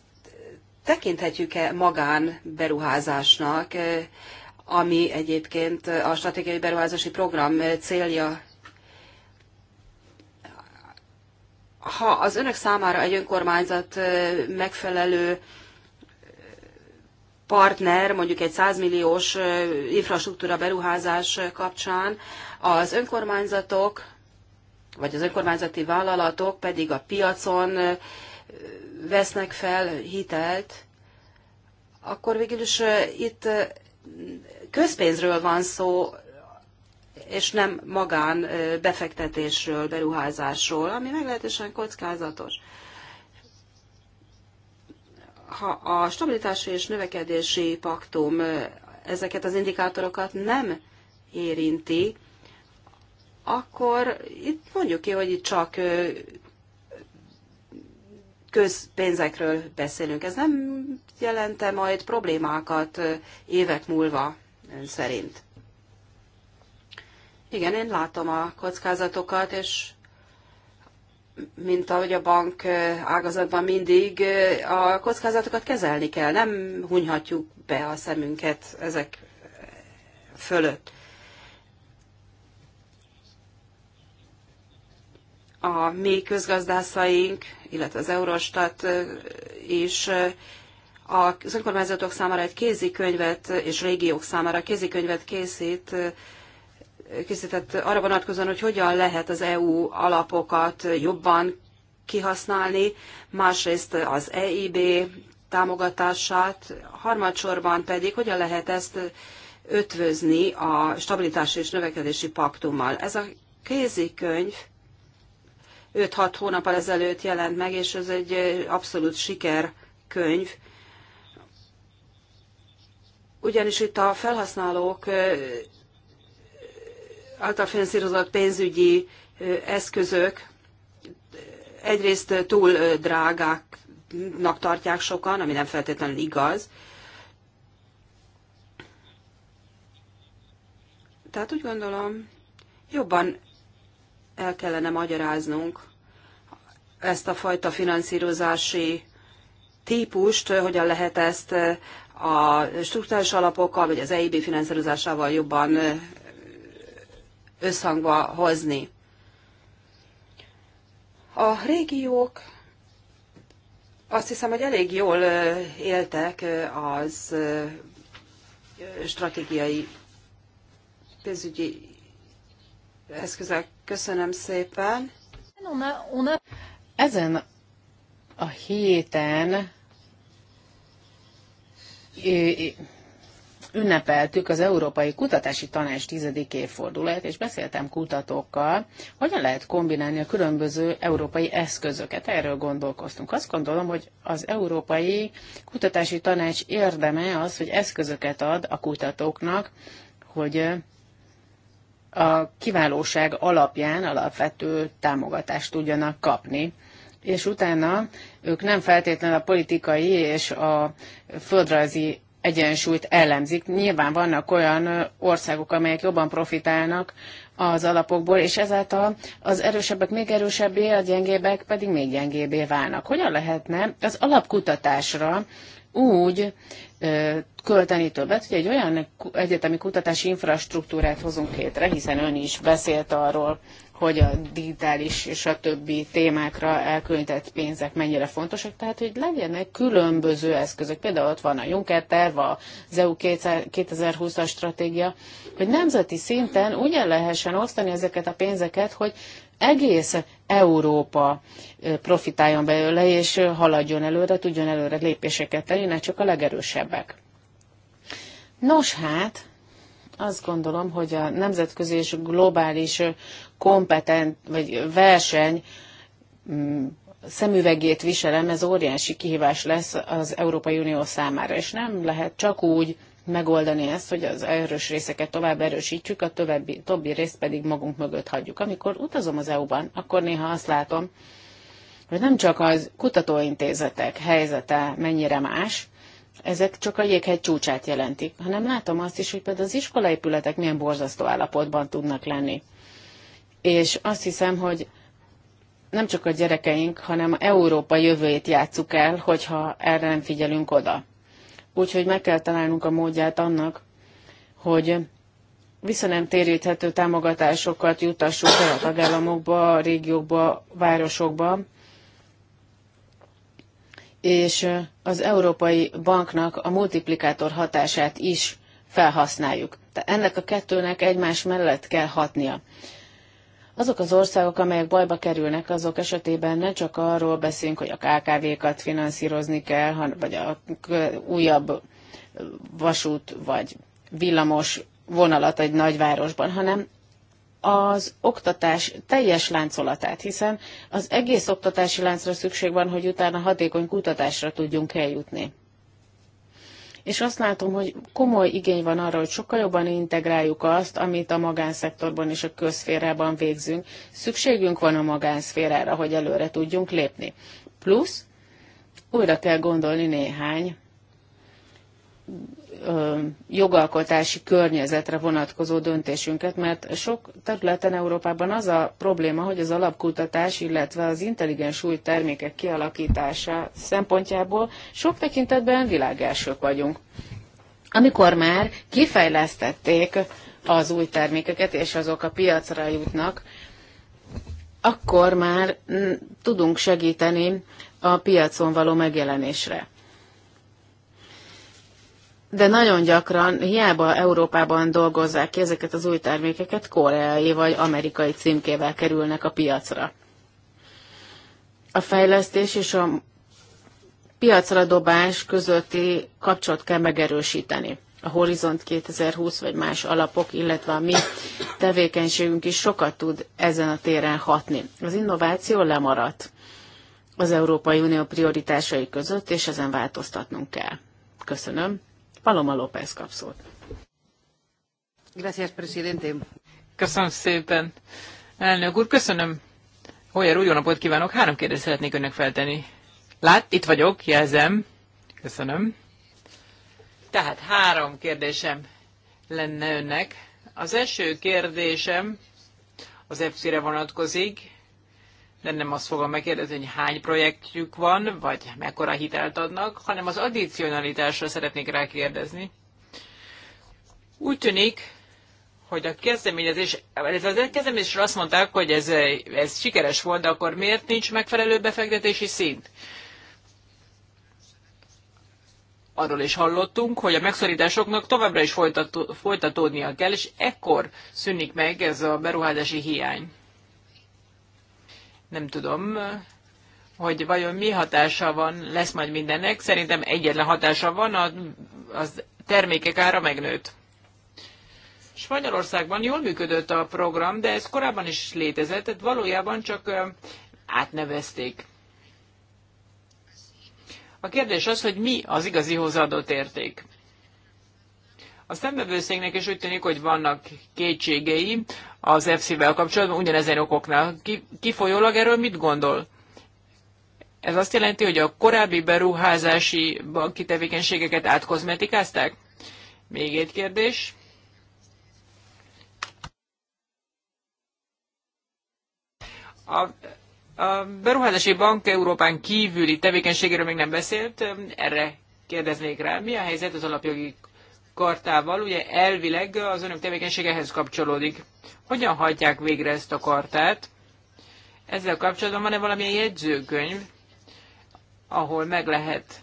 tekinthetjük-e magán beruházásnak, ami egyébként a stratégiai beruházási program célja ha az önök számára egy önkormányzat megfelelő partner, mondjuk egy 100 milliós infrastruktúra beruházás kapcsán, az önkormányzatok, vagy az önkormányzati vállalatok pedig a piacon vesznek fel hitelt, akkor végül is itt közpénzről van szó, és nem magán befektetésről, beruházásról, ami meglehetősen kockázatos. Ha a stabilitási és növekedési paktum ezeket az indikátorokat nem érinti, akkor itt mondjuk ki, hogy itt csak közpénzekről beszélünk. Ez nem jelente majd problémákat évek múlva ön szerint. Igen, én látom a kockázatokat, és mint ahogy a bank ágazatban mindig, a kockázatokat kezelni kell, nem hunyhatjuk be a szemünket ezek fölött. A mi közgazdászaink, illetve az Eurostat is az önkormányzatok számára egy kézikönyvet és régiók számára kézikönyvet készít, készített arra vonatkozóan, hogy hogyan lehet az EU alapokat jobban kihasználni, másrészt az EIB támogatását, harmadsorban pedig hogyan lehet ezt ötvözni a stabilitási és növekedési paktummal. Ez a kézikönyv 5-6 hónappal ezelőtt jelent meg, és ez egy abszolút sikerkönyv, ugyanis itt a felhasználók által finanszírozott pénzügyi eszközök egyrészt túl drágáknak tartják sokan, ami nem feltétlenül igaz. Tehát úgy gondolom, jobban el kellene magyaráznunk ezt a fajta finanszírozási típust, hogyan lehet ezt a struktúrás alapokkal, vagy az EIB finanszírozásával jobban összhangba hozni. A régiók azt hiszem, hogy elég jól éltek az stratégiai pénzügyi eszközök. Köszönöm szépen. Ezen a héten ünnepeltük az Európai Kutatási Tanács tizedik évfordulóját, és beszéltem kutatókkal, hogyan lehet kombinálni a különböző európai eszközöket. Erről gondolkoztunk. Azt gondolom, hogy az Európai Kutatási Tanács érdeme az, hogy eszközöket ad a kutatóknak, hogy a kiválóság alapján alapvető támogatást tudjanak kapni és utána ők nem feltétlenül a politikai és a földrajzi egyensúlyt ellenzik. Nyilván vannak olyan országok, amelyek jobban profitálnak az alapokból, és ezáltal az erősebbek még erősebbé, a gyengébbek pedig még gyengébbé válnak. Hogyan lehetne az alapkutatásra úgy ö, költeni többet, hogy egy olyan egyetemi kutatási infrastruktúrát hozunk létre, hiszen ön is beszélt arról, hogy a digitális és a többi témákra elkülönített pénzek mennyire fontosak, tehát hogy legyenek különböző eszközök. Például ott van a Juncker terv, az EU 2020-as stratégia, hogy nemzeti szinten ugyan lehessen osztani ezeket a pénzeket, hogy egész Európa profitáljon belőle, és haladjon előre, tudjon előre lépéseket tenni, ne csak a legerősebbek. Nos hát, azt gondolom, hogy a nemzetközi és globális kompetent, vagy verseny mm, szemüvegét viselem, ez óriási kihívás lesz az Európai Unió számára, és nem lehet csak úgy megoldani ezt, hogy az erős részeket tovább erősítjük, a többi, többi részt pedig magunk mögött hagyjuk. Amikor utazom az EU-ban, akkor néha azt látom, hogy nem csak az kutatóintézetek helyzete mennyire más, ezek csak a jéghegy csúcsát jelentik, hanem látom azt is, hogy például az iskolaépületek milyen borzasztó állapotban tudnak lenni és azt hiszem, hogy nem csak a gyerekeink, hanem Európa jövőjét játsszuk el, hogyha erre nem figyelünk oda. Úgyhogy meg kell találnunk a módját annak, hogy téríthető támogatásokat jutassuk el a tagállamokba, a régiókba, városokba, és az Európai Banknak a multiplikátor hatását is felhasználjuk. Tehát ennek a kettőnek egymás mellett kell hatnia azok az országok, amelyek bajba kerülnek, azok esetében ne csak arról beszélünk, hogy a KKV-kat finanszírozni kell, vagy a újabb vasút vagy villamos vonalat egy nagyvárosban, hanem az oktatás teljes láncolatát, hiszen az egész oktatási láncra szükség van, hogy utána hatékony kutatásra tudjunk eljutni és azt látom, hogy komoly igény van arra, hogy sokkal jobban integráljuk azt, amit a magánszektorban és a közférában végzünk. Szükségünk van a magánszférára, hogy előre tudjunk lépni. Plusz újra kell gondolni néhány jogalkotási környezetre vonatkozó döntésünket, mert sok területen Európában az a probléma, hogy az alapkutatás, illetve az intelligens új termékek kialakítása szempontjából sok tekintetben világelsők vagyunk. Amikor már kifejlesztették az új termékeket, és azok a piacra jutnak, akkor már tudunk segíteni a piacon való megjelenésre de nagyon gyakran, hiába Európában dolgozzák ki ezeket az új termékeket, koreai vagy amerikai címkével kerülnek a piacra. A fejlesztés és a piacra dobás közötti kapcsolat kell megerősíteni. A Horizont 2020 vagy más alapok, illetve a mi tevékenységünk is sokat tud ezen a téren hatni. Az innováció lemaradt az Európai Unió prioritásai között, és ezen változtatnunk kell. Köszönöm. Paloma López kap szót. Gracias, presidente. Köszönöm szépen. Elnök úr, köszönöm. Hoyer úr, jó napot kívánok. Három kérdést szeretnék önnek feltenni. Lát, itt vagyok, jelzem. Köszönöm. Tehát három kérdésem lenne önnek. Az első kérdésem az FC-re vonatkozik de nem azt fogom megkérdezni, hogy hány projektjük van, vagy mekkora hitelt adnak, hanem az addicionalitásra szeretnék rákérdezni. Úgy tűnik, hogy a kezdeményezés, ez az kezdeményezésre azt mondták, hogy ez, ez sikeres volt, de akkor miért nincs megfelelő befektetési szint? arról is hallottunk, hogy a megszorításoknak továbbra is folytató, folytatódnia kell, és ekkor szűnik meg ez a beruházási hiány nem tudom, hogy vajon mi hatása van, lesz majd mindennek. Szerintem egyetlen hatása van, a, az termékek ára megnőtt. Spanyolországban jól működött a program, de ez korábban is létezett, tehát valójában csak átnevezték. A kérdés az, hogy mi az igazi hozzáadott érték. A szembevőszéknek is úgy tűnik, hogy vannak kétségei az FC-vel kapcsolatban, ugyanezen okoknál. Ki, kifolyólag erről mit gondol? Ez azt jelenti, hogy a korábbi beruházási banki tevékenységeket átkozmetikázták? Még egy kérdés. A, a beruházási bank Európán kívüli tevékenységéről még nem beszélt, erre kérdeznék rá. Mi a helyzet az alapjogi kartával, ugye elvileg az önök tevékenységehez kapcsolódik. Hogyan hajtják végre ezt a kartát? Ezzel kapcsolatban van-e valamilyen jegyzőkönyv, ahol meg lehet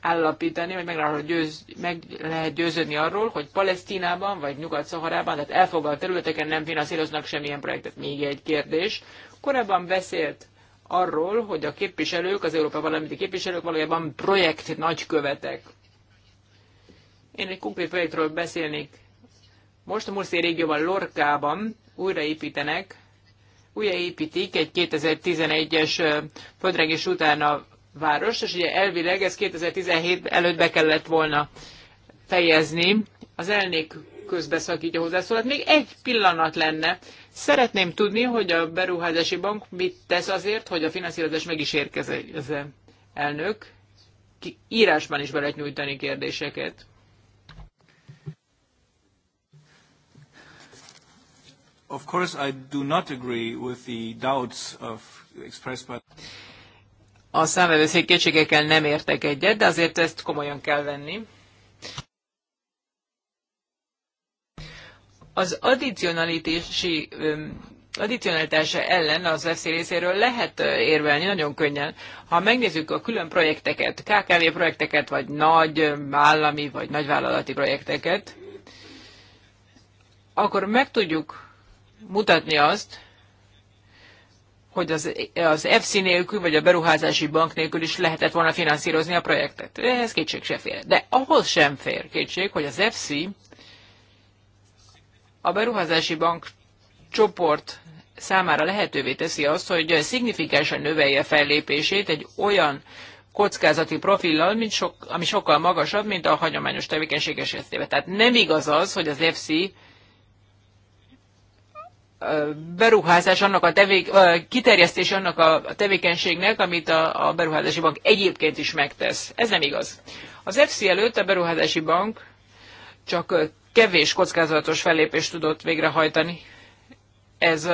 állapítani, vagy meg lehet, győz, meg lehet győződni arról, hogy Palesztinában vagy Nyugat-Szaharában, tehát elfoglalt területeken nem finanszíroznak semmilyen projektet. Még egy kérdés. Korábban beszélt arról, hogy a képviselők, az Európa Parlamenti képviselők valójában projekt nagykövetek. Én egy konkrét projektről beszélnék. Most a Murszi régióban, Lorkában újraépítenek, újraépítik egy 2011-es földrengés után a város, és ugye elvileg ez 2017 előtt be kellett volna fejezni. Az elnék közbeszakítja hozzászólat. Hát még egy pillanat lenne. Szeretném tudni, hogy a beruházási bank mit tesz azért, hogy a finanszírozás meg is érkezzen. Elnök, írásban is be lehet nyújtani kérdéseket. of course, I do not agree with the doubts of expressed by... A számvevőszék kétségekkel nem értek egyet, de azért ezt komolyan kell venni. Az addicionalitási addicionalitása ellen az FC részéről lehet érvelni nagyon könnyen. Ha megnézzük a külön projekteket, KKV projekteket, vagy nagy állami, vagy nagyvállalati projekteket, akkor meg tudjuk mutatni azt, hogy az, az FC nélkül, vagy a beruházási bank nélkül is lehetett volna finanszírozni a projektet. Ehhez kétség se fér. De ahhoz sem fér kétség, hogy az FC a beruházási bank csoport számára lehetővé teszi azt, hogy szignifikánsan növelje fellépését egy olyan kockázati profillal, mint sok, ami sokkal magasabb, mint a hagyományos tevékenység esetében. Tehát nem igaz az, hogy az FC beruházás, annak a tevék, kiterjesztés annak a tevékenységnek, amit a, a beruházási bank egyébként is megtesz. Ez nem igaz. Az FC előtt a beruházási bank csak kevés kockázatos fellépést tudott végrehajtani. Ez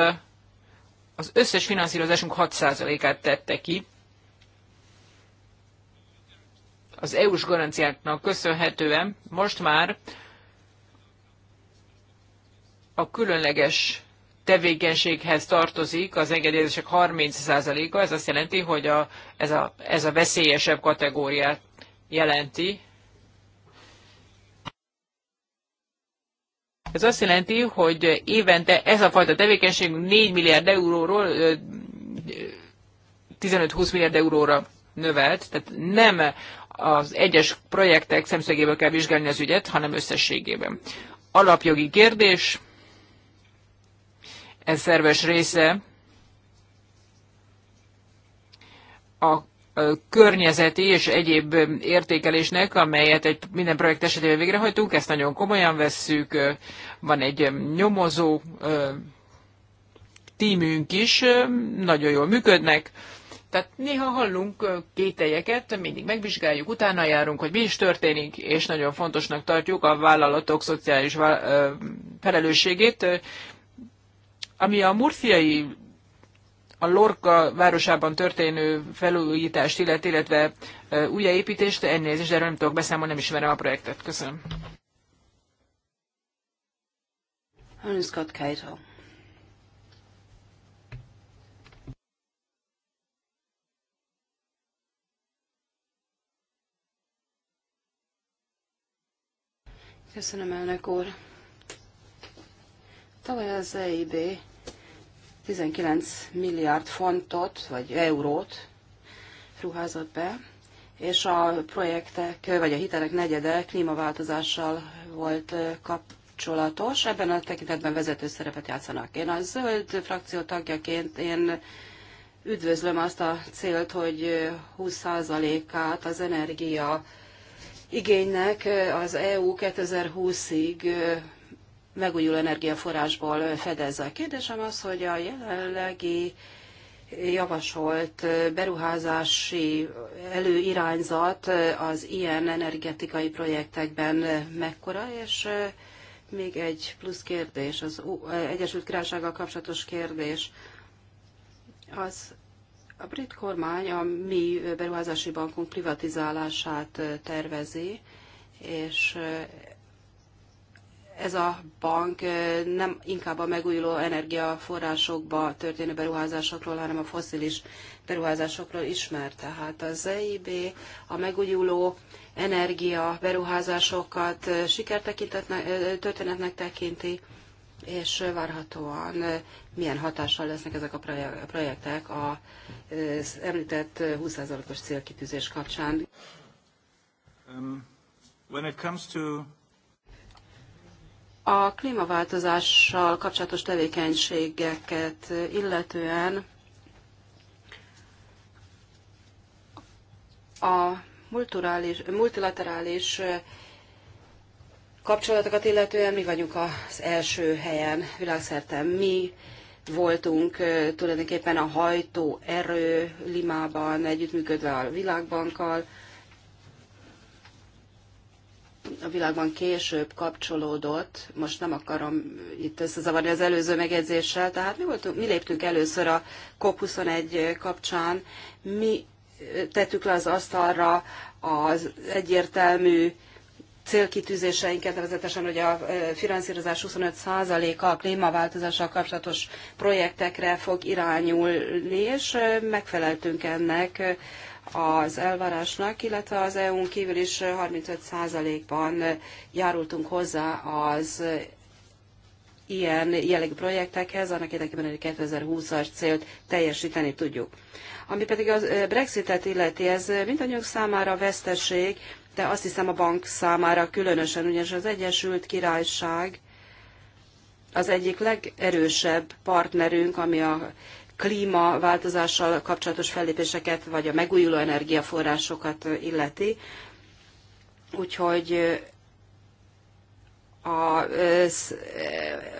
az összes finanszírozásunk 6%-át tette ki. Az EU-s garanciáknak köszönhetően most már a különleges tevékenységhez tartozik az engedélyezések 30%-a, ez azt jelenti, hogy a, ez, a, ez a veszélyesebb kategóriát jelenti. Ez azt jelenti, hogy évente ez a fajta tevékenység 4 milliárd euróról 15-20 milliárd euróra növelt, tehát nem az egyes projektek szemszögéből kell vizsgálni az ügyet, hanem összességében. Alapjogi kérdés, ez szerves része a környezeti és egyéb értékelésnek, amelyet egy minden projekt esetében végrehajtunk, ezt nagyon komolyan vesszük, van egy nyomozó tímünk is, nagyon jól működnek, tehát néha hallunk kételyeket, mindig megvizsgáljuk, utána járunk, hogy mi is történik, és nagyon fontosnak tartjuk a vállalatok szociális felelősségét. Ami a murciai, a Lorca városában történő felújítást, illet, illetve újjáépítést, elnézést, erről nem tudok beszámolni, nem ismerem a projektet. Köszönöm. Köszönöm, elnök úr. Tavaly az EIB 19 milliárd fontot, vagy eurót ruházott be, és a projektek, vagy a hitelek negyede klímaváltozással volt kapcsolatos. Ebben a tekintetben vezető szerepet játszanak. Én a zöld frakció tagjaként én üdvözlöm azt a célt, hogy 20%-át az energia igénynek az EU 2020-ig megújuló energiaforrásból fedezze. A kérdésem az, hogy a jelenlegi javasolt beruházási előirányzat az ilyen energetikai projektekben mekkora, és még egy plusz kérdés, az Egyesült Királysággal kapcsolatos kérdés. Az a brit kormány a mi beruházási bankunk privatizálását tervezi, és ez a bank nem inkább a megújuló energiaforrásokba történő beruházásokról, hanem a foszilis beruházásokról ismer. Tehát az EIB a megújuló energia beruházásokat sikertörténetnek tekinti, és várhatóan milyen hatással lesznek ezek a projektek az említett 20%-os célkitűzés kapcsán. Um, when it comes to a klímaváltozással kapcsolatos tevékenységeket illetően a multilaterális kapcsolatokat illetően mi vagyunk az első helyen világszerte. Mi voltunk tulajdonképpen a hajtó erő Limában együttműködve a világbankkal, a világban később kapcsolódott, most nem akarom itt összezavarni az előző megjegyzéssel, tehát mi, voltunk, mi léptünk először a COP21 kapcsán, mi tettük le az asztalra az egyértelmű célkitűzéseinket, nevezetesen hogy a finanszírozás 25%-a a klímaváltozással kapcsolatos projektekre fog irányulni, és megfeleltünk ennek az elvárásnak, illetve az EU-n kívül is 35%-ban járultunk hozzá az ilyen jellegű projektekhez, annak érdekében, hogy 2020-as célt teljesíteni tudjuk. Ami pedig a Brexitet illeti, ez mindannyiunk számára veszteség, de azt hiszem a bank számára különösen, ugyanis az Egyesült Királyság az egyik legerősebb partnerünk, ami a klímaváltozással kapcsolatos fellépéseket, vagy a megújuló energiaforrásokat illeti. Úgyhogy a, ez,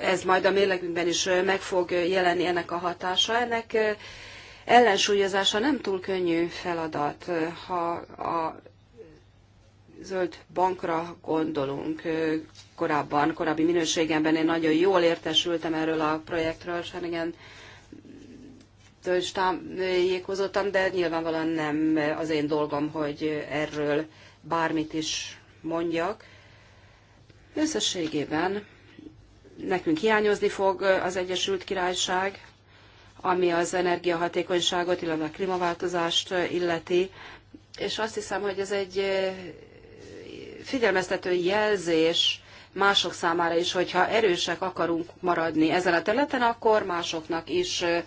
ez majd a mérlegünkben is meg fog jelenni ennek a hatása. Ennek ellensúlyozása nem túl könnyű feladat, ha a zöld bankra gondolunk. Korábban, korábbi minőségemben én nagyon jól értesültem erről a projektről, Schengen erről is tájékozottam, de nyilvánvalóan nem az én dolgom, hogy erről bármit is mondjak. Összességében nekünk hiányozni fog az Egyesült Királyság, ami az energiahatékonyságot, illetve a klímaváltozást illeti, és azt hiszem, hogy ez egy eh, figyelmeztető jelzés mások számára is, hogyha erősek akarunk maradni ezen a területen, akkor másoknak is eh,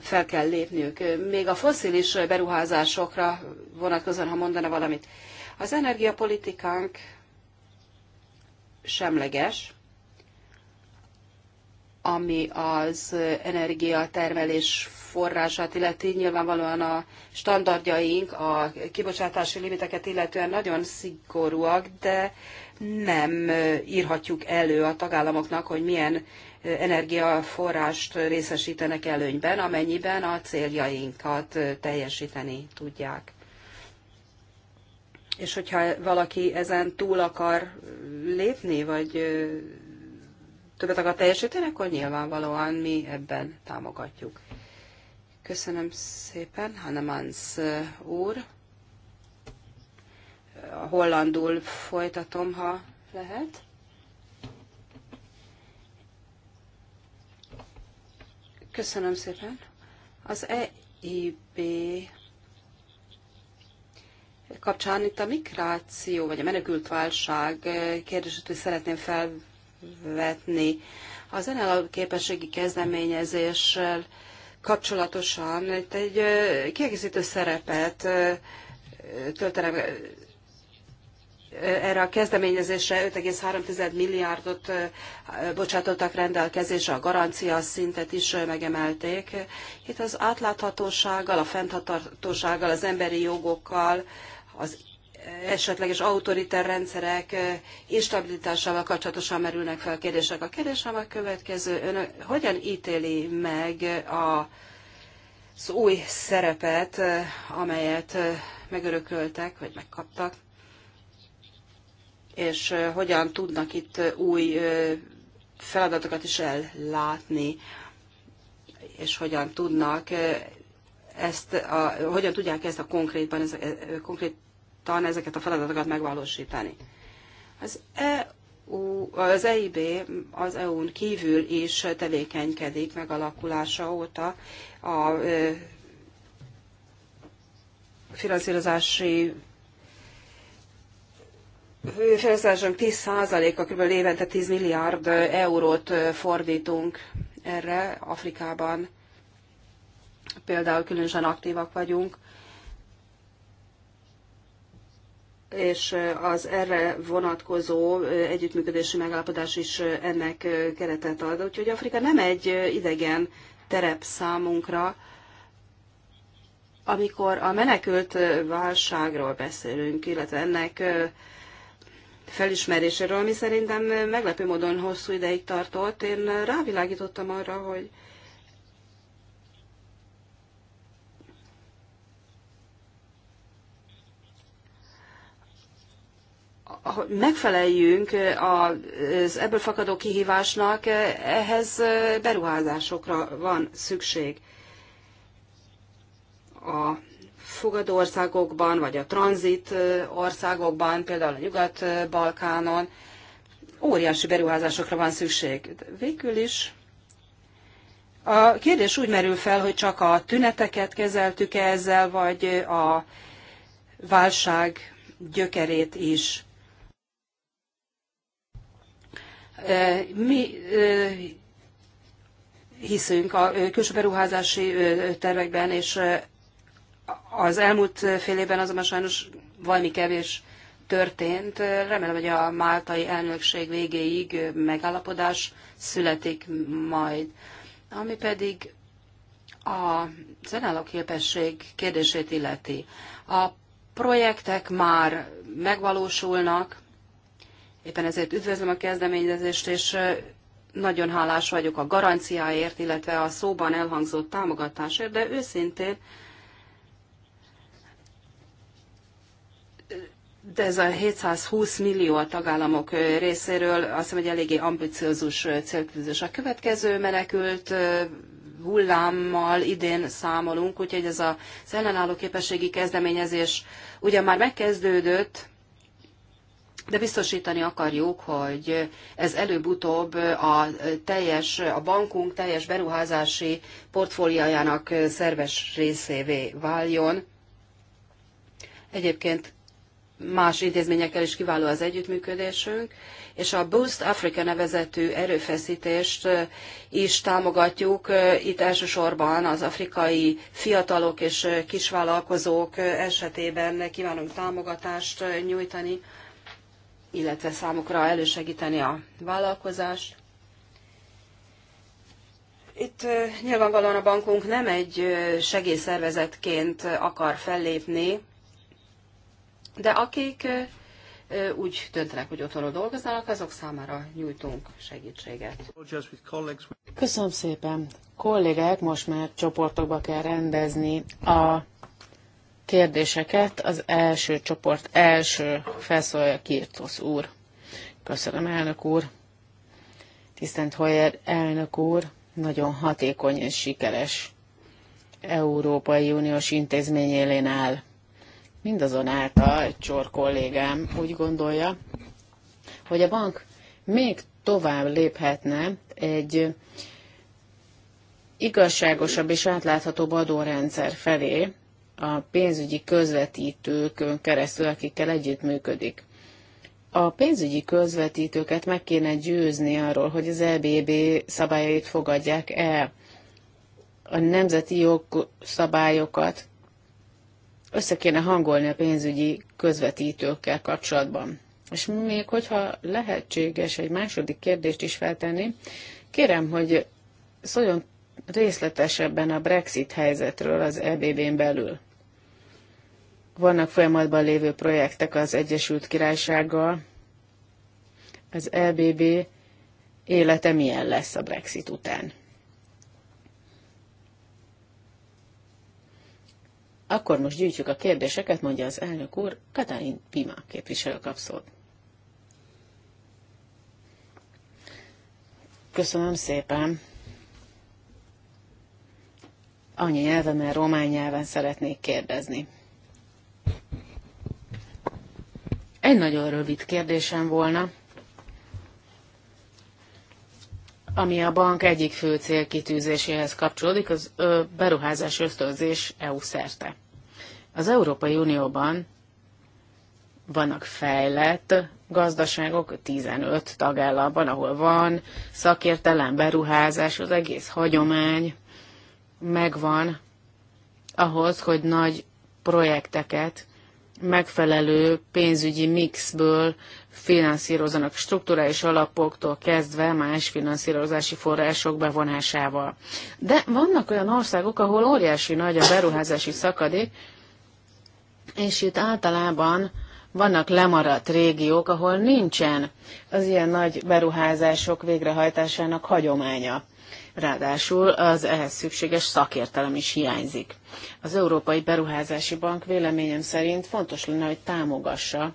fel kell lépniük. Még a foszilis beruházásokra vonatkozóan, ha mondana valamit. Az energiapolitikánk semleges, ami az energiatermelés forrását illeti, nyilvánvalóan a standardjaink, a kibocsátási limiteket illetően nagyon szigorúak, de nem írhatjuk elő a tagállamoknak, hogy milyen energiaforrást részesítenek előnyben, amennyiben a céljainkat teljesíteni tudják. És hogyha valaki ezen túl akar lépni, vagy többet akar teljesíteni, akkor nyilvánvalóan mi ebben támogatjuk. Köszönöm szépen, Hannemans úr. Hollandul folytatom, ha lehet. Köszönöm szépen. Az EIB kapcsán itt a migráció, vagy a menekült válság kérdését hogy szeretném felvetni. Az NLA képességi kezdeményezéssel kapcsolatosan itt egy kiegészítő szerepet töltenek erre a kezdeményezésre 5,3 milliárdot bocsátottak rendelkezésre, a garancia szintet is megemelték. Itt az átláthatósággal, a fenntartósággal, az emberi jogokkal, az esetleges autoriter rendszerek instabilitásával kapcsolatosan merülnek fel kérdések. A kérdésem a következő. Ön hogyan ítéli meg a, az új szerepet, amelyet megörököltek, vagy megkaptak? és hogyan tudnak itt új feladatokat is ellátni, és hogyan tudnak ezt a, hogyan tudják ezt a konkrétban, ez, konkrétan ezeket a feladatokat megvalósítani. Az EU, az EIB az EU-n kívül is tevékenykedik megalakulása óta a finanszírozási felhasználásunk 10%-a kb. évente 10 milliárd eurót fordítunk erre Afrikában. Például különösen aktívak vagyunk, és az erre vonatkozó együttműködési megállapodás is ennek keretet ad. Úgyhogy Afrika nem egy idegen terep számunkra, amikor a menekült válságról beszélünk, illetve ennek felismeréséről, ami szerintem meglepő módon hosszú ideig tartott. Én rávilágítottam arra, hogy megfeleljünk az ebből fakadó kihívásnak, ehhez beruházásokra van szükség. A Fogadó országokban, vagy a tranzit országokban, például a Nyugat-Balkánon, óriási beruházásokra van szükség. Végül is a kérdés úgy merül fel, hogy csak a tüneteket kezeltük -e ezzel, vagy a válság gyökerét is. Mi hiszünk a külső beruházási tervekben, és az elmúlt fél évben azonban sajnos valami kevés történt. Remélem, hogy a máltai elnökség végéig megállapodás születik majd. Ami pedig a zenállóképesség kérdését illeti. A projektek már megvalósulnak, éppen ezért üdvözlöm a kezdeményezést, és nagyon hálás vagyok a garanciáért, illetve a szóban elhangzott támogatásért, de őszintén de ez a 720 millió a tagállamok részéről, azt hiszem, hogy eléggé ambiciózus célküzdés. A következő menekült hullámmal idén számolunk, úgyhogy ez az ellenálló képességi kezdeményezés ugyan már megkezdődött, de biztosítani akarjuk, hogy ez előbb-utóbb a teljes, a bankunk teljes beruházási portfóliójának szerves részévé váljon. Egyébként más intézményekkel is kiváló az együttműködésünk, és a Boost Africa nevezetű erőfeszítést is támogatjuk. Itt elsősorban az afrikai fiatalok és kisvállalkozók esetében kívánunk támogatást nyújtani, illetve számukra elősegíteni a vállalkozást. Itt nyilvánvalóan a bankunk nem egy segélyszervezetként akar fellépni, de akik úgy döntenek, hogy otthonról dolgoznak, azok számára nyújtunk segítséget. Köszönöm szépen. Kollégák, most már csoportokba kell rendezni a kérdéseket. Az első csoport első felszólja Kirtosz úr. Köszönöm, elnök úr. Tisztelt Hoyer elnök úr, nagyon hatékony és sikeres Európai Uniós intézményélén áll Mindazonáltal egy csor kollégám úgy gondolja, hogy a bank még tovább léphetne egy igazságosabb és átláthatóbb adórendszer felé a pénzügyi közvetítőkön keresztül, akikkel együttműködik. A pénzügyi közvetítőket meg kéne győzni arról, hogy az EBB szabályait fogadják el. A nemzeti jogszabályokat össze kéne hangolni a pénzügyi közvetítőkkel kapcsolatban. És még hogyha lehetséges egy második kérdést is feltenni, kérem, hogy szóljon részletesebben a Brexit helyzetről az EBB-n belül. Vannak folyamatban lévő projektek az Egyesült Királysággal. Az EBB élete milyen lesz a Brexit után? Akkor most gyűjtjük a kérdéseket, mondja az elnök úr, Katalin Pima képviselő kap szót. Köszönöm szépen. Annyi nyelven, román nyelven szeretnék kérdezni. Egy nagyon rövid kérdésem volna. ami a bank egyik fő célkitűzéséhez kapcsolódik, az beruházás ösztönzés EU szerte. Az Európai Unióban vannak fejlett gazdaságok, 15 tagállamban, ahol van szakértelem, beruházás, az egész hagyomány megvan ahhoz, hogy nagy projekteket megfelelő pénzügyi mixből finanszírozanak strukturális alapoktól kezdve más finanszírozási források bevonásával. De vannak olyan országok, ahol óriási nagy a beruházási szakadék, és itt általában vannak lemaradt régiók, ahol nincsen az ilyen nagy beruházások végrehajtásának hagyománya. Ráadásul az ehhez szükséges szakértelem is hiányzik. Az Európai Beruházási Bank véleményem szerint fontos lenne, hogy támogassa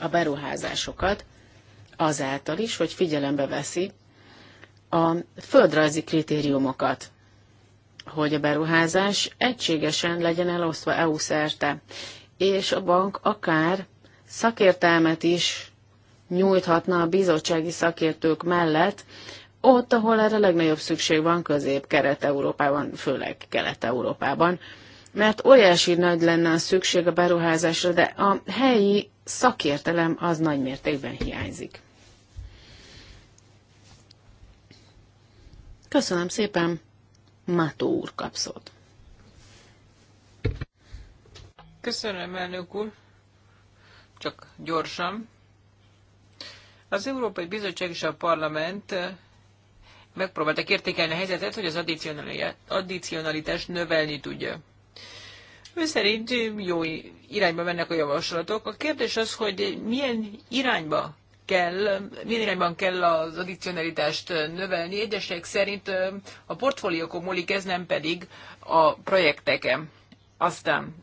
a beruházásokat azáltal is, hogy figyelembe veszi a földrajzi kritériumokat, hogy a beruházás egységesen legyen elosztva EU szerte, és a bank akár szakértelmet is nyújthatna a bizottsági szakértők mellett ott, ahol erre legnagyobb szükség van, közép-kelet-európában, főleg kelet-európában, mert óriási nagy lenne a szükség a beruházásra, de a helyi szakértelem az nagy mértékben hiányzik. Köszönöm szépen, Mátó úr kapszott. Köszönöm, elnök úr. Csak gyorsan. Az Európai Bizottság és a Parlament megpróbáltak értékelni a helyzetet, hogy az addicionalitás növelni tudja. Ő szerint jó irányba mennek a javaslatok. A kérdés az, hogy milyen irányba kell, milyen irányban kell az addicionalitást növelni. Egyesek szerint a portfóliókon múlik, ez nem pedig a projekteken. Aztán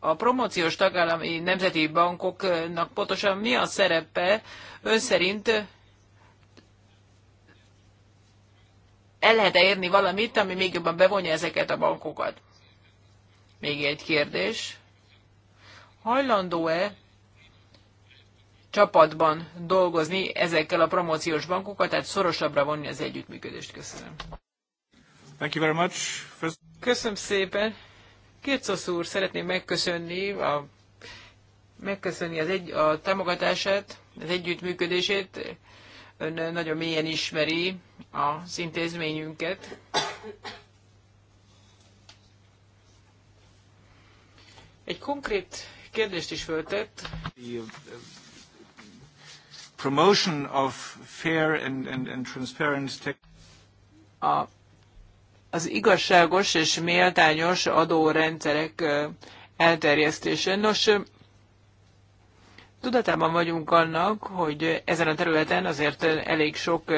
a promóciós tagállami nemzeti bankoknak pontosan mi a szerepe ön szerint el lehet -e érni valamit, ami még jobban bevonja ezeket a bankokat? Még egy kérdés. Hajlandó-e csapatban dolgozni ezekkel a promóciós bankokat, tehát szorosabbra vonni az együttműködést? Köszönöm. Thank you very much. First... Köszönöm szépen. Kircosz úr, szeretném megköszönni a megköszönni az egy, a támogatását, az együttműködését ön nagyon mélyen ismeri az intézményünket. Egy konkrét kérdést is föltett. The uh, promotion of fair and, and, and transparent tech. A, az igazságos és méltányos adórendszerek uh, elterjesztése. Nos, uh, Tudatában vagyunk annak, hogy ezen a területen azért elég sok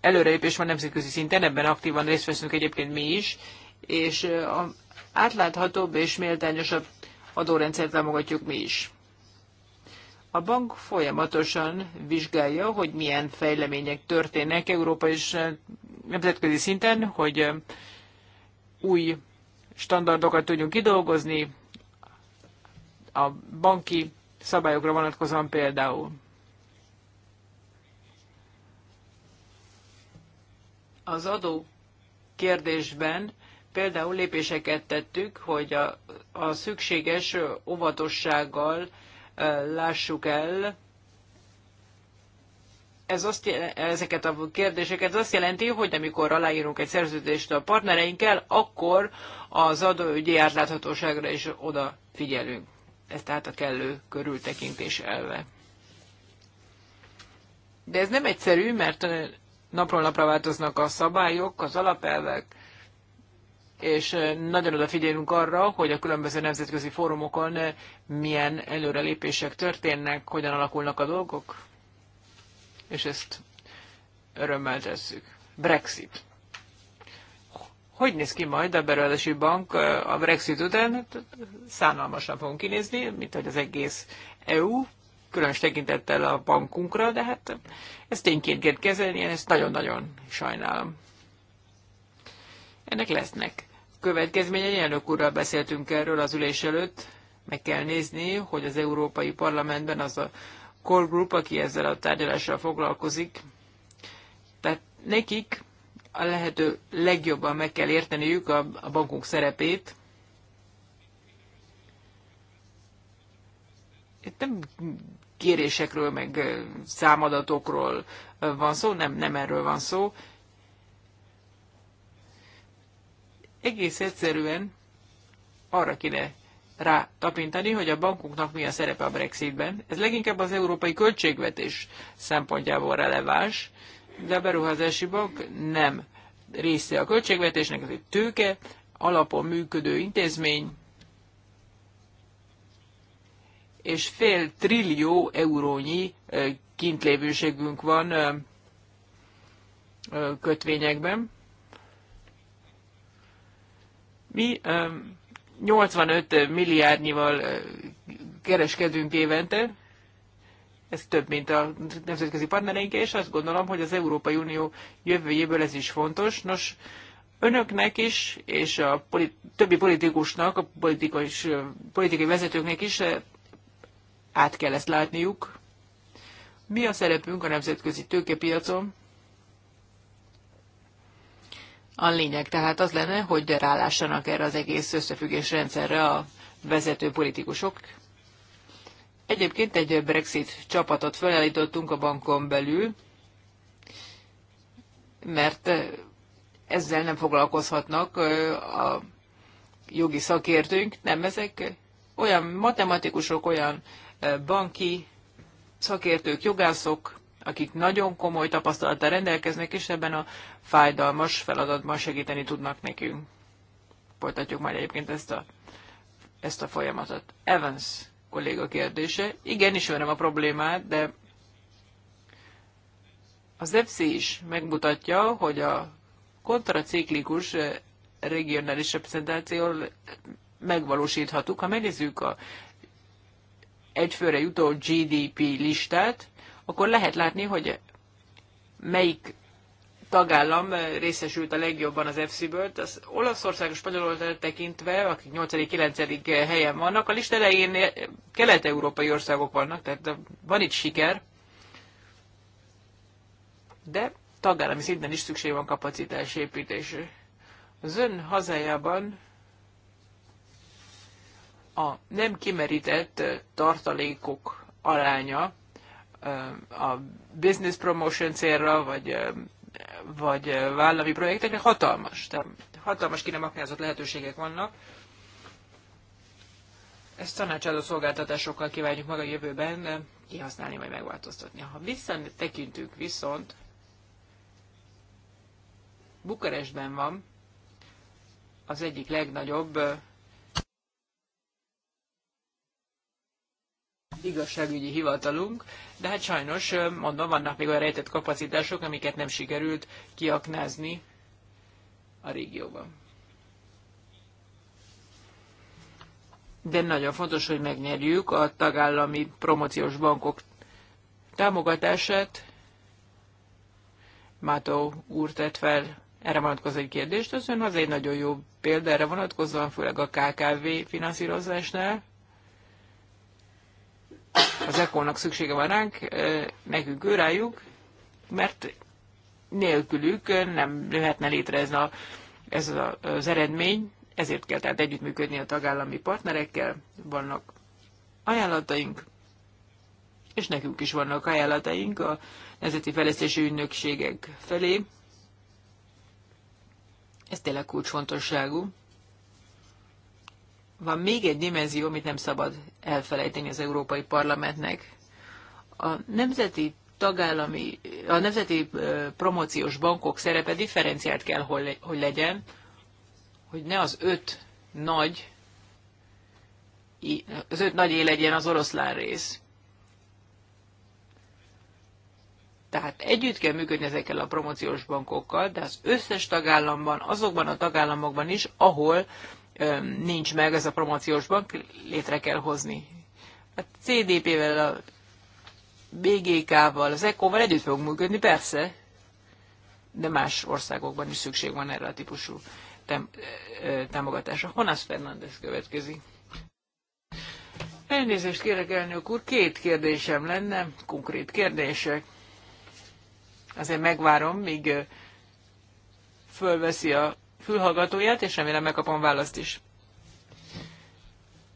előrelépés van nemzetközi szinten, ebben aktívan részt veszünk egyébként mi is, és a átláthatóbb és méltányosabb adórendszert támogatjuk mi is. A bank folyamatosan vizsgálja, hogy milyen fejlemények történnek Európa és nemzetközi szinten, hogy új standardokat tudjunk kidolgozni, a banki szabályokra vonatkozóan például. Az adó kérdésben például lépéseket tettük, hogy a, a szükséges óvatossággal lássuk el, ez azt, ezeket a kérdéseket. Ez azt jelenti, hogy amikor aláírunk egy szerződést a partnereinkkel, akkor az adóügyi átláthatóságra is odafigyelünk ez tehát a kellő körültekintés elve. De ez nem egyszerű, mert napról napra változnak a szabályok, az alapelvek, és nagyon odafigyelünk arra, hogy a különböző nemzetközi fórumokon milyen előrelépések történnek, hogyan alakulnak a dolgok, és ezt örömmel tesszük. Brexit hogy néz ki majd a beruházási bank a Brexit után? Hát, szánalmasan fogunk kinézni, mint hogy az egész EU, különös tekintettel a bankunkra, de hát ezt tényként kell kezelni, én ezt nagyon-nagyon sajnálom. Ennek lesznek következményei, elnök úrral beszéltünk erről az ülés előtt, meg kell nézni, hogy az Európai Parlamentben az a core group, aki ezzel a tárgyalással foglalkozik, tehát nekik a lehető legjobban meg kell érteniük a, a bankunk szerepét. Itt nem kérésekről, meg számadatokról van szó, nem, nem erről van szó. Egész egyszerűen arra kéne rá tapintani, hogy a bankunknak mi a szerepe a Brexitben. Ez leginkább az európai költségvetés szempontjából releváns, de a beruházási bank nem része a költségvetésnek, ez egy tőke, alapon működő intézmény, és fél trillió eurónyi kintlévőségünk van kötvényekben. Mi 85 milliárdnyival kereskedünk évente, ez több, mint a nemzetközi partnereink, és azt gondolom, hogy az Európai Unió jövőjéből ez is fontos. Nos, önöknek is, és a polit- többi politikusnak, a politikai, politikai vezetőknek is át kell ezt látniuk. Mi a szerepünk a nemzetközi tőkepiacon? A lényeg tehát az lenne, hogy rálássanak erre az egész összefüggés rendszerre a vezető politikusok, Egyébként egy Brexit csapatot felállítottunk a bankon belül, mert ezzel nem foglalkozhatnak a jogi szakértőink. Nem, ezek olyan matematikusok, olyan banki szakértők, jogászok, akik nagyon komoly tapasztalattal rendelkeznek, és ebben a fájdalmas feladatban segíteni tudnak nekünk. Folytatjuk majd egyébként ezt a, ezt a folyamatot. Evans kolléga kérdése. Igen, ismerem a problémát, de az EFSZ is megmutatja, hogy a kontraciklikus eh, regionális reprezentáció megvalósíthatuk. Ha megnézzük a egyfőre jutó GDP listát, akkor lehet látni, hogy melyik tagállam eh, részesült a legjobban az fc ből Az Olaszország és Spanyolország tekintve, akik 8.-9. Eh, helyen vannak, a lista elején eh, kelet-európai országok vannak, tehát van itt siker, de tagállami szinten is szükség van kapacitás építésre. Az ön hazájában a nem kimerített tartalékok aránya a business promotion célra, vagy vagy eh, vállami projekteknek hatalmas. Tehát hatalmas ki nem lehetőségek vannak. Ezt tanácsadó szolgáltatásokkal kívánjuk maga a jövőben kihasználni vagy megváltoztatni. Ha visszatekintünk viszont, Bukarestben van az egyik legnagyobb eh, igazságügyi hivatalunk, de hát sajnos, mondom, vannak még olyan rejtett kapacitások, amiket nem sikerült kiaknázni a régióban. De nagyon fontos, hogy megnyerjük a tagállami promóciós bankok támogatását. Mátó úr tett fel erre vonatkozó egy kérdést. Az ön az egy nagyon jó példa erre vonatkozóan, főleg a KKV finanszírozásnál az eco szüksége van ránk, nekünk őrájuk, mert nélkülük nem lehetne létre ez, a, ez az eredmény, ezért kell tehát együttműködni a tagállami partnerekkel, vannak ajánlataink, és nekünk is vannak ajánlataink a Nemzeti Fejlesztési Ügynökségek felé. Ez tényleg kulcsfontosságú van még egy dimenzió, amit nem szabad elfelejteni az Európai Parlamentnek. A nemzeti tagállami, a nemzeti promóciós bankok szerepe differenciált kell, hogy legyen, hogy ne az öt nagy, az öt nagy legyen az oroszlán rész. Tehát együtt kell működni ezekkel a promóciós bankokkal, de az összes tagállamban, azokban a tagállamokban is, ahol nincs meg ez a promóciós bank, létre kell hozni. A CDP-vel, a BGK-val, az ECO-val együtt fog működni, persze, de más országokban is szükség van erre a típusú támogatásra. Honász Fernández következik. Elnézést kérek, elnök úr, két kérdésem lenne, konkrét kérdések. Azért megvárom, míg fölveszi a fülhallgatóját, és remélem megkapom választ is.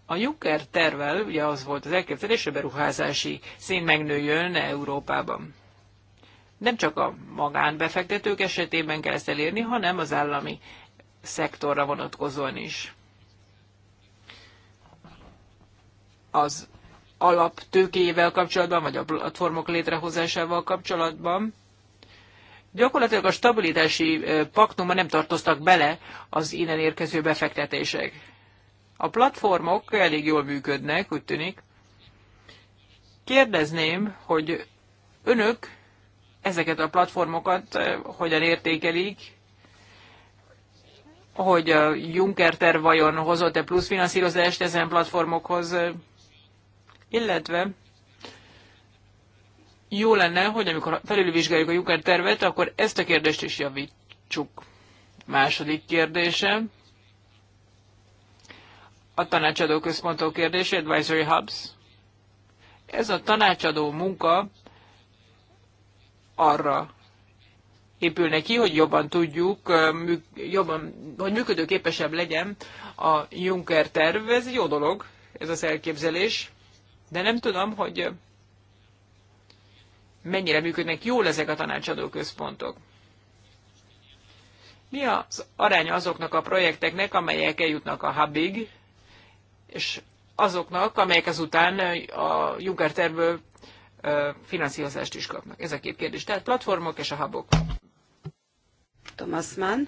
A Juncker tervel, ugye az volt az elképzelés, hogy beruházási szín megnőjön Európában. Nem csak a magánbefektetők esetében kell ezt elérni, hanem az állami szektorra vonatkozóan is. Az alaptőkével kapcsolatban, vagy a platformok létrehozásával kapcsolatban Gyakorlatilag a stabilitási paktumban nem tartoztak bele az innen érkező befektetések. A platformok elég jól működnek, úgy tűnik. Kérdezném, hogy önök ezeket a platformokat hogyan értékelik, hogy a Juncker terv vajon hozott-e plusz finanszírozást ezen platformokhoz, illetve jó lenne, hogy amikor felülvizsgáljuk a Juncker tervet, akkor ezt a kérdést is javítsuk. Második kérdése. A tanácsadó központok kérdése, Advisory Hubs. Ez a tanácsadó munka arra épül neki, hogy jobban tudjuk, jobban, hogy működőképesebb legyen a Juncker terv. Ez jó dolog, ez az elképzelés, de nem tudom, hogy mennyire működnek jól ezek a tanácsadó központok. Mi az aránya azoknak a projekteknek, amelyek eljutnak a hubig, és azoknak, amelyek azután a Juncker tervből finanszírozást is kapnak? Ez a két kérdés. Tehát platformok és a hubok. Thomas Mann.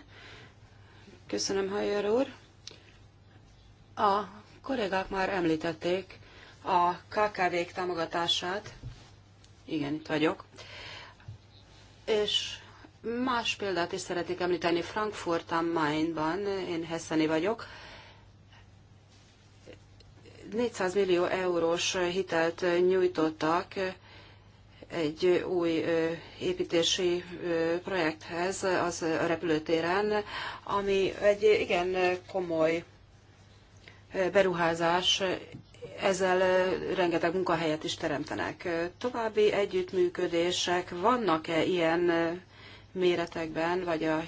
Köszönöm, Hajer úr. A kollégák már említették a KKV-k támogatását, igen, itt vagyok. És más példát is szeretnék említeni. Frankfurt am Mainban, én Hesseni vagyok, 400 millió eurós hitelt nyújtottak egy új építési projekthez az a repülőtéren, ami egy igen komoly beruházás, ezzel rengeteg munkahelyet is teremtenek. További együttműködések vannak-e ilyen méretekben, vagy a,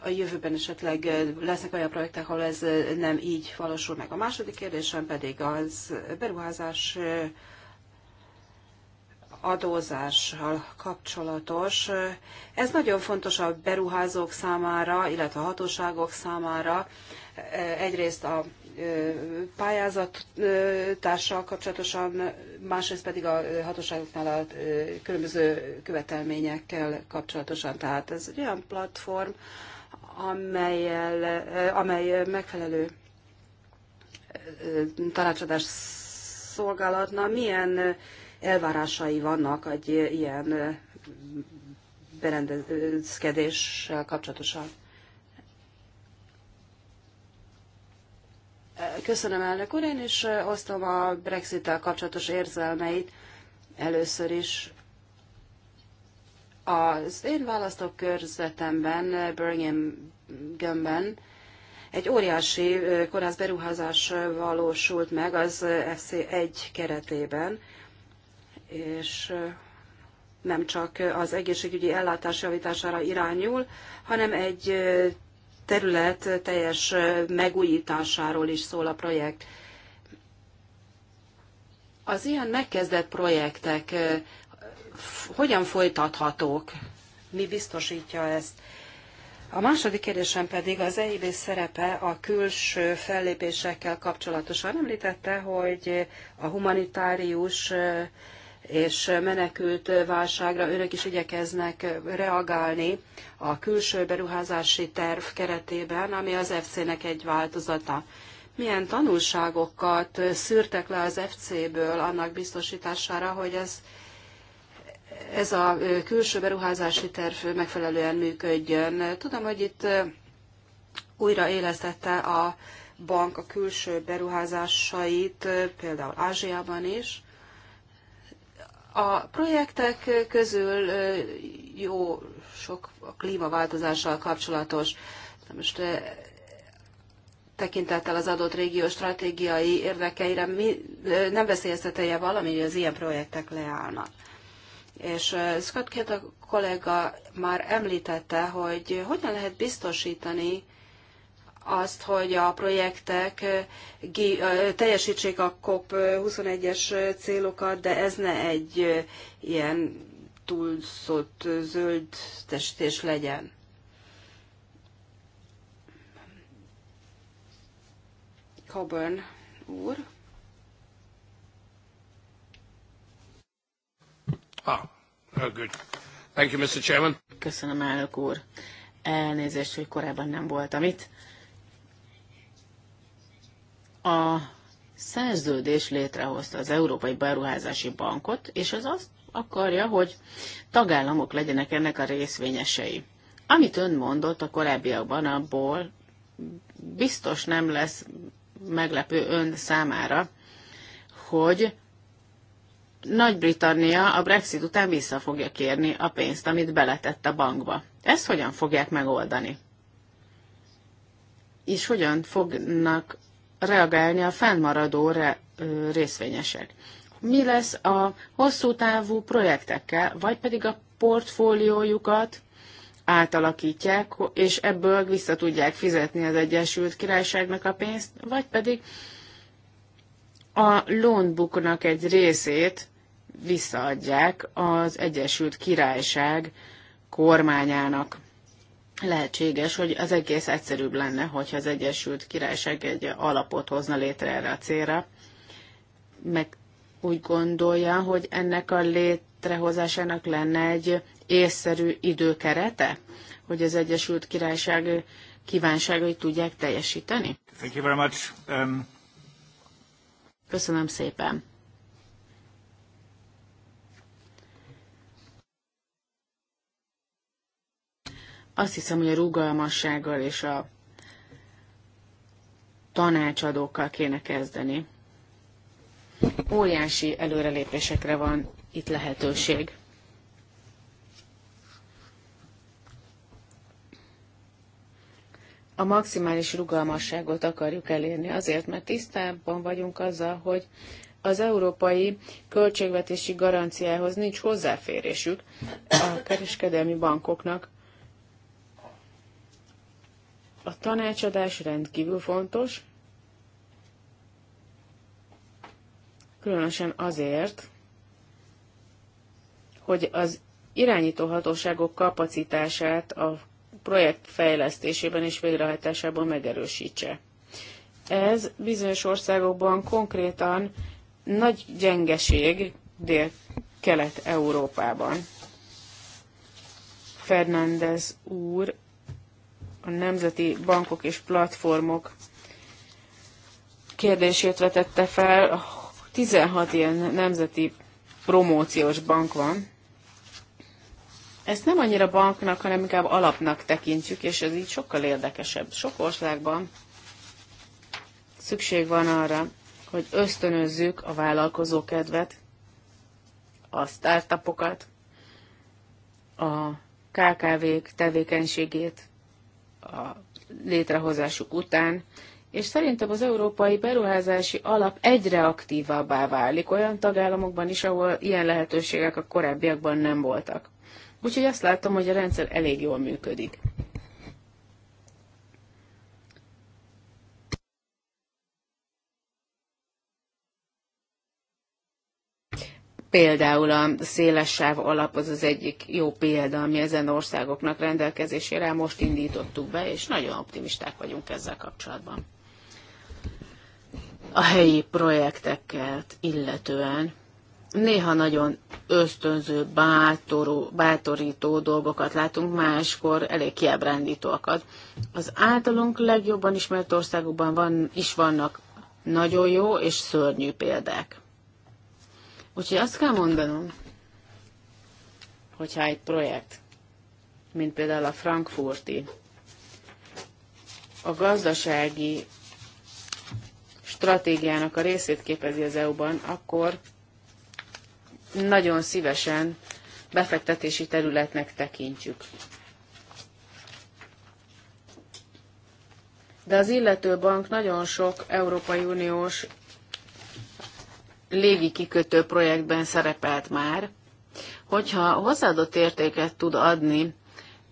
a jövőben esetleg lesznek olyan projektek, ahol ez nem így valósul meg. A második kérdésem pedig az beruházás adózással kapcsolatos. Ez nagyon fontos a beruházók számára, illetve a hatóságok számára. Egyrészt a pályázattársal kapcsolatosan, másrészt pedig a hatóságoknál a különböző követelményekkel kapcsolatosan. Tehát ez egy olyan platform, amelyel, amely megfelelő tanácsadás szolgálatna milyen elvárásai vannak egy ilyen berendezkedéssel kapcsolatosan? Köszönöm, elnök úr, én is osztom a Brexit-tel kapcsolatos érzelmeit. Először is az én választókörzetemben, Birmingham-ben egy óriási kórház valósult meg az FC1 keretében, és nem csak az egészségügyi ellátás javítására irányul, hanem egy terület teljes megújításáról is szól a projekt. Az ilyen megkezdett projektek eh, hogyan folytathatók? Mi biztosítja ezt? A második kérdésem pedig az EIB szerepe a külső fellépésekkel kapcsolatosan. Említette, hogy a humanitárius eh, és menekült válságra önök is igyekeznek reagálni a külső beruházási terv keretében, ami az FC-nek egy változata. Milyen tanulságokat szűrtek le az FC-ből annak biztosítására, hogy ez, ez a külső beruházási terv megfelelően működjön? Tudom, hogy itt újra élesztette a bank a külső beruházásait, például Ázsiában is, a projektek közül jó sok a klímaváltozással kapcsolatos. De most tekintettel az adott régió stratégiai érdekeire mi, nem veszélyeztetője valami, hogy az ilyen projektek leállnak. És Scott Kett a kollega már említette, hogy hogyan lehet biztosítani azt, hogy a projektek eh, eh, teljesítsék a COP21-es célokat, de ez ne egy eh, ilyen túlszott zöld testés legyen. Coburn úr. Ah, oh, good. Thank you, Mr. Chairman. Köszönöm, elnök úr. Elnézést, hogy korábban nem voltam itt. A szerződés létrehozta az Európai Beruházási Bankot, és az azt akarja, hogy tagállamok legyenek ennek a részvényesei. Amit ön mondott a korábbiakban, abból biztos nem lesz meglepő ön számára, hogy Nagy-Britannia a Brexit után vissza fogja kérni a pénzt, amit beletett a bankba. Ezt hogyan fogják megoldani? És hogyan fognak reagálni a fennmaradó re, ö, részvényesek. Mi lesz a hosszú távú projektekkel, vagy pedig a portfóliójukat átalakítják, és ebből vissza tudják fizetni az Egyesült Királyságnak a pénzt, vagy pedig a loanbooknak egy részét visszaadják az Egyesült Királyság kormányának lehetséges, hogy az egész egyszerűbb lenne, hogyha az Egyesült Királyság egy alapot hozna létre erre a célra, meg úgy gondolja, hogy ennek a létrehozásának lenne egy észszerű időkerete, hogy az Egyesült Királyság kívánságait tudják teljesíteni? Thank you very much. Um... Köszönöm szépen. Azt hiszem, hogy a rugalmassággal és a tanácsadókkal kéne kezdeni. Óriási előrelépésekre van itt lehetőség. a maximális rugalmasságot akarjuk elérni. Azért, mert tisztában vagyunk azzal, hogy az európai költségvetési garanciához nincs hozzáférésük a kereskedelmi bankoknak, a tanácsadás rendkívül fontos, különösen azért, hogy az irányító hatóságok kapacitását a projekt fejlesztésében és végrehajtásában megerősítse. Ez bizonyos országokban konkrétan nagy gyengeség dél-kelet-európában. Fernández úr a nemzeti bankok és platformok kérdését vetette fel. 16 ilyen nemzeti promóciós bank van. Ezt nem annyira banknak, hanem inkább alapnak tekintjük, és ez így sokkal érdekesebb. Sok országban szükség van arra, hogy ösztönözzük a vállalkozókedvet, a startupokat, a KKV-k tevékenységét, a létrehozásuk után, és szerintem az Európai Beruházási Alap egyre aktívabbá válik olyan tagállamokban is, ahol ilyen lehetőségek a korábbiakban nem voltak. Úgyhogy azt látom, hogy a rendszer elég jól működik. Például a széles sáv alap az az egyik jó példa, ami ezen országoknak rendelkezésére most indítottuk be, és nagyon optimisták vagyunk ezzel kapcsolatban. A helyi projekteket illetően néha nagyon ösztönző, bátorú, bátorító dolgokat látunk, máskor elég kiábrándítóakat. Az általunk legjobban ismert országokban van, is vannak nagyon jó és szörnyű példák. Úgyhogy azt kell mondanom, hogyha egy projekt, mint például a frankfurti, a gazdasági stratégiának a részét képezi az EU-ban, akkor nagyon szívesen befektetési területnek tekintjük. De az illető bank nagyon sok Európai Uniós légi kikötő projektben szerepelt már, hogyha hozzáadott értéket tud adni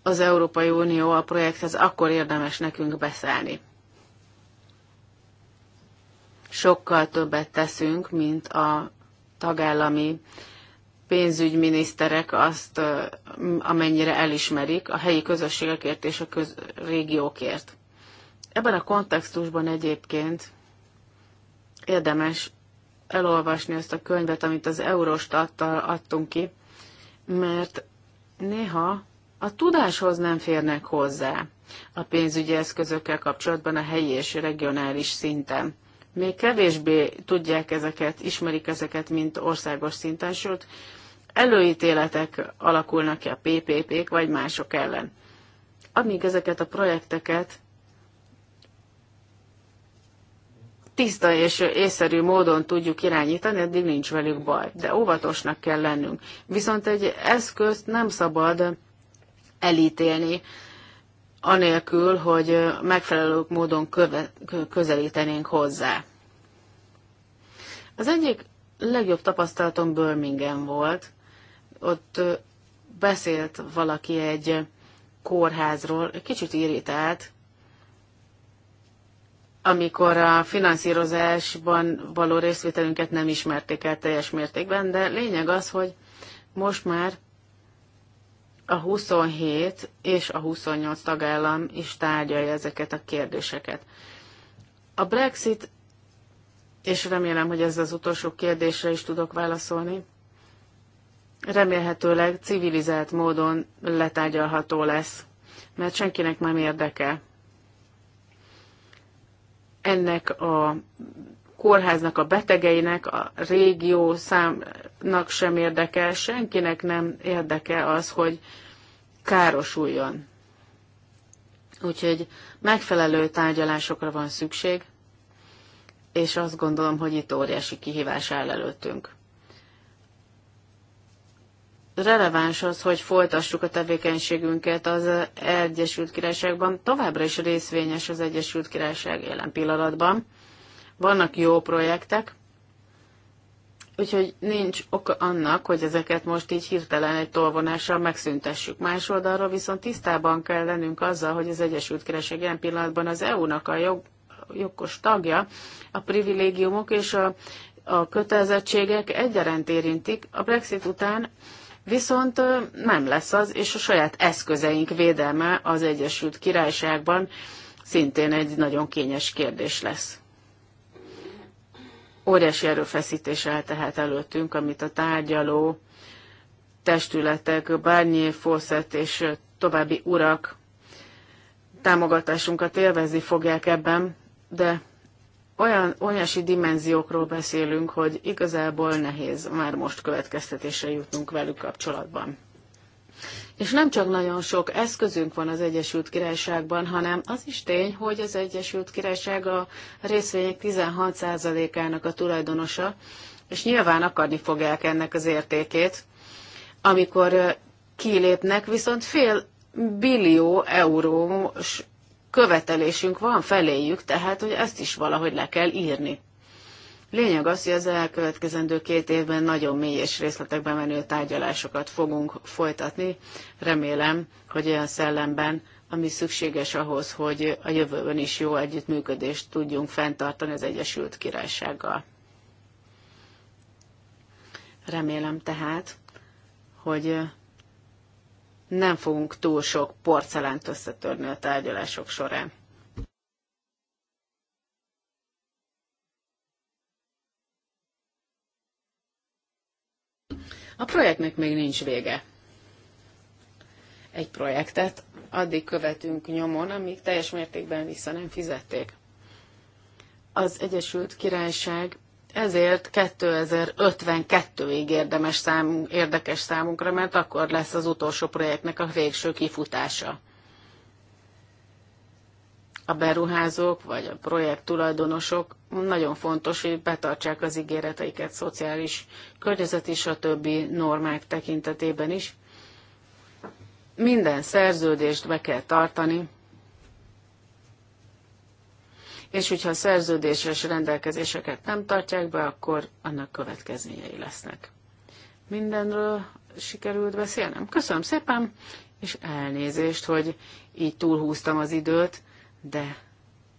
az Európai Unió a projekthez, akkor érdemes nekünk beszállni. Sokkal többet teszünk, mint a tagállami pénzügyminiszterek azt, amennyire elismerik a helyi közösségekért és a köz- régiókért. Ebben a kontextusban egyébként érdemes elolvasni ezt a könyvet, amit az Eurostattal adtunk ki, mert néha a tudáshoz nem férnek hozzá a pénzügyi eszközökkel kapcsolatban a helyi és regionális szinten. Még kevésbé tudják ezeket, ismerik ezeket, mint országos szinten, sőt, előítéletek alakulnak ki a PPP-k vagy mások ellen. Amíg ezeket a projekteket tiszta és észszerű módon tudjuk irányítani, addig nincs velük baj. De óvatosnak kell lennünk. Viszont egy eszközt nem szabad elítélni, anélkül, hogy megfelelő módon köve, közelítenénk hozzá. Az egyik legjobb tapasztalatom Birmingham volt. Ott beszélt valaki egy kórházról, kicsit irritált, amikor a finanszírozásban való részvételünket nem ismerték el teljes mértékben, de lényeg az, hogy most már a 27 és a 28 tagállam is tárgyalja ezeket a kérdéseket. A Brexit, és remélem, hogy ez az utolsó kérdésre is tudok válaszolni, remélhetőleg civilizált módon letárgyalható lesz, mert senkinek nem érdeke, ennek a kórháznak, a betegeinek, a régió számnak sem érdekel, senkinek nem érdeke az, hogy károsuljon. Úgyhogy megfelelő tárgyalásokra van szükség, és azt gondolom, hogy itt óriási kihívás áll előttünk releváns az, hogy folytassuk a tevékenységünket az Egyesült Királyságban. Továbbra is részvényes az Egyesült Királyság jelen pillanatban. Vannak jó projektek, úgyhogy nincs oka annak, hogy ezeket most így hirtelen egy tolvonással megszüntessük. Más oldalról viszont tisztában kell lennünk azzal, hogy az Egyesült Királyság jelen pillanatban az EU-nak a jog, jogos tagja, a privilégiumok és a, a kötelezettségek egyaránt érintik. A Brexit után viszont nem lesz az, és a saját eszközeink védelme az Egyesült Királyságban szintén egy nagyon kényes kérdés lesz. Óriási erőfeszítés el tehát előttünk, amit a tárgyaló testületek, bárnyi Fawcett és további urak támogatásunkat élvezni fogják ebben, de olyan olyasi dimenziókról beszélünk, hogy igazából nehéz már most következtetésre jutnunk velük kapcsolatban. És nem csak nagyon sok eszközünk van az Egyesült Királyságban, hanem az is tény, hogy az Egyesült Királyság a részvények 16%-ának a tulajdonosa, és nyilván akarni fogják ennek az értékét. Amikor kilépnek, viszont fél billió eurós követelésünk van feléjük, tehát hogy ezt is valahogy le kell írni. Lényeg az, hogy az elkövetkezendő két évben nagyon mély és részletekben menő tárgyalásokat fogunk folytatni. Remélem, hogy olyan szellemben, ami szükséges ahhoz, hogy a jövőben is jó együttműködést tudjunk fenntartani az Egyesült Királysággal. Remélem tehát, hogy nem fogunk túl sok porcelánt összetörni a tárgyalások során. A projektnek még nincs vége. Egy projektet addig követünk nyomon, amíg teljes mértékben vissza nem fizették. Az Egyesült Királyság ezért 2052-ig érdemes szám, érdekes számunkra, mert akkor lesz az utolsó projektnek a végső kifutása. A beruházók vagy a projekt tulajdonosok nagyon fontos, hogy betartsák az ígéreteiket szociális környezet és a többi normák tekintetében is. Minden szerződést be kell tartani, és hogyha a szerződéses rendelkezéseket nem tartják be, akkor annak következményei lesznek. Mindenről sikerült beszélnem. Köszönöm szépen, és elnézést, hogy így túlhúztam az időt, de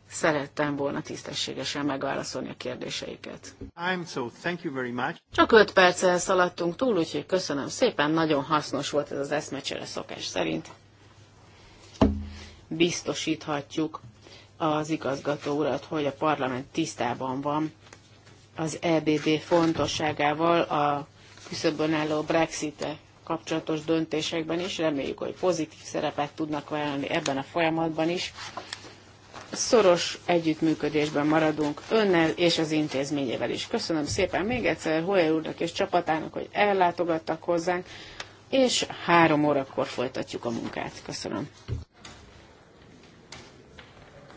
szerettem volna tisztességesen megválaszolni a kérdéseiket. I'm so, thank you very much. Csak öt perccel szaladtunk túl, úgyhogy köszönöm szépen, nagyon hasznos volt ez az eszmecsere szokás szerint. Biztosíthatjuk az igazgató urat, hogy a parlament tisztában van az EBB fontosságával a küszöbön álló brexit -e kapcsolatos döntésekben is. Reméljük, hogy pozitív szerepet tudnak vállalni ebben a folyamatban is. Szoros együttműködésben maradunk önnel és az intézményével is. Köszönöm szépen még egyszer Hoyer úrnak és csapatának, hogy ellátogattak hozzánk, és három órakor folytatjuk a munkát. Köszönöm.